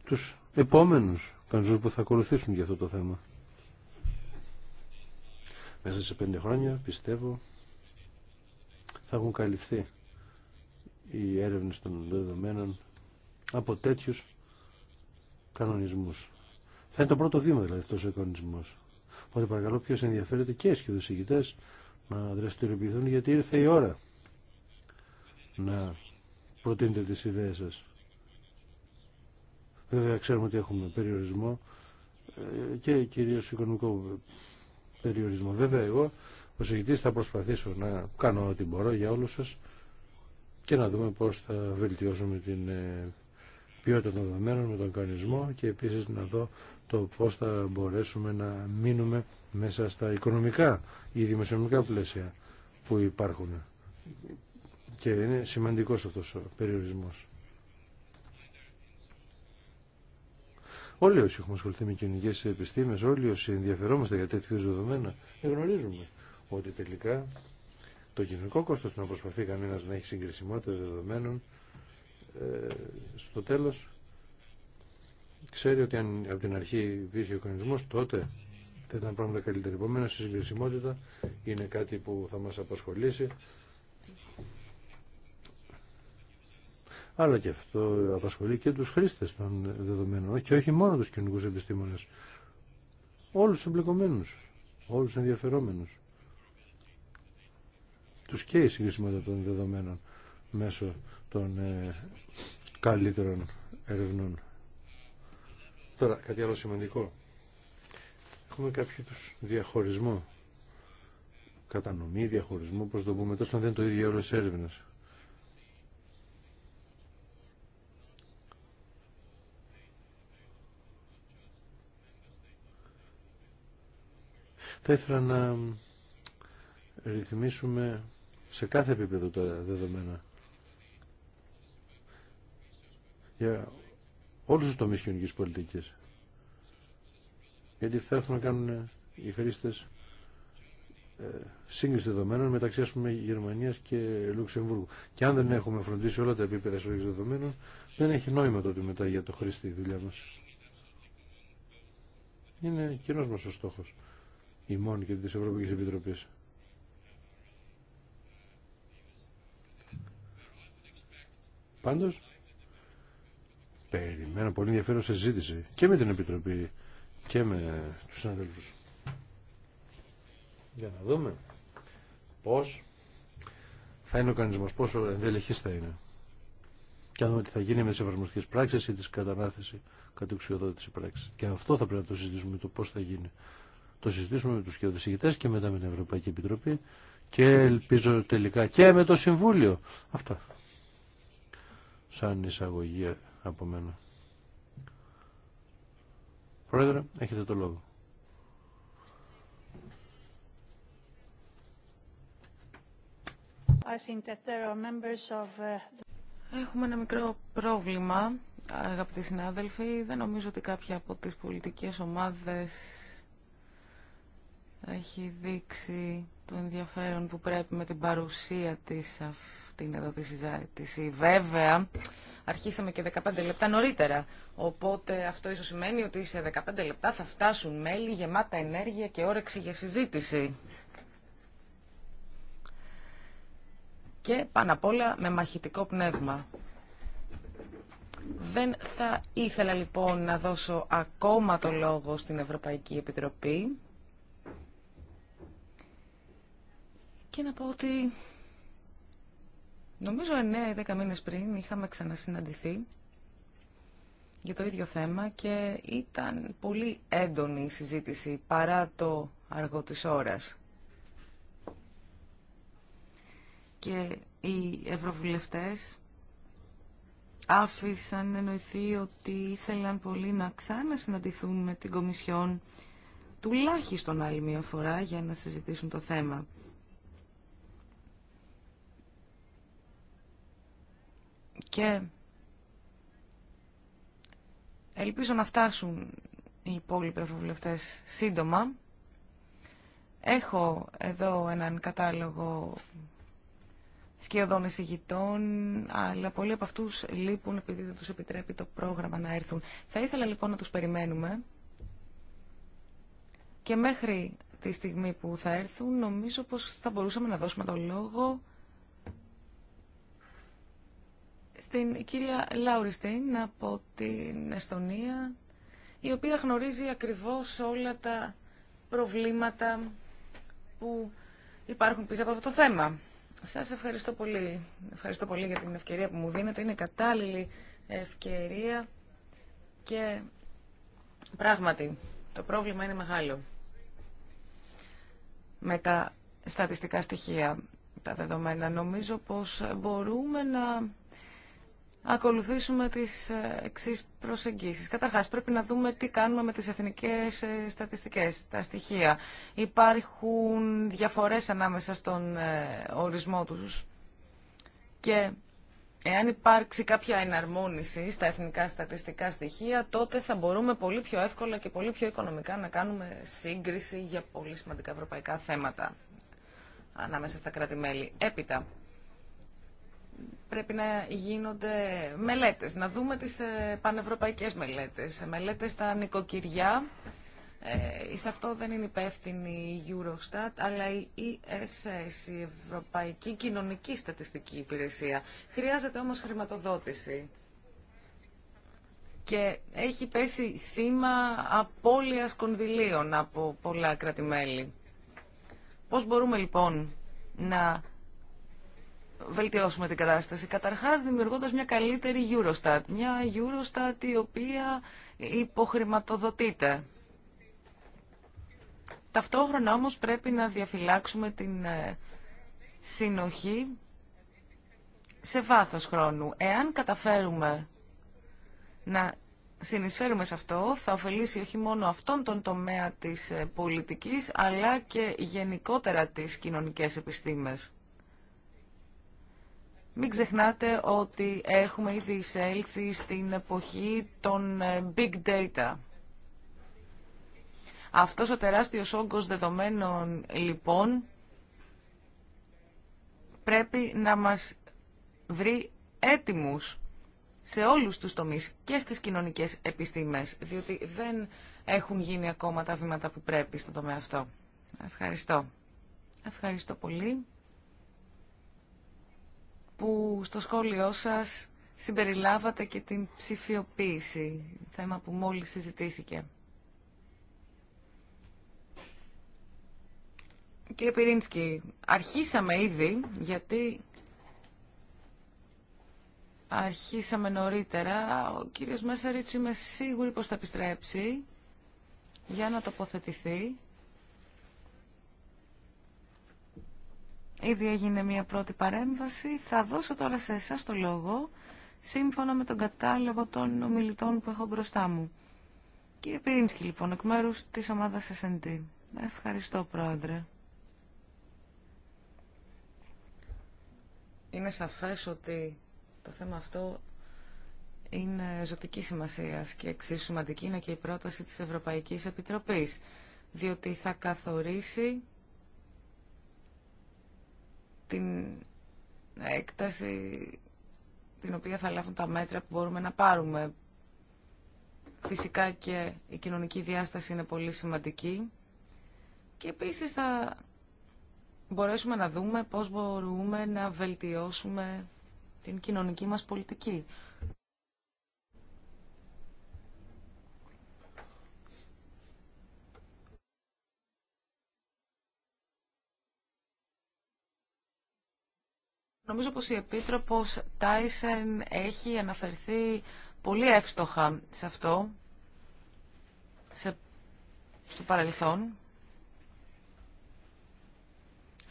τους επόμενους κανονισμούς που θα ακολουθήσουν για αυτό το θέμα. Μέσα σε πέντε χρόνια πιστεύω θα έχουν καλυφθεί οι έρευνες των δεδομένων από τέτοιους κανονισμού. Θα είναι το πρώτο βήμα δηλαδή αυτό ο εικονισμό. Οπότε παρακαλώ ποιο ενδιαφέρεται και οι ηγητές να δραστηριοποιηθούν γιατί ήρθε η ώρα να προτείνετε τι. ιδέε σα. Βέβαια ξέρουμε ότι έχουμε περιορισμό ε, και κυρίω οικονομικό περιορισμό. Βέβαια εγώ ω ηγητής θα προσπαθήσω να κάνω ό,τι μπορώ για όλου σα και να δούμε πώ θα βελτιώσουμε την ε, ποιότητα των δεδομένων με τον κανονισμό και επίσης να δω το πώς θα μπορέσουμε να μείνουμε μέσα στα οικονομικά ή δημοσιονομικά πλαίσια που υπάρχουν. Και είναι σημαντικός αυτός ο περιορισμός. Όλοι όσοι έχουμε ασχοληθεί με κοινωνικέ επιστήμε, όλοι όσοι ενδιαφερόμαστε για τέτοιου δεδομένα, γνωρίζουμε ότι τελικά το κοινωνικό κόστο να προσπαθεί κανένα να έχει συγκρισιμότητα δεδομένων ε, στο τέλος ξέρει ότι αν από την αρχή βγήκε ο κανονισμός τότε θα ήταν πράγματα καλύτερα. Επομένω, η συγκρισιμότητα είναι κάτι που θα μας απασχολήσει. Αλλά και αυτό απασχολεί και τους χρήστες των δεδομένων και όχι μόνο τους κοινωνικούς επιστήμονες. Όλους τους εμπλεκομένους, όλους τους ενδιαφερόμενους. Τους και η συγκρισιμότητα των δεδομένων μέσω των ε, καλύτερων ερευνών. Τώρα, κάτι άλλο σημαντικό. Έχουμε κάποιο διαχωρισμό. Κατανομή, διαχωρισμό, πώς το πούμε, τόσο να δεν είναι το ίδιο έρευνες. Θα ήθελα να ρυθμίσουμε σε κάθε επίπεδο τα δεδομένα. για όλους του τομεί κοινωνική πολιτική. Γιατί θα έρθουν να κάνουν ε, οι χρήστες ε, σύγκριση δεδομένων μεταξύ ας πούμε Γερμανίας και Λουξεμβούργου. Και αν δεν έχουμε φροντίσει όλα τα επίπεδα σύγκριση δεδομένων, δεν έχει νόημα τότε μετά για το χρήστη η δουλειά μας. Είναι κοινό μας ο στόχος μόνη και της Ευρωπαϊκής Επιτροπής. Πάντως, Περιμένω πολύ ενδιαφέρον συζήτηση και με την Επιτροπή και με τους συναδέλφους. Για να δούμε πώς θα είναι ο κανονισμό, πόσο ενδελεχής θα είναι. Και να δούμε τι θα γίνει με τις εφαρμοστικές πράξεις ή τις κατανάθεση κατεξιοδότηση πράξης. Και αυτό θα πρέπει να το συζητήσουμε, το πώς θα γίνει. Το συζητήσουμε με τους κοιοδησηγητές και μετά με την Ευρωπαϊκή Επιτροπή και ελπίζω τελικά και με το Συμβούλιο. Αυτά. Σαν εισαγωγή από μένα. Πρόεδρε, έχετε το λόγο. Uh, Έχουμε ένα μικρό πρόβλημα, αγαπητοί συνάδελφοι. Δεν νομίζω ότι κάποια από τις πολιτικές ομάδες έχει δείξει το ενδιαφέρον που πρέπει με την παρουσία της αυτήν εδώ τη συζήτηση. Βέβαια, αρχίσαμε και 15 λεπτά νωρίτερα, οπότε αυτό ίσως σημαίνει ότι σε 15 λεπτά θα φτάσουν μέλη γεμάτα ενέργεια και όρεξη για συζήτηση. Και πάνω απ' όλα με μαχητικό πνεύμα. Δεν θα ήθελα λοιπόν να δώσω ακόμα το λόγο στην Ευρωπαϊκή Επιτροπή. και να πω ότι νομίζω εννέα ή 10 μήνες πριν είχαμε ξανασυναντηθεί για το ίδιο θέμα και ήταν πολύ έντονη η συζήτηση παρά το αργό της ώρας. Και οι ευρωβουλευτές άφησαν να εννοηθεί ότι ήθελαν πολύ να ξανασυναντηθούν με την Κομισιόν τουλάχιστον άλλη μία φορά για να συζητήσουν το θέμα. Και ελπίζω να φτάσουν οι υπόλοιποι ευρωβουλευτές σύντομα. Έχω εδώ έναν κατάλογο σκιωδών εισηγητών, αλλά πολλοί από αυτούς λείπουν επειδή δεν τους επιτρέπει το πρόγραμμα να έρθουν. Θα ήθελα λοιπόν να τους περιμένουμε και μέχρι τη στιγμή που θα έρθουν νομίζω πως θα μπορούσαμε να δώσουμε το λόγο στην κυρία Λάουριστέιν από την Εστονία, η οποία γνωρίζει ακριβώς όλα τα προβλήματα που υπάρχουν πίσω από αυτό το θέμα. Σας ευχαριστώ πολύ. Ευχαριστώ πολύ για την ευκαιρία που μου δίνετε. Είναι κατάλληλη ευκαιρία και πράγματι το πρόβλημα είναι μεγάλο. Με τα στατιστικά στοιχεία, τα δεδομένα, νομίζω πως μπορούμε να ακολουθήσουμε τις ε, εξή προσεγγίσεις. Καταρχάς, πρέπει να δούμε τι κάνουμε με τις εθνικές ε, στατιστικές, τα στοιχεία. Υπάρχουν διαφορές ανάμεσα στον ε, ορισμό τους και εάν υπάρξει κάποια εναρμόνιση στα εθνικά στατιστικά στοιχεία, τότε θα μπορούμε πολύ πιο εύκολα και πολύ πιο οικονομικά να κάνουμε σύγκριση για πολύ σημαντικά ευρωπαϊκά θέματα ανάμεσα στα κράτη-μέλη. Έπειτα, πρέπει να γίνονται μελέτες, να δούμε τις ε, πανευρωπαϊκές μελέτες, μελέτες στα νοικοκυριά. Ε, αυτό δεν είναι υπεύθυνη η Eurostat, αλλά η ESS, η Ευρωπαϊκή Κοινωνική Στατιστική Υπηρεσία. Χρειάζεται όμως χρηματοδότηση. Και έχει πέσει θύμα απώλειας κονδυλίων από πολλά κράτη-μέλη. Πώς μπορούμε λοιπόν να βελτιώσουμε την κατάσταση. Καταρχάς δημιουργώντα μια καλύτερη Eurostat, μια Eurostat η οποία υποχρηματοδοτείται. Ταυτόχρονα όμως πρέπει να διαφυλάξουμε την ε, συνοχή σε βάθος χρόνου. Εάν καταφέρουμε να συνεισφέρουμε σε αυτό, θα ωφελήσει όχι μόνο αυτόν τον τομέα της ε, πολιτικής, αλλά και γενικότερα τις κοινωνικές επιστήμες. Μην ξεχνάτε ότι έχουμε ήδη εισέλθει στην εποχή των ε, big data. Αυτός ο τεράστιος όγκος δεδομένων, λοιπόν, πρέπει να μας βρει έτοιμους σε όλους τους τομείς και στις κοινωνικές επιστήμες, διότι δεν έχουν γίνει ακόμα τα βήματα που πρέπει στο τομέα αυτό. Ευχαριστώ. Ευχαριστώ πολύ που στο σχόλιο σας συμπεριλάβατε και την ψηφιοποίηση, θέμα που μόλις συζητήθηκε. Κύριε Πυρίνσκι, αρχίσαμε ήδη, γιατί αρχίσαμε νωρίτερα. Ο κύριος Μέσαριτς είμαι σίγουρη πως θα επιστρέψει για να τοποθετηθεί. Ήδη έγινε μια πρώτη παρέμβαση. Θα δώσω τώρα σε εσά το λόγο, σύμφωνα με τον κατάλογο των ομιλητών που έχω μπροστά μου. Κύριε Πυρίνσκι, λοιπόν, εκ μέρου τη ομάδα SND. Ευχαριστώ, Πρόεδρε. Είναι σαφές ότι το θέμα αυτό είναι ζωτική σημασία και εξίσου σημαντική είναι και η πρόταση της Ευρωπαϊκής Επιτροπής, διότι θα καθορίσει την έκταση την οποία θα λάβουν τα μέτρα που μπορούμε να πάρουμε. Φυσικά και η κοινωνική διάσταση είναι πολύ σημαντική και επίσης θα μπορέσουμε να δούμε πώς μπορούμε να βελτιώσουμε την κοινωνική μας πολιτική. Νομίζω πως η Επίτροπος Τάισεν έχει αναφερθεί πολύ εύστοχα σε αυτό, σε, στο παρελθόν.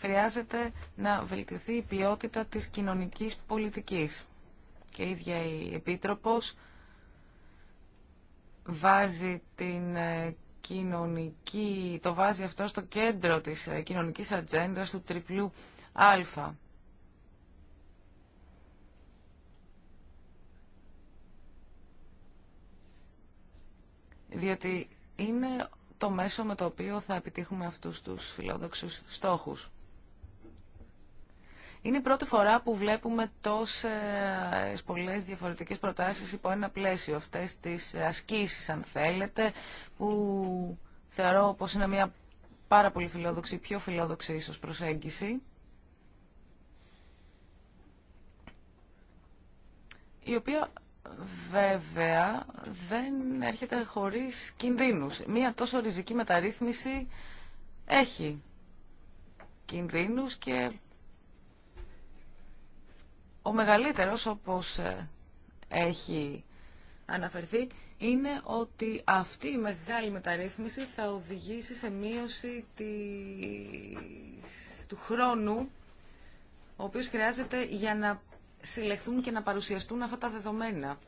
Χρειάζεται να βελτιωθεί η ποιότητα της κοινωνικής πολιτικής. Και η ίδια η Επίτροπος βάζει την ε, κοινωνική, το βάζει αυτό στο κέντρο της ε, κοινωνικής ατζέντας του τριπλού Αλφα. διότι είναι το μέσο με το οποίο θα επιτύχουμε αυτούς τους φιλόδοξους στόχους. Είναι η πρώτη φορά που βλέπουμε τόσες πολλές διαφορετικές προτάσεις υπό ένα πλαίσιο. Αυτές τις ασκήσεις, αν θέλετε, που θεωρώ πως είναι μια πάρα πολύ φιλόδοξη, πιο φιλόδοξη ίσως προσέγγιση. Η οποία βέβαια δεν έρχεται χωρίς κινδύνους. Μία τόσο ριζική μεταρρύθμιση έχει κινδύνους και ο μεγαλύτερος όπως ε, έχει αναφερθεί είναι ότι αυτή η μεγάλη μεταρρύθμιση θα οδηγήσει σε μείωση της... του χρόνου ο οποίος χρειάζεται για να συλλεχθούν και να παρουσιαστούν αυτά τα δεδομένα.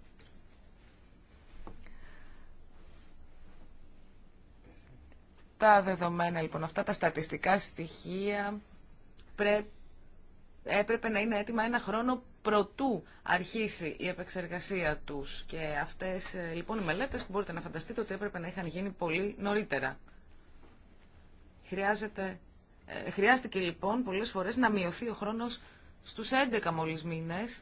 Τα δεδομένα λοιπόν, αυτά τα στατιστικά στοιχεία έπρεπε να είναι έτοιμα ένα χρόνο προτού αρχίσει η επεξεργασία τους. Και αυτές ε, λοιπόν οι μελέτες που μπορείτε να φανταστείτε ότι έπρεπε να είχαν γίνει πολύ νωρίτερα. Χρειάζεται... Ε, χρειάστηκε λοιπόν πολλές φορές να μειωθεί ο χρόνος στους 11 μόλις μήνες.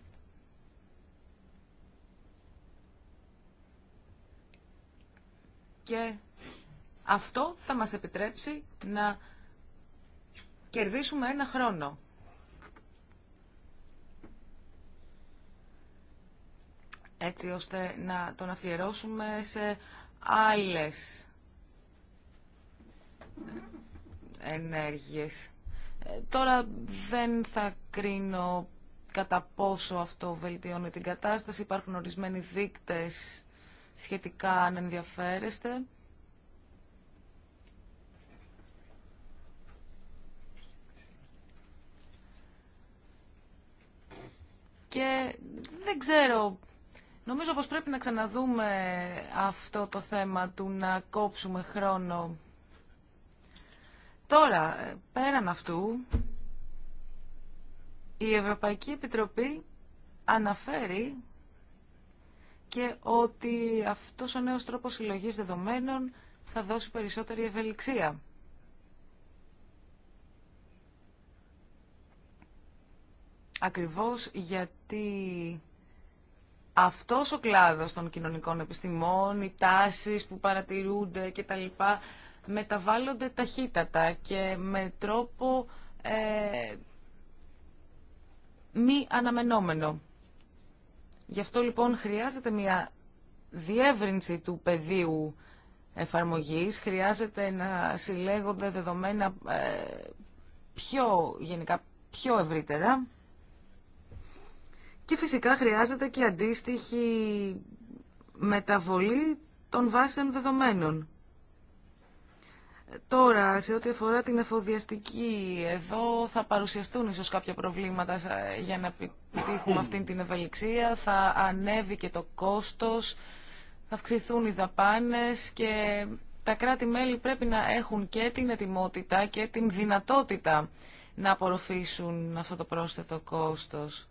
Και αυτό θα μας επιτρέψει να κερδίσουμε ένα χρόνο. έτσι ώστε να τον αφιερώσουμε σε άλλες ενέργειες. Τώρα δεν θα κρίνω κατά πόσο αυτό βελτιώνει την κατάσταση. Υπάρχουν ορισμένοι δείκτες σχετικά αν ενδιαφέρεστε. Και δεν ξέρω, νομίζω πως πρέπει να ξαναδούμε αυτό το θέμα του να κόψουμε χρόνο Τώρα, πέραν αυτού, η Ευρωπαϊκή Επιτροπή αναφέρει και ότι αυτός ο νέος τρόπος συλλογής δεδομένων θα δώσει περισσότερη ευελιξία. Ακριβώς γιατί αυτός ο κλάδος των κοινωνικών επιστημών, οι τάσεις που παρατηρούνται κτλ μεταβάλλονται ταχύτατα και με τρόπο ε, μη αναμενόμενο. Γι' αυτό λοιπόν χρειάζεται μια διεύρυνση του πεδίου εφαρμογής, χρειάζεται να συλλέγονται δεδομένα ε, πιο γενικά, πιο ευρύτερα και φυσικά χρειάζεται και αντίστοιχη μεταβολή των βάσεων δεδομένων. Τώρα, σε ό,τι αφορά την εφοδιαστική, εδώ θα παρουσιαστούν ίσως κάποια προβλήματα για να επιτύχουμε αυτή την ευελιξία. Θα ανέβει και το κόστος, θα αυξηθούν οι δαπάνες και τα κράτη-μέλη πρέπει να έχουν και την ετοιμότητα και την δυνατότητα να απορροφήσουν αυτό το πρόσθετο κόστος.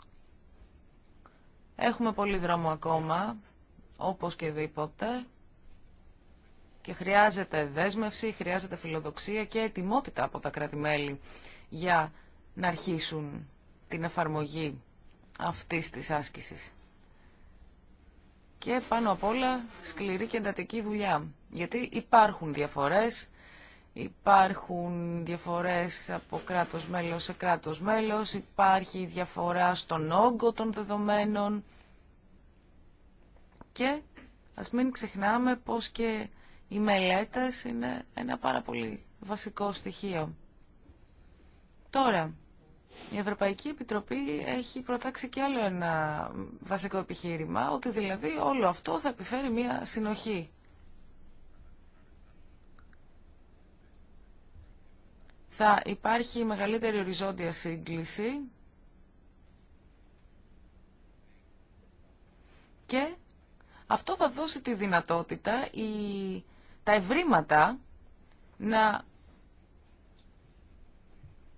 Έχουμε πολύ δρόμο ακόμα, όπως και δίποτε. Και χρειάζεται δέσμευση, χρειάζεται φιλοδοξία και ετοιμότητα από τα κρατη για να αρχίσουν την εφαρμογή αυτής της άσκησης. Και πάνω απ' όλα σκληρή και εντατική δουλειά. Γιατί υπάρχουν διαφορές, υπάρχουν διαφορές από κράτος μέλος σε κράτος μέλος, υπάρχει διαφορά στον όγκο των δεδομένων και ας μην ξεχνάμε πως και οι μελέτες είναι ένα πάρα πολύ βασικό στοιχείο. Τώρα, η Ευρωπαϊκή Επιτροπή έχει προτάξει και άλλο ένα βασικό επιχείρημα, ότι δηλαδή όλο αυτό θα επιφέρει μια συνοχή. Θα υπάρχει μεγαλύτερη οριζόντια σύγκληση και αυτό θα δώσει τη δυνατότητα η τα ευρήματα να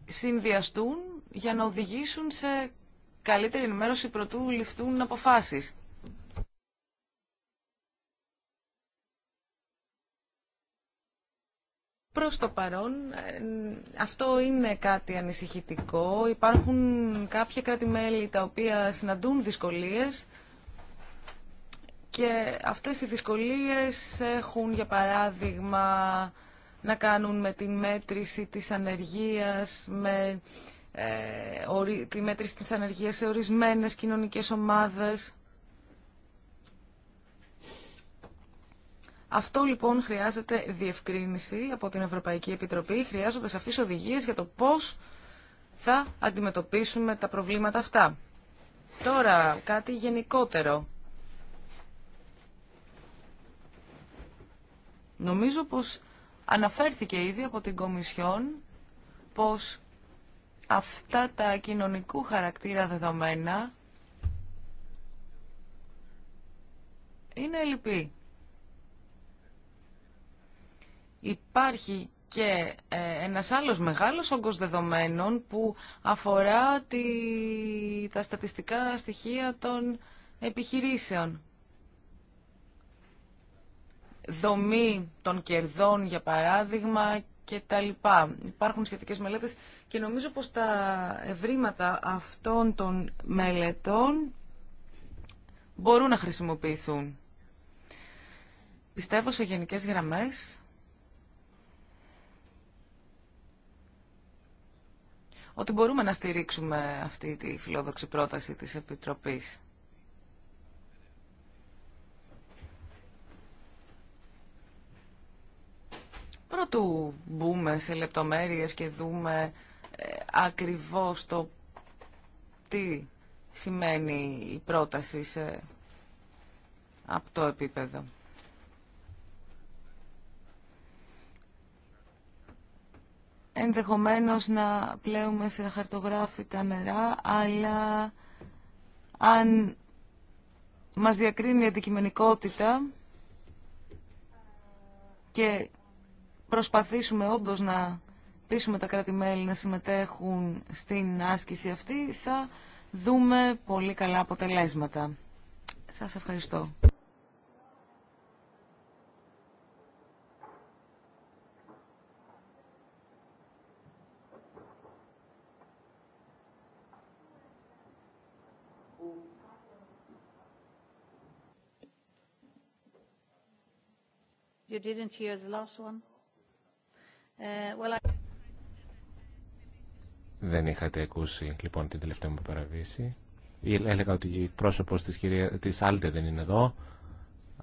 συνδυαστούν για να οδηγήσουν σε καλύτερη ενημέρωση προτού ληφθούν αποφάσεις. Προς το παρόν, ε, αυτό είναι κάτι ανησυχητικό. Υπάρχουν κάποια κράτη-μέλη τα οποία συναντούν δυσκολίες και αυτές οι δυσκολίες έχουν, για παράδειγμα, να κάνουν με τη μέτρηση της ανεργίας, με ε, τη μέτρηση της ανεργίας σε ορισμένες κοινωνικές ομάδες. Αυτό λοιπόν χρειάζεται διευκρίνηση από την Ευρωπαϊκή Επιτροπή, χρειάζονται σαφείς οδηγίες για το πώς θα αντιμετωπίσουμε τα προβλήματα αυτά. Τώρα κάτι γενικότερο Νομίζω πως αναφέρθηκε ήδη από την Κομισιόν πως αυτά τα κοινωνικού χαρακτήρα δεδομένα είναι λυπή. Υπάρχει και ε, ένας άλλος μεγάλος όγκος δεδομένων που αφορά τη... τα στατιστικά στοιχεία των επιχειρήσεων δομή των κερδών, για παράδειγμα, και τα λοιπά. Υπάρχουν σχετικές μελέτες και νομίζω πως τα ευρήματα αυτών των μελετών μπορούν να χρησιμοποιηθούν. Πιστεύω σε γενικές γραμμές ότι μπορούμε να στηρίξουμε αυτή τη φιλόδοξη πρόταση της Επιτροπής. πρωτού μπούμε σε λεπτομέρειες και δούμε ε, ακριβώς το τι σημαίνει η πρόταση σε αυτό επίπεδο. Ενδεχομένως να πλέουμε σε χαρτογράφητα νερά, αλλά αν μας διακρίνει η αντικειμενικότητα και προσπαθήσουμε όντως να πείσουμε τα κράτη-μέλη να συμμετέχουν στην άσκηση αυτή, θα δούμε πολύ καλά αποτελέσματα. Σας ευχαριστώ. You didn't hear the ε, δεν είχατε ακούσει λοιπόν την τελευταία μου παραβίση. Έλεγα ότι η πρόσωπο τη κυρία, της Άλτε δεν είναι εδώ,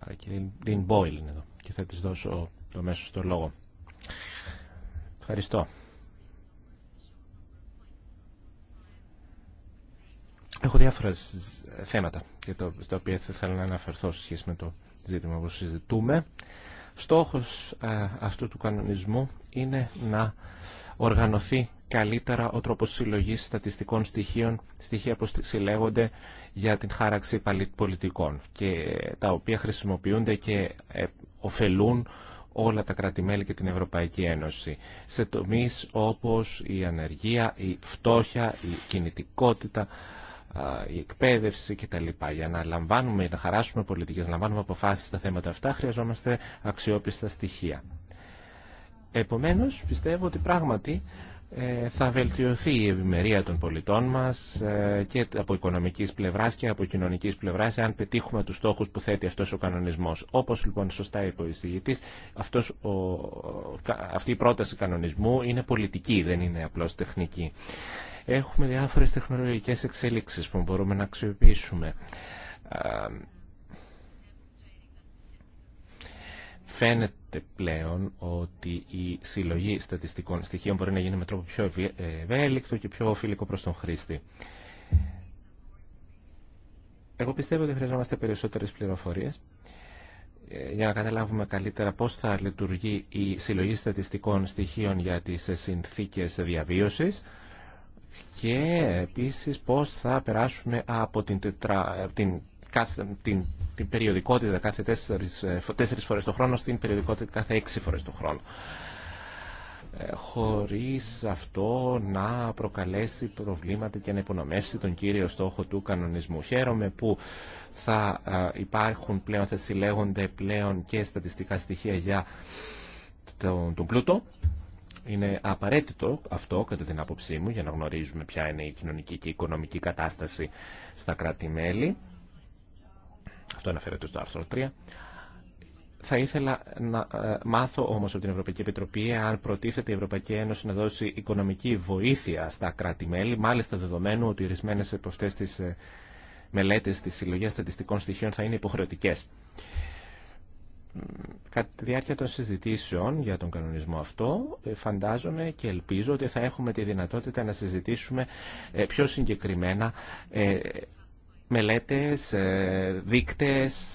αλλά και η Λίν Μπόιλ είναι εδώ και θα τη δώσω το μέσο στο λόγο. Ευχαριστώ. Έχω διάφορα θέματα για το, στα οποία θα ήθελα να αναφερθώ σε σχέση με το ζήτημα που συζητούμε. Στόχος ε, αυτού του κανονισμού είναι να οργανωθεί καλύτερα ο τρόπος συλλογής στατιστικών στοιχείων, στοιχεία που συλλέγονται για την χάραξη πολιτικών και τα οποία χρησιμοποιούνται και ε, ωφελούν όλα τα κράτη-μέλη και την Ευρωπαϊκή Ένωση σε τομείς όπως η ανεργία, η φτώχεια, η κινητικότητα, η εκπαίδευση κτλ. Για να λαμβάνουμε, να χαράσουμε πολιτικέ, να λαμβάνουμε αποφάσεις στα θέματα αυτά, χρειαζόμαστε αξιόπιστα στοιχεία. Επομένως, πιστεύω ότι πράγματι ε, θα βελτιωθεί η ευημερία των πολιτών μας ε, και από οικονομικής πλευράς και από κοινωνικής πλευράς αν πετύχουμε τους στόχους που θέτει αυτός ο κανονισμός. Όπως λοιπόν σωστά είπε ο εισηγητής, αυτή η πρόταση κανονισμού είναι πολιτική, δεν είναι απλώς τεχνική. Έχουμε διάφορες τεχνολογικές εξελίξεις που μπορούμε να αξιοποιήσουμε. Φαίνεται πλέον ότι η συλλογή στατιστικών στοιχείων μπορεί να γίνει με τρόπο πιο ε, ευέλικτο και πιο φιλικό προς τον χρήστη. Εγώ πιστεύω ότι χρειαζόμαστε περισσότερες πληροφορίες ε, για να καταλάβουμε καλύτερα πώς θα λειτουργεί η συλλογή στατιστικών στοιχείων για τις συνθήκες διαβίωσης και επίσης πώς θα περάσουμε από την, κάθε, την, την περιοδικότητα κάθε τέσσερις, ε, τέσσερις φορές το χρόνο στην περιοδικότητα κάθε έξι φορές το χρόνο ε, χωρίς αυτό να προκαλέσει προβλήματα και να υπονομεύσει τον κύριο στόχο του κανονισμού. Χαίρομαι που θα ε, υπάρχουν πλέον, θα συλλέγονται πλέον και στατιστικά στοιχεία για τον, τον πλούτο είναι απαραίτητο αυτό, κατά την άποψή μου, για να γνωρίζουμε ποια είναι η κοινωνική και η οικονομική κατάσταση στα κράτη-μέλη. Αυτό αναφέρεται στο άρθρο 3. Θα ήθελα να ε, μάθω όμως από την Ευρωπαϊκή Επιτροπή αν προτίθεται η Ευρωπαϊκή Ένωση να δώσει οικονομική βοήθεια στα κράτη-μέλη, μάλιστα δεδομένου ότι ορισμένε από αυτέ τι ε, μελέτε τη συλλογή στατιστικών στοιχείων θα είναι υποχρεωτικέ κατά τη διάρκεια των συζητήσεων για τον κανονισμό αυτό ε, φαντάζομαι και ελπίζω ότι θα έχουμε τη δυνατότητα να συζητήσουμε ε, πιο συγκεκριμένα ε, μελέτες, δείκτες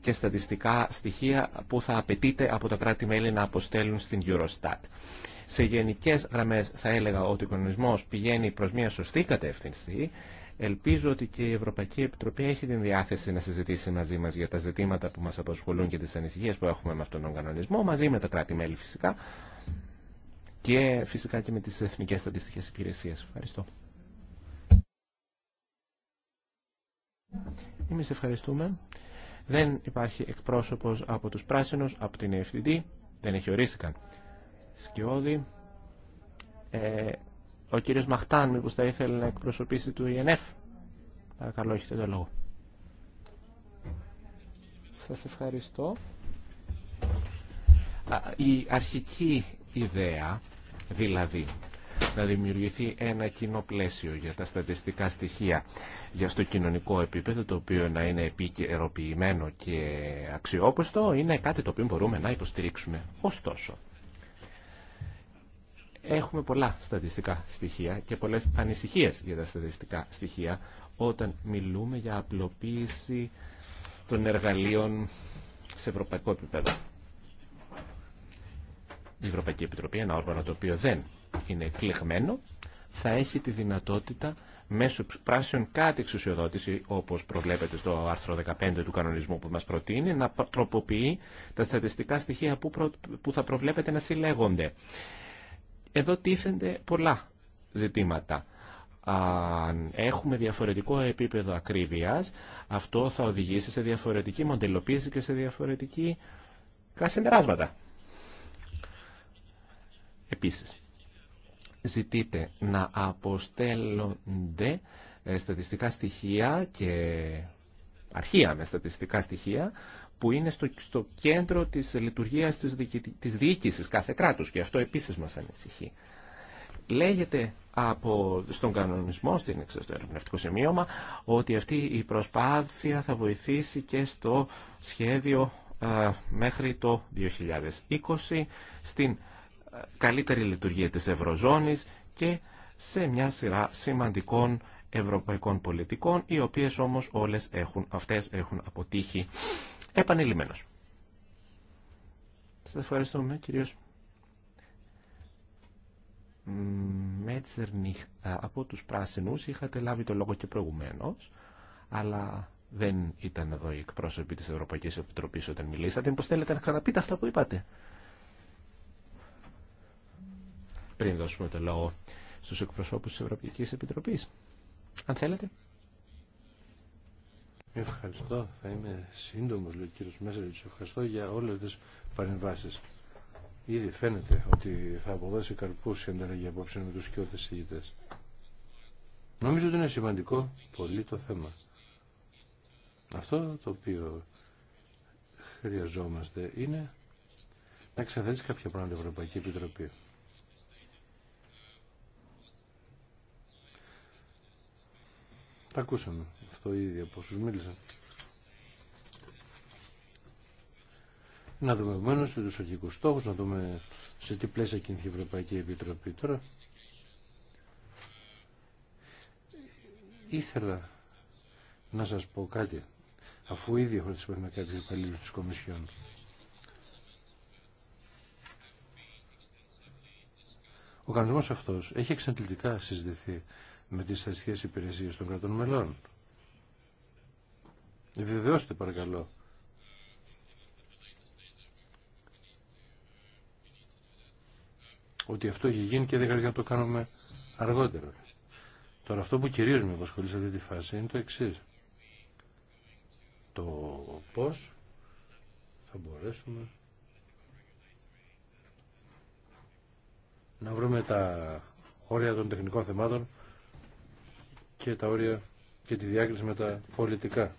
και στατιστικά στοιχεία που θα απαιτείται από τα κράτη-μέλη να αποστέλουν στην Eurostat. Σε γενικές γραμμές θα έλεγα ότι ο κανονισμός πηγαίνει προς μια σωστή κατεύθυνση, Ελπίζω ότι και η Ευρωπαϊκή Επιτροπή έχει την διάθεση να συζητήσει μαζί μας για τα ζητήματα που μας απασχολούν και τις ανησυχίες που έχουμε με αυτόν τον κανονισμό, μαζί με τα κράτη-μέλη φυσικά και φυσικά και με τις Εθνικές Στατιστικές Υπηρεσίες. Ευχαριστώ. Εμείς ευχαριστούμε. Δεν υπάρχει εκπρόσωπος από τους πράσινους, από την EFTD. Δεν έχει ορίσει καν. Σκιώδη. Ε, ο κύριο Μαχτάν, μήπω θα ήθελε να εκπροσωπήσει του ΙΕΝΕΦ. Παρακαλώ, έχετε το λόγο. Σας ευχαριστώ. Η αρχική ιδέα, δηλαδή, να δημιουργηθεί ένα κοινό πλαίσιο για τα στατιστικά στοιχεία για στο κοινωνικό επίπεδο, το οποίο να είναι επικαιροποιημένο και αξιόπιστο, είναι κάτι το οποίο μπορούμε να υποστηρίξουμε. Ωστόσο, Έχουμε πολλά στατιστικά στοιχεία και πολλές ανησυχίες για τα στατιστικά στοιχεία όταν μιλούμε για απλοποίηση των εργαλείων σε ευρωπαϊκό επίπεδο. Η Ευρωπαϊκή Επιτροπή, ένα όργανο το οποίο δεν είναι εκλεγμένο, θα έχει τη δυνατότητα μέσω πράσιων κάτι εξουσιοδότηση, όπως προβλέπεται στο άρθρο 15 του κανονισμού που μας προτείνει, να τροποποιεί τα στατιστικά στοιχεία που θα προβλέπεται να συλλέγονται. Εδώ τίθενται πολλά ζητήματα. Αν έχουμε διαφορετικό επίπεδο ακρίβειας, αυτό θα οδηγήσει σε διαφορετική μοντελοποίηση και σε διαφορετική συμπεράσματα. Επίσης, ζητείτε να αποστέλλονται ε, στατιστικά στοιχεία και αρχεία με στατιστικά στοιχεία που είναι στο, κέντρο της λειτουργίας της, της διοίκησης κάθε κράτους και αυτό επίσης μας ανησυχεί. Λέγεται από, στον κανονισμό, στην, στο σημείο σημείωμα, ότι αυτή η προσπάθεια θα βοηθήσει και στο σχέδιο μέχρι το 2020 στην καλύτερη λειτουργία της Ευρωζώνης και σε μια σειρά σημαντικών ευρωπαϊκών πολιτικών, οι οποίες όμως όλες έχουν, αυτές έχουν αποτύχει επανειλημμένος. Σας ευχαριστούμε κυρίως Μέτσερνιχ ε, από τους πράσινους είχατε λάβει το λόγο και προηγουμένως αλλά δεν ήταν εδώ οι εκπρόσωποι της Ευρωπαϊκής Επιτροπής όταν μιλήσατε πως θέλετε να ξαναπείτε αυτά που είπατε πριν δώσουμε το λόγο στους εκπροσώπους της Ευρωπαϊκής Επιτροπής αν θέλετε Ευχαριστώ. Θα είμαι σύντομο, λέει ο κύριο Ευχαριστώ για όλε τι παρεμβάσει. Ήδη φαίνεται ότι θα αποδώσει καρπού η ανταλλαγή απόψε με του κοιότε ηγητέ. Νομίζω ότι είναι σημαντικό πολύ το θέμα. Αυτό το οποίο χρειαζόμαστε είναι να εξαθέσει κάποια πράγματα η Ευρωπαϊκή Επιτροπή. Τα ακούσαμε αυτό ήδη από όσους μίλησαν. Να δούμε επομένω του αρχικού στόχου, να δούμε σε τι πλαίσια κινηθεί η Ευρωπαϊκή Επιτροπή τώρα. Ήθελα να σας πω κάτι, αφού ήδη έχω τις με κάποιους υπαλλήλους της Κομισιόν. Ο κανονισμός αυτός έχει εξαντλητικά συζητηθεί με τις θεσχές υπηρεσίες των κρατών μελών. Βεβαιώστε παρακαλώ. Ότι αυτό έχει γίνει και δεν χρειάζεται να το κάνουμε αργότερα. Τώρα αυτό που κυρίως με απασχολεί σε αυτή τη φάση είναι το εξή. Το πώς θα μπορέσουμε να βρούμε τα όρια των τεχνικών θεμάτων και τα όρια και τη διάκριση με τα πολιτικά.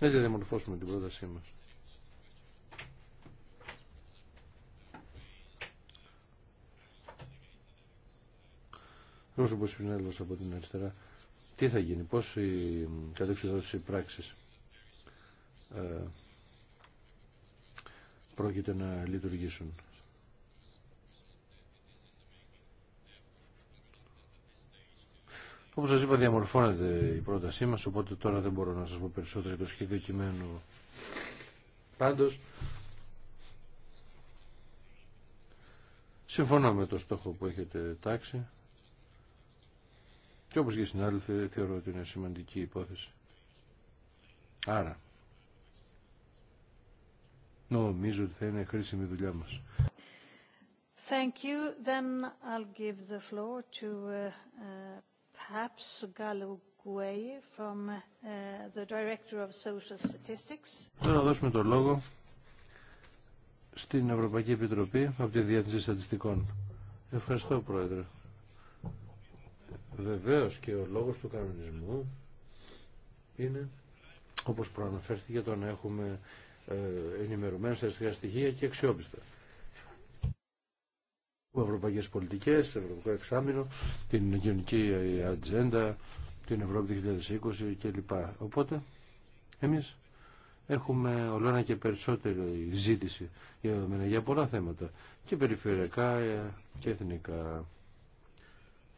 Έτσι δεν διαμορφώσουμε την πρότασή μας. Ρώσο από την αριστερά. Τι θα γίνει, πώς η κατεξιδότηση πράξης ε, πρόκειται να λειτουργήσουν. Όπω σα είπα διαμορφώνεται η πρότασή μας, οπότε τώρα δεν μπορώ να σα πω περισσότερο για το σχέδιο κειμένου. Πάντως, συμφωνώ με το στόχο που έχετε τάξει και όπως και οι συνάδελφοι θεωρώ ότι είναι σημαντική υπόθεση. Άρα, νομίζω ότι θα είναι χρήσιμη δουλειά μας. Thank you. Then I'll give the floor to uh, uh, perhaps Galo Guay uh, the Director of Social Statistics. δώσουμε το λόγο στην Ευρωπαϊκή Επιτροπή από τη Διεθνή Στατιστικών. Ευχαριστώ, Πρόεδρε. Βεβαίω και ο λόγος του κανονισμού είναι, όπως προαναφέρθηκε, το να έχουμε ε, ενημερωμένα στατιστικά στοιχεία και αξιόπιστα ευρωπαϊκές πολιτικές, το ευρωπαϊκό εξάμεινο, την κοινωνική ατζέντα, την Ευρώπη 2020 κλπ. Οπότε, εμείς έχουμε όλο ένα και περισσότερη ζήτηση για πολλά θέματα και περιφερειακά και εθνικά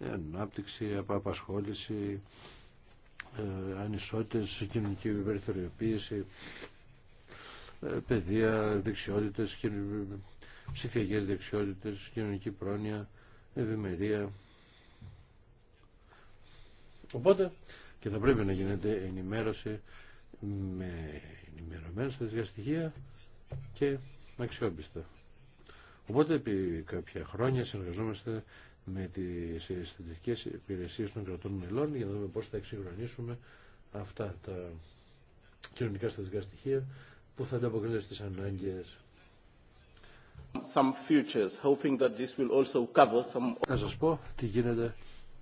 ε, ανάπτυξη, απασχόληση ε, ανισότητες, κοινωνική περιθωριοποίηση ε, παιδεία, δεξιότητες ψηφιακέ δεξιότητε, κοινωνική πρόνοια, ευημερία. Οπότε και θα πρέπει να γίνεται ενημέρωση με ενημερωμένα στατιστικά στοιχεία και αξιόπιστα. Οπότε επί κάποια χρόνια συνεργαζόμαστε με τις αισθητικές υπηρεσίες των κρατών μελών για να δούμε πώς θα εξυγχρονίσουμε αυτά τα κοινωνικά στατιστικά στοιχεία που θα ανταποκρίνονται στι ανάγκες Some Να σας πω τι γίνεται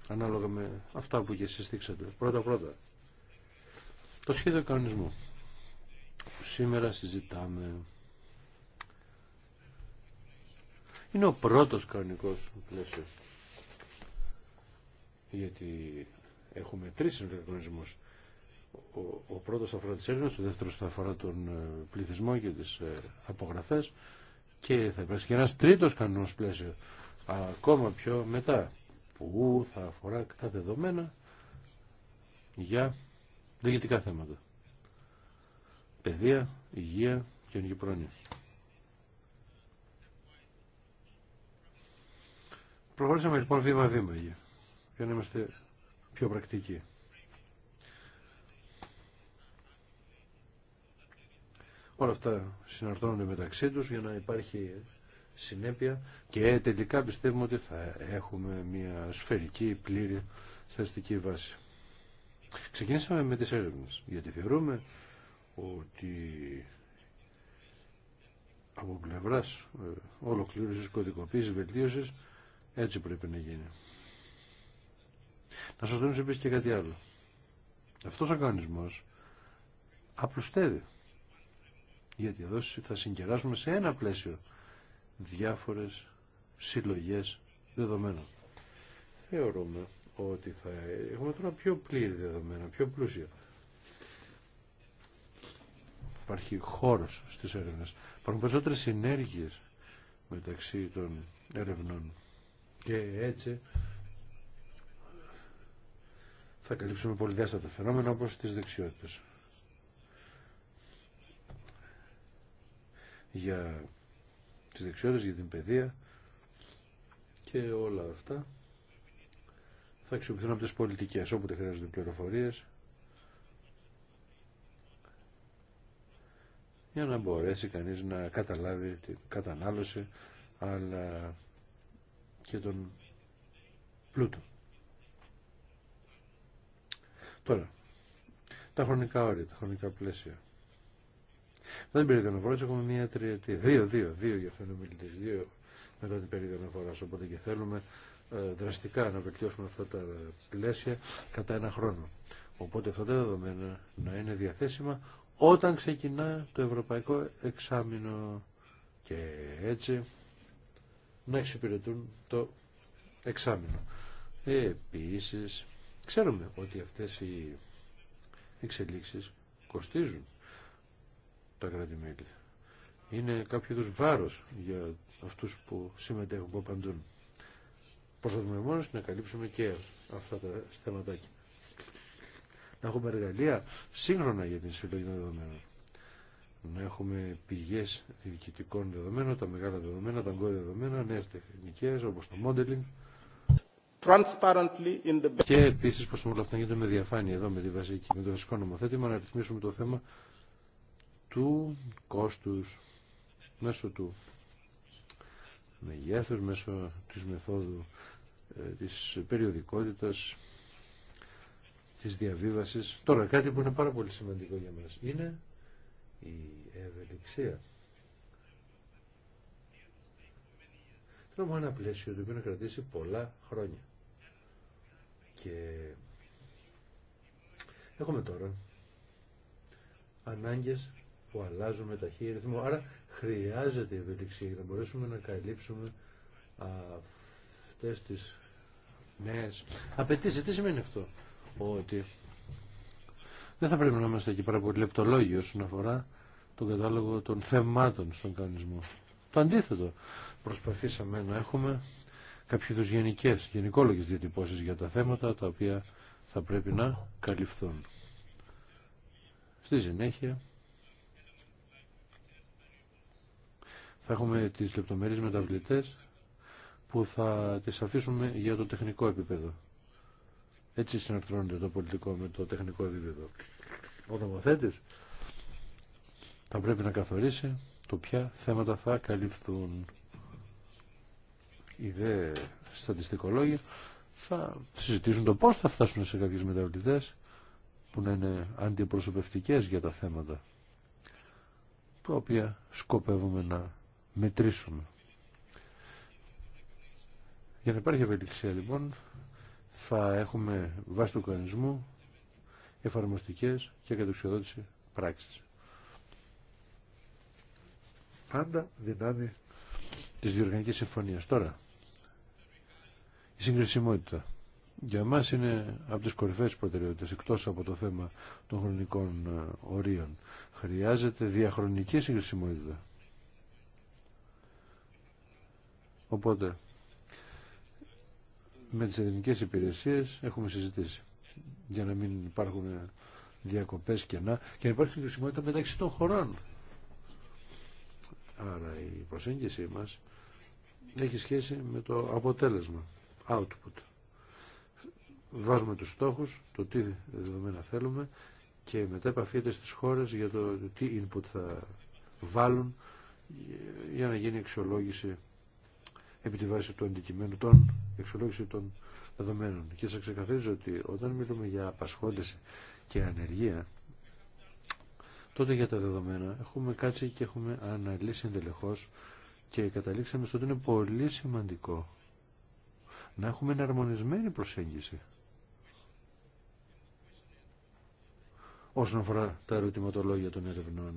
ανάλογα με αυτά που και εσείς δείξατε. Πρώτα πρώτα, το σχέδιο κανονισμού σήμερα συζητάμε είναι ο πρώτος κανονικός πλαίσιο γιατί έχουμε τρεις συνεργασμούς ο, ο πρώτος αφορά τις Έλληνες, ο δεύτερος αφορά τον ε, πληθυσμό και τις ε, απογραφές και θα υπάρξει και ένας τρίτος κανόνας πλαίσιο ακόμα πιο μετά που θα αφορά τα δεδομένα για διοικητικά θέματα. Παιδεία, και κοινωνική πρόνοια. Προχωρήσαμε λοιπόν βήμα-βήμα για να είμαστε πιο πρακτικοί. Όλα αυτά συναρτώνονται μεταξύ τους για να υπάρχει συνέπεια και τελικά πιστεύουμε ότι θα έχουμε μια σφαιρική πλήρη θεστική βάση. Ξεκινήσαμε με τις έρευνες γιατί θεωρούμε ότι από πλευράς ε, ολοκληρώσεις, κωδικοποίησης, βελτίωσης έτσι πρέπει να γίνει. Να σας δώσω επίσης και κάτι άλλο. Αυτός ο κανονισμός απλουστεύει γιατί εδώ θα συγκεράσουμε σε ένα πλαίσιο διάφορες συλλογές δεδομένων. Θεωρούμε ότι θα έχουμε τώρα πιο πλήρη δεδομένα, πιο πλούσια. Υπάρχει χώρος στις έρευνες. Υπάρχουν περισσότερες συνέργειες μεταξύ των ερευνών. Και έτσι θα καλύψουμε πολυδιάστατα φαινόμενα όπως τις δεξιότητες. για τις δεξιότητες, για την παιδεία και όλα αυτά θα αξιοποιηθούν από τις πολιτικές όποτε χρειάζονται πληροφορίες για να μπορέσει κανείς να καταλάβει την κατανάλωση αλλά και τον πλούτο. Τώρα, τα χρονικά όρια, τα χρονικά πλαίσια. Μετά την περίοδο αναφορά έχουμε μία τριετία. Δύο, δύο, δύο για αυτό είναι ο Δύο μετά την περίοδο αναφορά. Οπότε και θέλουμε ε, δραστικά να βελτιώσουμε αυτά τα πλαίσια κατά ένα χρόνο. Οπότε αυτά τα δεδομένα να είναι διαθέσιμα όταν ξεκινά το ευρωπαϊκό εξάμεινο και έτσι να εξυπηρετούν το εξάμεινο. Επίσης, ξέρουμε ότι αυτές οι εξελίξεις κοστίζουν τα κρατη Είναι κάποιο είδου βάρο για αυτού που συμμετέχουν, που απαντούν. Προσπαθούμε μόνο να καλύψουμε και αυτά τα θεματάκια. Να έχουμε εργαλεία σύγχρονα για την συλλογή των δεδομένων. Να έχουμε πηγέ διοικητικών δεδομένων, τα μεγάλα δεδομένα, τα αγκόρια δεδομένα, νέε τεχνικέ όπω το modeling. Transparently in the... Και επίση πω όλα αυτά γίνονται με διαφάνεια εδώ με, τη βασική, με το βασικό νομοθέτημα να ρυθμίσουμε το θέμα του κόστους μέσω του μεγέθους, μέσω της μεθόδου ε, της περιοδικότητας της διαβίβασης. Τώρα, κάτι που είναι πάρα πολύ σημαντικό για μας είναι η ευελιξία. Θέλουμε ένα πλαίσιο το οποίο να κρατήσει πολλά χρόνια. Και έχουμε τώρα ανάγκες που αλλάζουμε με ταχύ ρυθμό. Άρα χρειάζεται η ευελιξία για να μπορέσουμε να καλύψουμε αυτές τις νέες απαιτήσεις. Τι σημαίνει αυτό, ότι δεν θα πρέπει να είμαστε εκεί πάρα πολύ λεπτολόγοι όσον αφορά τον κατάλογο των θεμάτων στον κανονισμό. Το αντίθετο, προσπαθήσαμε να έχουμε κάποιες είδου γενικέ, γενικόλογε διατυπώσει για τα θέματα τα οποία θα πρέπει να καλυφθούν. Στη συνέχεια Θα έχουμε τις λεπτομερείς μεταβλητές που θα τις αφήσουμε για το τεχνικό επίπεδο. Έτσι συναρτρώνεται το πολιτικό με το τεχνικό επίπεδο. Ο νομοθέτης θα πρέπει να καθορίσει το ποια θέματα θα καλυφθούν. Οι δε στατιστικολόγοι θα συζητήσουν το πώς θα φτάσουν σε κάποιες μεταβλητές που να είναι αντιπροσωπευτικές για τα θέματα τα οποία σκοπεύουμε να μετρήσουμε. Για να υπάρχει ευελιξία λοιπόν θα έχουμε βάση του κανονισμού εφαρμοστικές και κατοξιοδότηση πράξεις. Πάντα δυνάμει της διοργανικής συμφωνίας. Τώρα, η συγκρισιμότητα. Για μας είναι από τις κορυφαίες προτεραιότητες, εκτός από το θέμα των χρονικών ε, ορίων. Χρειάζεται διαχρονική συγκρισιμότητα. Οπότε, με τις εθνικές υπηρεσίες έχουμε συζητήσει για να μην υπάρχουν διακοπές και να, και να υπάρχει συγκρισιμότητα μεταξύ των χωρών. Άρα η προσέγγιση μας έχει σχέση με το αποτέλεσμα, output. Βάζουμε τους στόχους, το τι δεδομένα θέλουμε και μετά επαφείται στις χώρες για το τι input θα βάλουν για να γίνει αξιολόγηση επί τη βάση του αντικειμένου των εξολόγηση των δεδομένων. Και σας ξεκαθαρίζω ότι όταν μιλούμε για απασχόληση και ανεργία, τότε για τα δεδομένα έχουμε κάτσει και έχουμε αναλύσει εντελεχώς και καταλήξαμε στο ότι είναι πολύ σημαντικό να έχουμε εναρμονισμένη προσέγγιση όσον αφορά τα ερωτηματολόγια των ερευνών.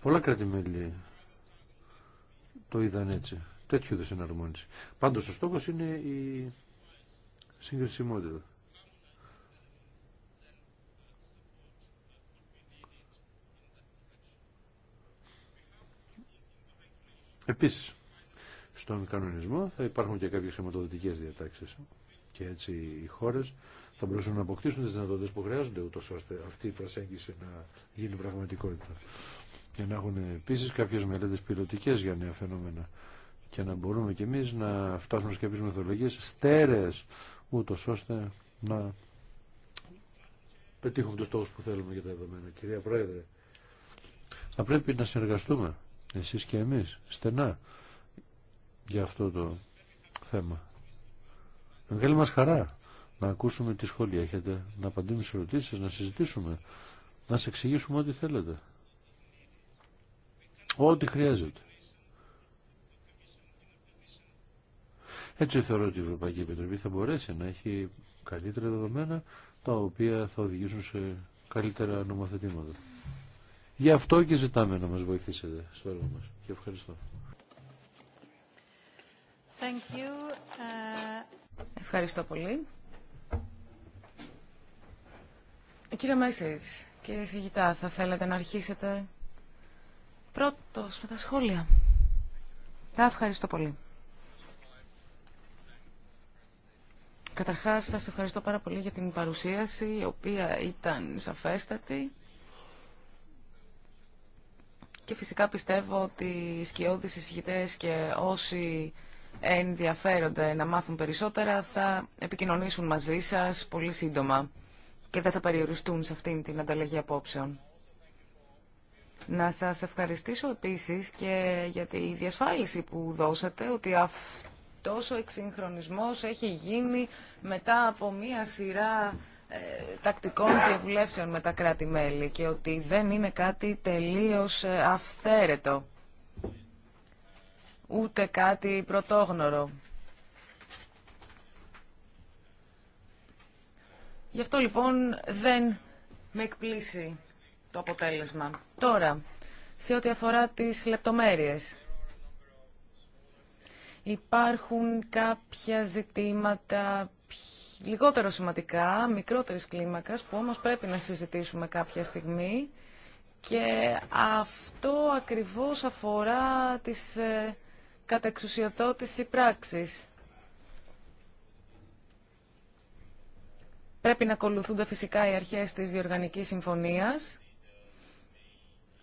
Πολλά κράτη-μέλη το είδαν έτσι. Τέτοιου είδου εναρμόνιση. Πάντω ο στόχο είναι η συγκρισιμότητα. Επίσης, στον κανονισμό θα υπάρχουν και κάποιες χρηματοδοτικές διατάξεις και έτσι οι χώρες θα μπορούσαν να αποκτήσουν τις δυνατότητες που χρειάζονται ούτως ώστε αυτή η προσέγγιση να γίνει πραγματικότητα και να έχουν επίσης κάποιες μελέτες πιλωτικές για νέα φαινόμενα και να μπορούμε κι εμείς να φτάσουμε σε κάποιες μεθολογίες στέρεες ούτως ώστε να πετύχουμε τους στόχους που θέλουμε για τα δεδομένα. Κυρία Πρόεδρε, θα πρέπει να συνεργαστούμε εσείς και εμείς στενά για αυτό το θέμα. Μεγάλη μας χαρά να ακούσουμε τι σχόλια έχετε, να απαντήσουμε σε ερωτήσεις, να συζητήσουμε, να σε εξηγήσουμε ό,τι θέλετε. Ό,τι χρειάζεται. Έτσι θεωρώ ότι η Ευρωπαϊκή Επιτροπή θα μπορέσει να έχει καλύτερα δεδομένα τα οποία θα οδηγήσουν σε καλύτερα νομοθετήματα. Γι' αυτό και ζητάμε να μας βοηθήσετε στο έργο μας. Και ευχαριστώ. Thank you. Uh, ευχαριστώ πολύ. Κύριε Μέσης, κύριε Σιγητά, θα θέλετε να αρχίσετε Πρώτος με τα σχόλια. Θα ευχαριστώ πολύ. Καταρχάς, σας ευχαριστώ πάρα πολύ για την παρουσίαση, η οποία ήταν σαφέστατη. Και φυσικά πιστεύω ότι οι σκιώδεις εισηγητές και όσοι ενδιαφέρονται να μάθουν περισσότερα θα επικοινωνήσουν μαζί σας πολύ σύντομα και δεν θα περιοριστούν σε αυτήν την ανταλλαγή απόψεων. Να σας ευχαριστήσω επίσης και για τη διασφάλιση που δώσατε ότι αυτός ο εξυγχρονισμός έχει γίνει μετά από μία σειρά ε, τακτικών διαβουλεύσεων με τα κράτη-μέλη και ότι δεν είναι κάτι τελείως ε, αυθαίρετο, ούτε κάτι πρωτόγνωρο. Γι' αυτό λοιπόν δεν με εκπλήσει το αποτέλεσμα. Τώρα, σε ό,τι αφορά τις λεπτομέρειες. Υπάρχουν κάποια ζητήματα λιγότερο σημαντικά, μικρότερης κλίμακας, που όμως πρέπει να συζητήσουμε κάποια στιγμή. Και αυτό ακριβώς αφορά τις ε, κατεξουσιοδότηση πράξης. Πρέπει να ακολουθούνται φυσικά οι αρχές της διοργανικής συμφωνίας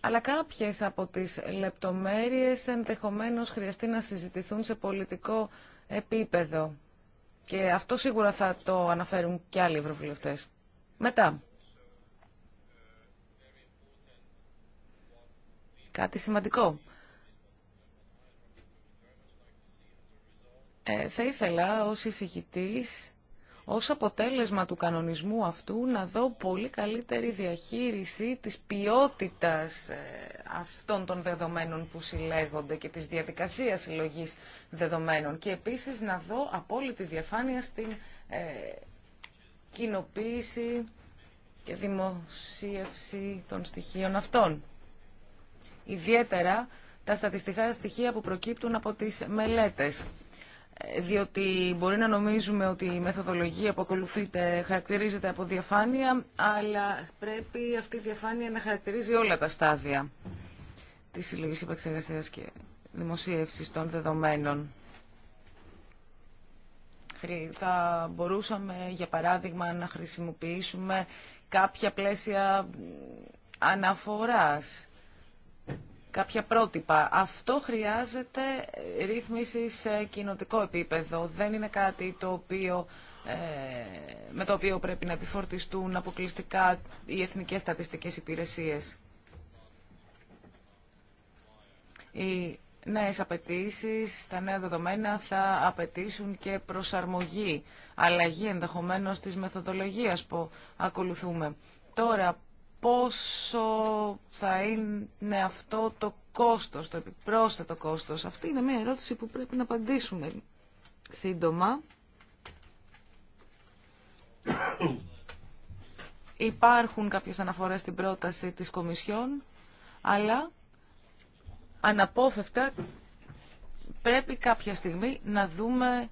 αλλά κάποιες από τις λεπτομέρειες ενδεχομένως χρειαστεί να συζητηθούν σε πολιτικό επίπεδο. Και αυτό σίγουρα θα το αναφέρουν και άλλοι ευρωβουλευτές. Μετά. Κάτι σημαντικό. Ε, θα ήθελα ως εισηγητής ως αποτέλεσμα του κανονισμού αυτού να δω πολύ καλύτερη διαχείριση της ποιότητας ε, αυτών των δεδομένων που συλλέγονται και της διαδικασίας συλλογής δεδομένων και επίσης να δω απόλυτη διαφάνεια στην ε, κοινοποίηση και δημοσίευση των στοιχείων αυτών. Ιδιαίτερα τα στατιστικά στοιχεία που προκύπτουν από τις μελέτες διότι μπορεί να νομίζουμε ότι η μεθοδολογία που ακολουθείται χαρακτηρίζεται από διαφάνεια, αλλά πρέπει αυτή η διαφάνεια να χαρακτηρίζει όλα τα στάδια της συλλογής επεξεργασία και δημοσίευσης των δεδομένων. Θα μπορούσαμε, για παράδειγμα, να χρησιμοποιήσουμε κάποια πλαίσια αναφοράς κάποια πρότυπα. Αυτό χρειάζεται ρύθμιση σε κοινοτικό επίπεδο. Δεν είναι κάτι το οποίο, ε, με το οποίο πρέπει να επιφορτιστούν αποκλειστικά οι εθνικές στατιστικές υπηρεσίες. Οι νέες απαιτήσει, στα νέα δεδομένα θα απαιτήσουν και προσαρμογή, αλλαγή ενδεχομένως της μεθοδολογίας που ακολουθούμε. Τώρα, πόσο θα είναι αυτό το κόστος, το επιπρόσθετο κόστος. Αυτή είναι μια ερώτηση που πρέπει να απαντήσουμε σύντομα. Υπάρχουν κάποιες αναφορές στην πρόταση της Κομισιόν, αλλά αναπόφευκτα πρέπει κάποια στιγμή να δούμε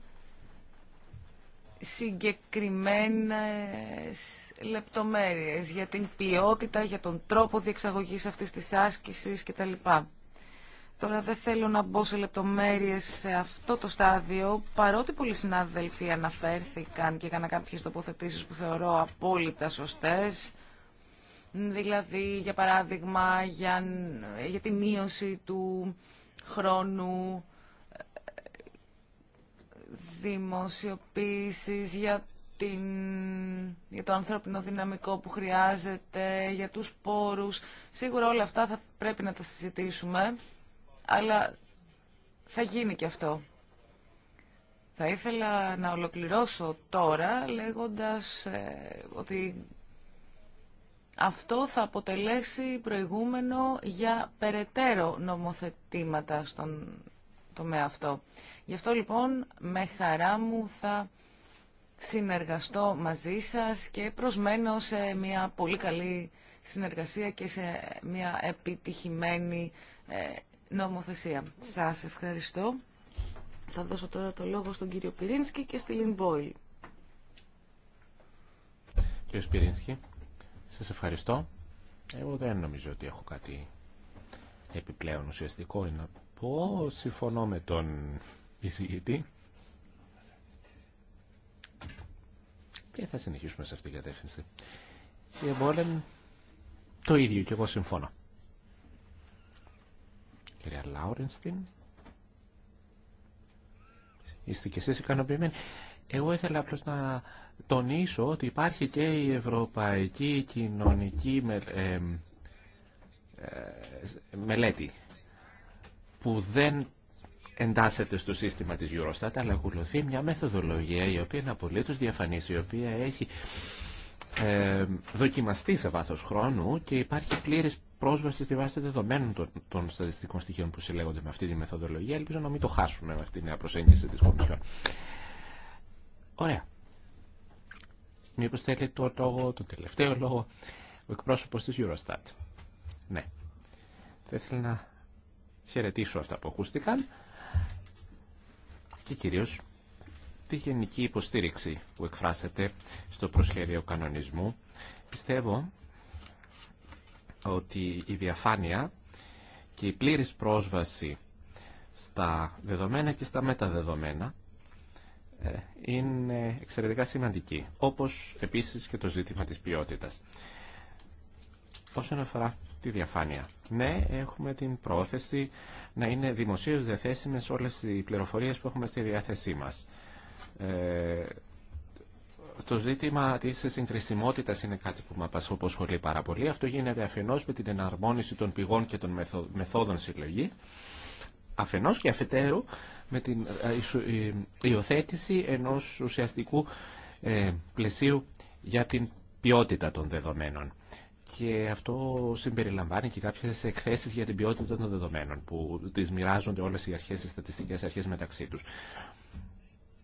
συγκεκριμένες λεπτομέρειες για την ποιότητα, για τον τρόπο διεξαγωγής αυτής της άσκησης κτλ. Τώρα δεν θέλω να μπω σε λεπτομέρειες σε αυτό το στάδιο, παρότι πολλοί συνάδελφοι αναφέρθηκαν και έκανα κάποιες τοποθετήσεις που θεωρώ απόλυτα σωστές, δηλαδή για παράδειγμα για, για τη μείωση του χρόνου δημοσιοποίησης για, την, για το ανθρώπινο δυναμικό που χρειάζεται, για τους πόρους. Σίγουρα όλα αυτά θα πρέπει να τα συζητήσουμε, αλλά θα γίνει και αυτό. Θα ήθελα να ολοκληρώσω τώρα λέγοντας ε, ότι αυτό θα αποτελέσει προηγούμενο για περαιτέρω νομοθετήματα στον τομέα αυτό. Γι' αυτό λοιπόν με χαρά μου θα συνεργαστώ μαζί σας και προσμένω σε μια πολύ καλή συνεργασία και σε μια επιτυχημένη ε, νομοθεσία. Σας ευχαριστώ. Θα δώσω τώρα το λόγο στον κύριο Πυρίνσκι και στη Λιν Κύριο Πυρίνσκι, σας ευχαριστώ. Εγώ δεν νομίζω ότι έχω κάτι επιπλέον ουσιαστικό πω συμφωνώ με τον εισηγητή και θα συνεχίσουμε σε αυτήν την κατεύθυνση. Κύριε Μπόλεν, το ίδιο και εγώ συμφωνώ. Κυρία Λάουρενστιν, είστε και εσείς ικανοποιημένοι. Εγώ ήθελα απλώς να τονίσω ότι υπάρχει και η Ευρωπαϊκή Κοινωνική ε, ε, Μελέτη που δεν εντάσσεται στο σύστημα της Eurostat, αλλά ακολουθεί μια μεθοδολογία η οποία είναι απολύτως διαφανής, η οποία έχει ε, δοκιμαστεί σε βάθος χρόνου και υπάρχει πλήρης πρόσβαση στη βάση δεδομένων των, των στατιστικών στοιχείων που συλλέγονται με αυτή τη μεθοδολογία. Ελπίζω να μην το χάσουμε με αυτή τη νέα προσέγγιση της Κομισιόν. Ωραία. Μήπως θέλει το λόγο, τελευταίο λόγο, ο εκπρόσωπος της Eurostat. Ναι. Θα ήθελα να χαιρετήσω αυτά που ακούστηκαν και κυρίως τη γενική υποστήριξη που εκφράσετε στο προσχέδιο κανονισμού. Πιστεύω ότι η διαφάνεια και η πλήρης πρόσβαση στα δεδομένα και στα μεταδεδομένα ε, είναι εξαιρετικά σημαντική, όπως επίσης και το ζήτημα της ποιότητας. Όσον αφορά τη διαφάνεια. Ναι, έχουμε την πρόθεση να είναι δημοσίως διαθέσιμες όλες οι πληροφορίες που έχουμε στη διάθεσή μας. Ε, το ζήτημα τη συγκρισιμότητα είναι κάτι που με απασχολεί πάρα πολύ. Αυτό γίνεται αφενό με την εναρμόνιση των πηγών και των μεθόδων συλλογή, αφενό και αφετέρου με την ε, ε, υιοθέτηση ενό ουσιαστικού ε, πλαισίου για την ποιότητα των δεδομένων και αυτό συμπεριλαμβάνει και κάποιε εκθέσει για την ποιότητα των δεδομένων που τις μοιράζονται όλε οι αρχές, οι στατιστικέ αρχέ μεταξύ του.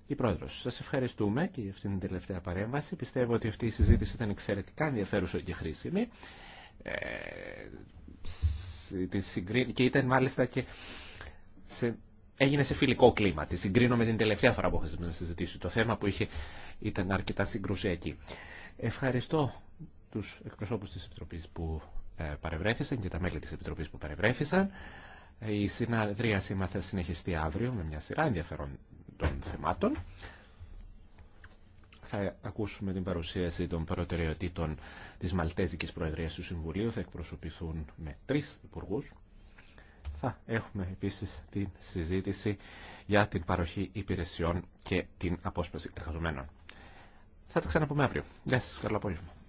Η Πρόεδρος, σα ευχαριστούμε και για αυτήν την τελευταία παρέμβαση. Πιστεύω ότι αυτή η συζήτηση ήταν εξαιρετικά ενδιαφέρουσα και χρήσιμη ε, και ήταν μάλιστα και σε, έγινε σε φιλικό κλίμα. Τη συγκρίνω με την τελευταία φορά που να συζητήσει το θέμα που είχε, ήταν αρκετά συγκρουσιακή. Ευχαριστώ τους εκπροσώπους της Επιτροπής που ε, παρευρέθησαν και τα μέλη της Επιτροπής που παρευρέθησαν. Η συναδρίαση σήμα θα συνεχιστεί αύριο με μια σειρά ενδιαφέρον των θεμάτων. Θα ακούσουμε την παρουσίαση των προτεραιοτήτων της Μαλτέζικης Προεδρίας του Συμβουλίου. Θα εκπροσωπηθούν με τρεις υπουργού. Θα έχουμε επίσης την συζήτηση για την παροχή υπηρεσιών και την απόσπαση εργαζομένων. Θα τα ξαναπούμε αύριο. Γεια σας. Καλό απόγευμα.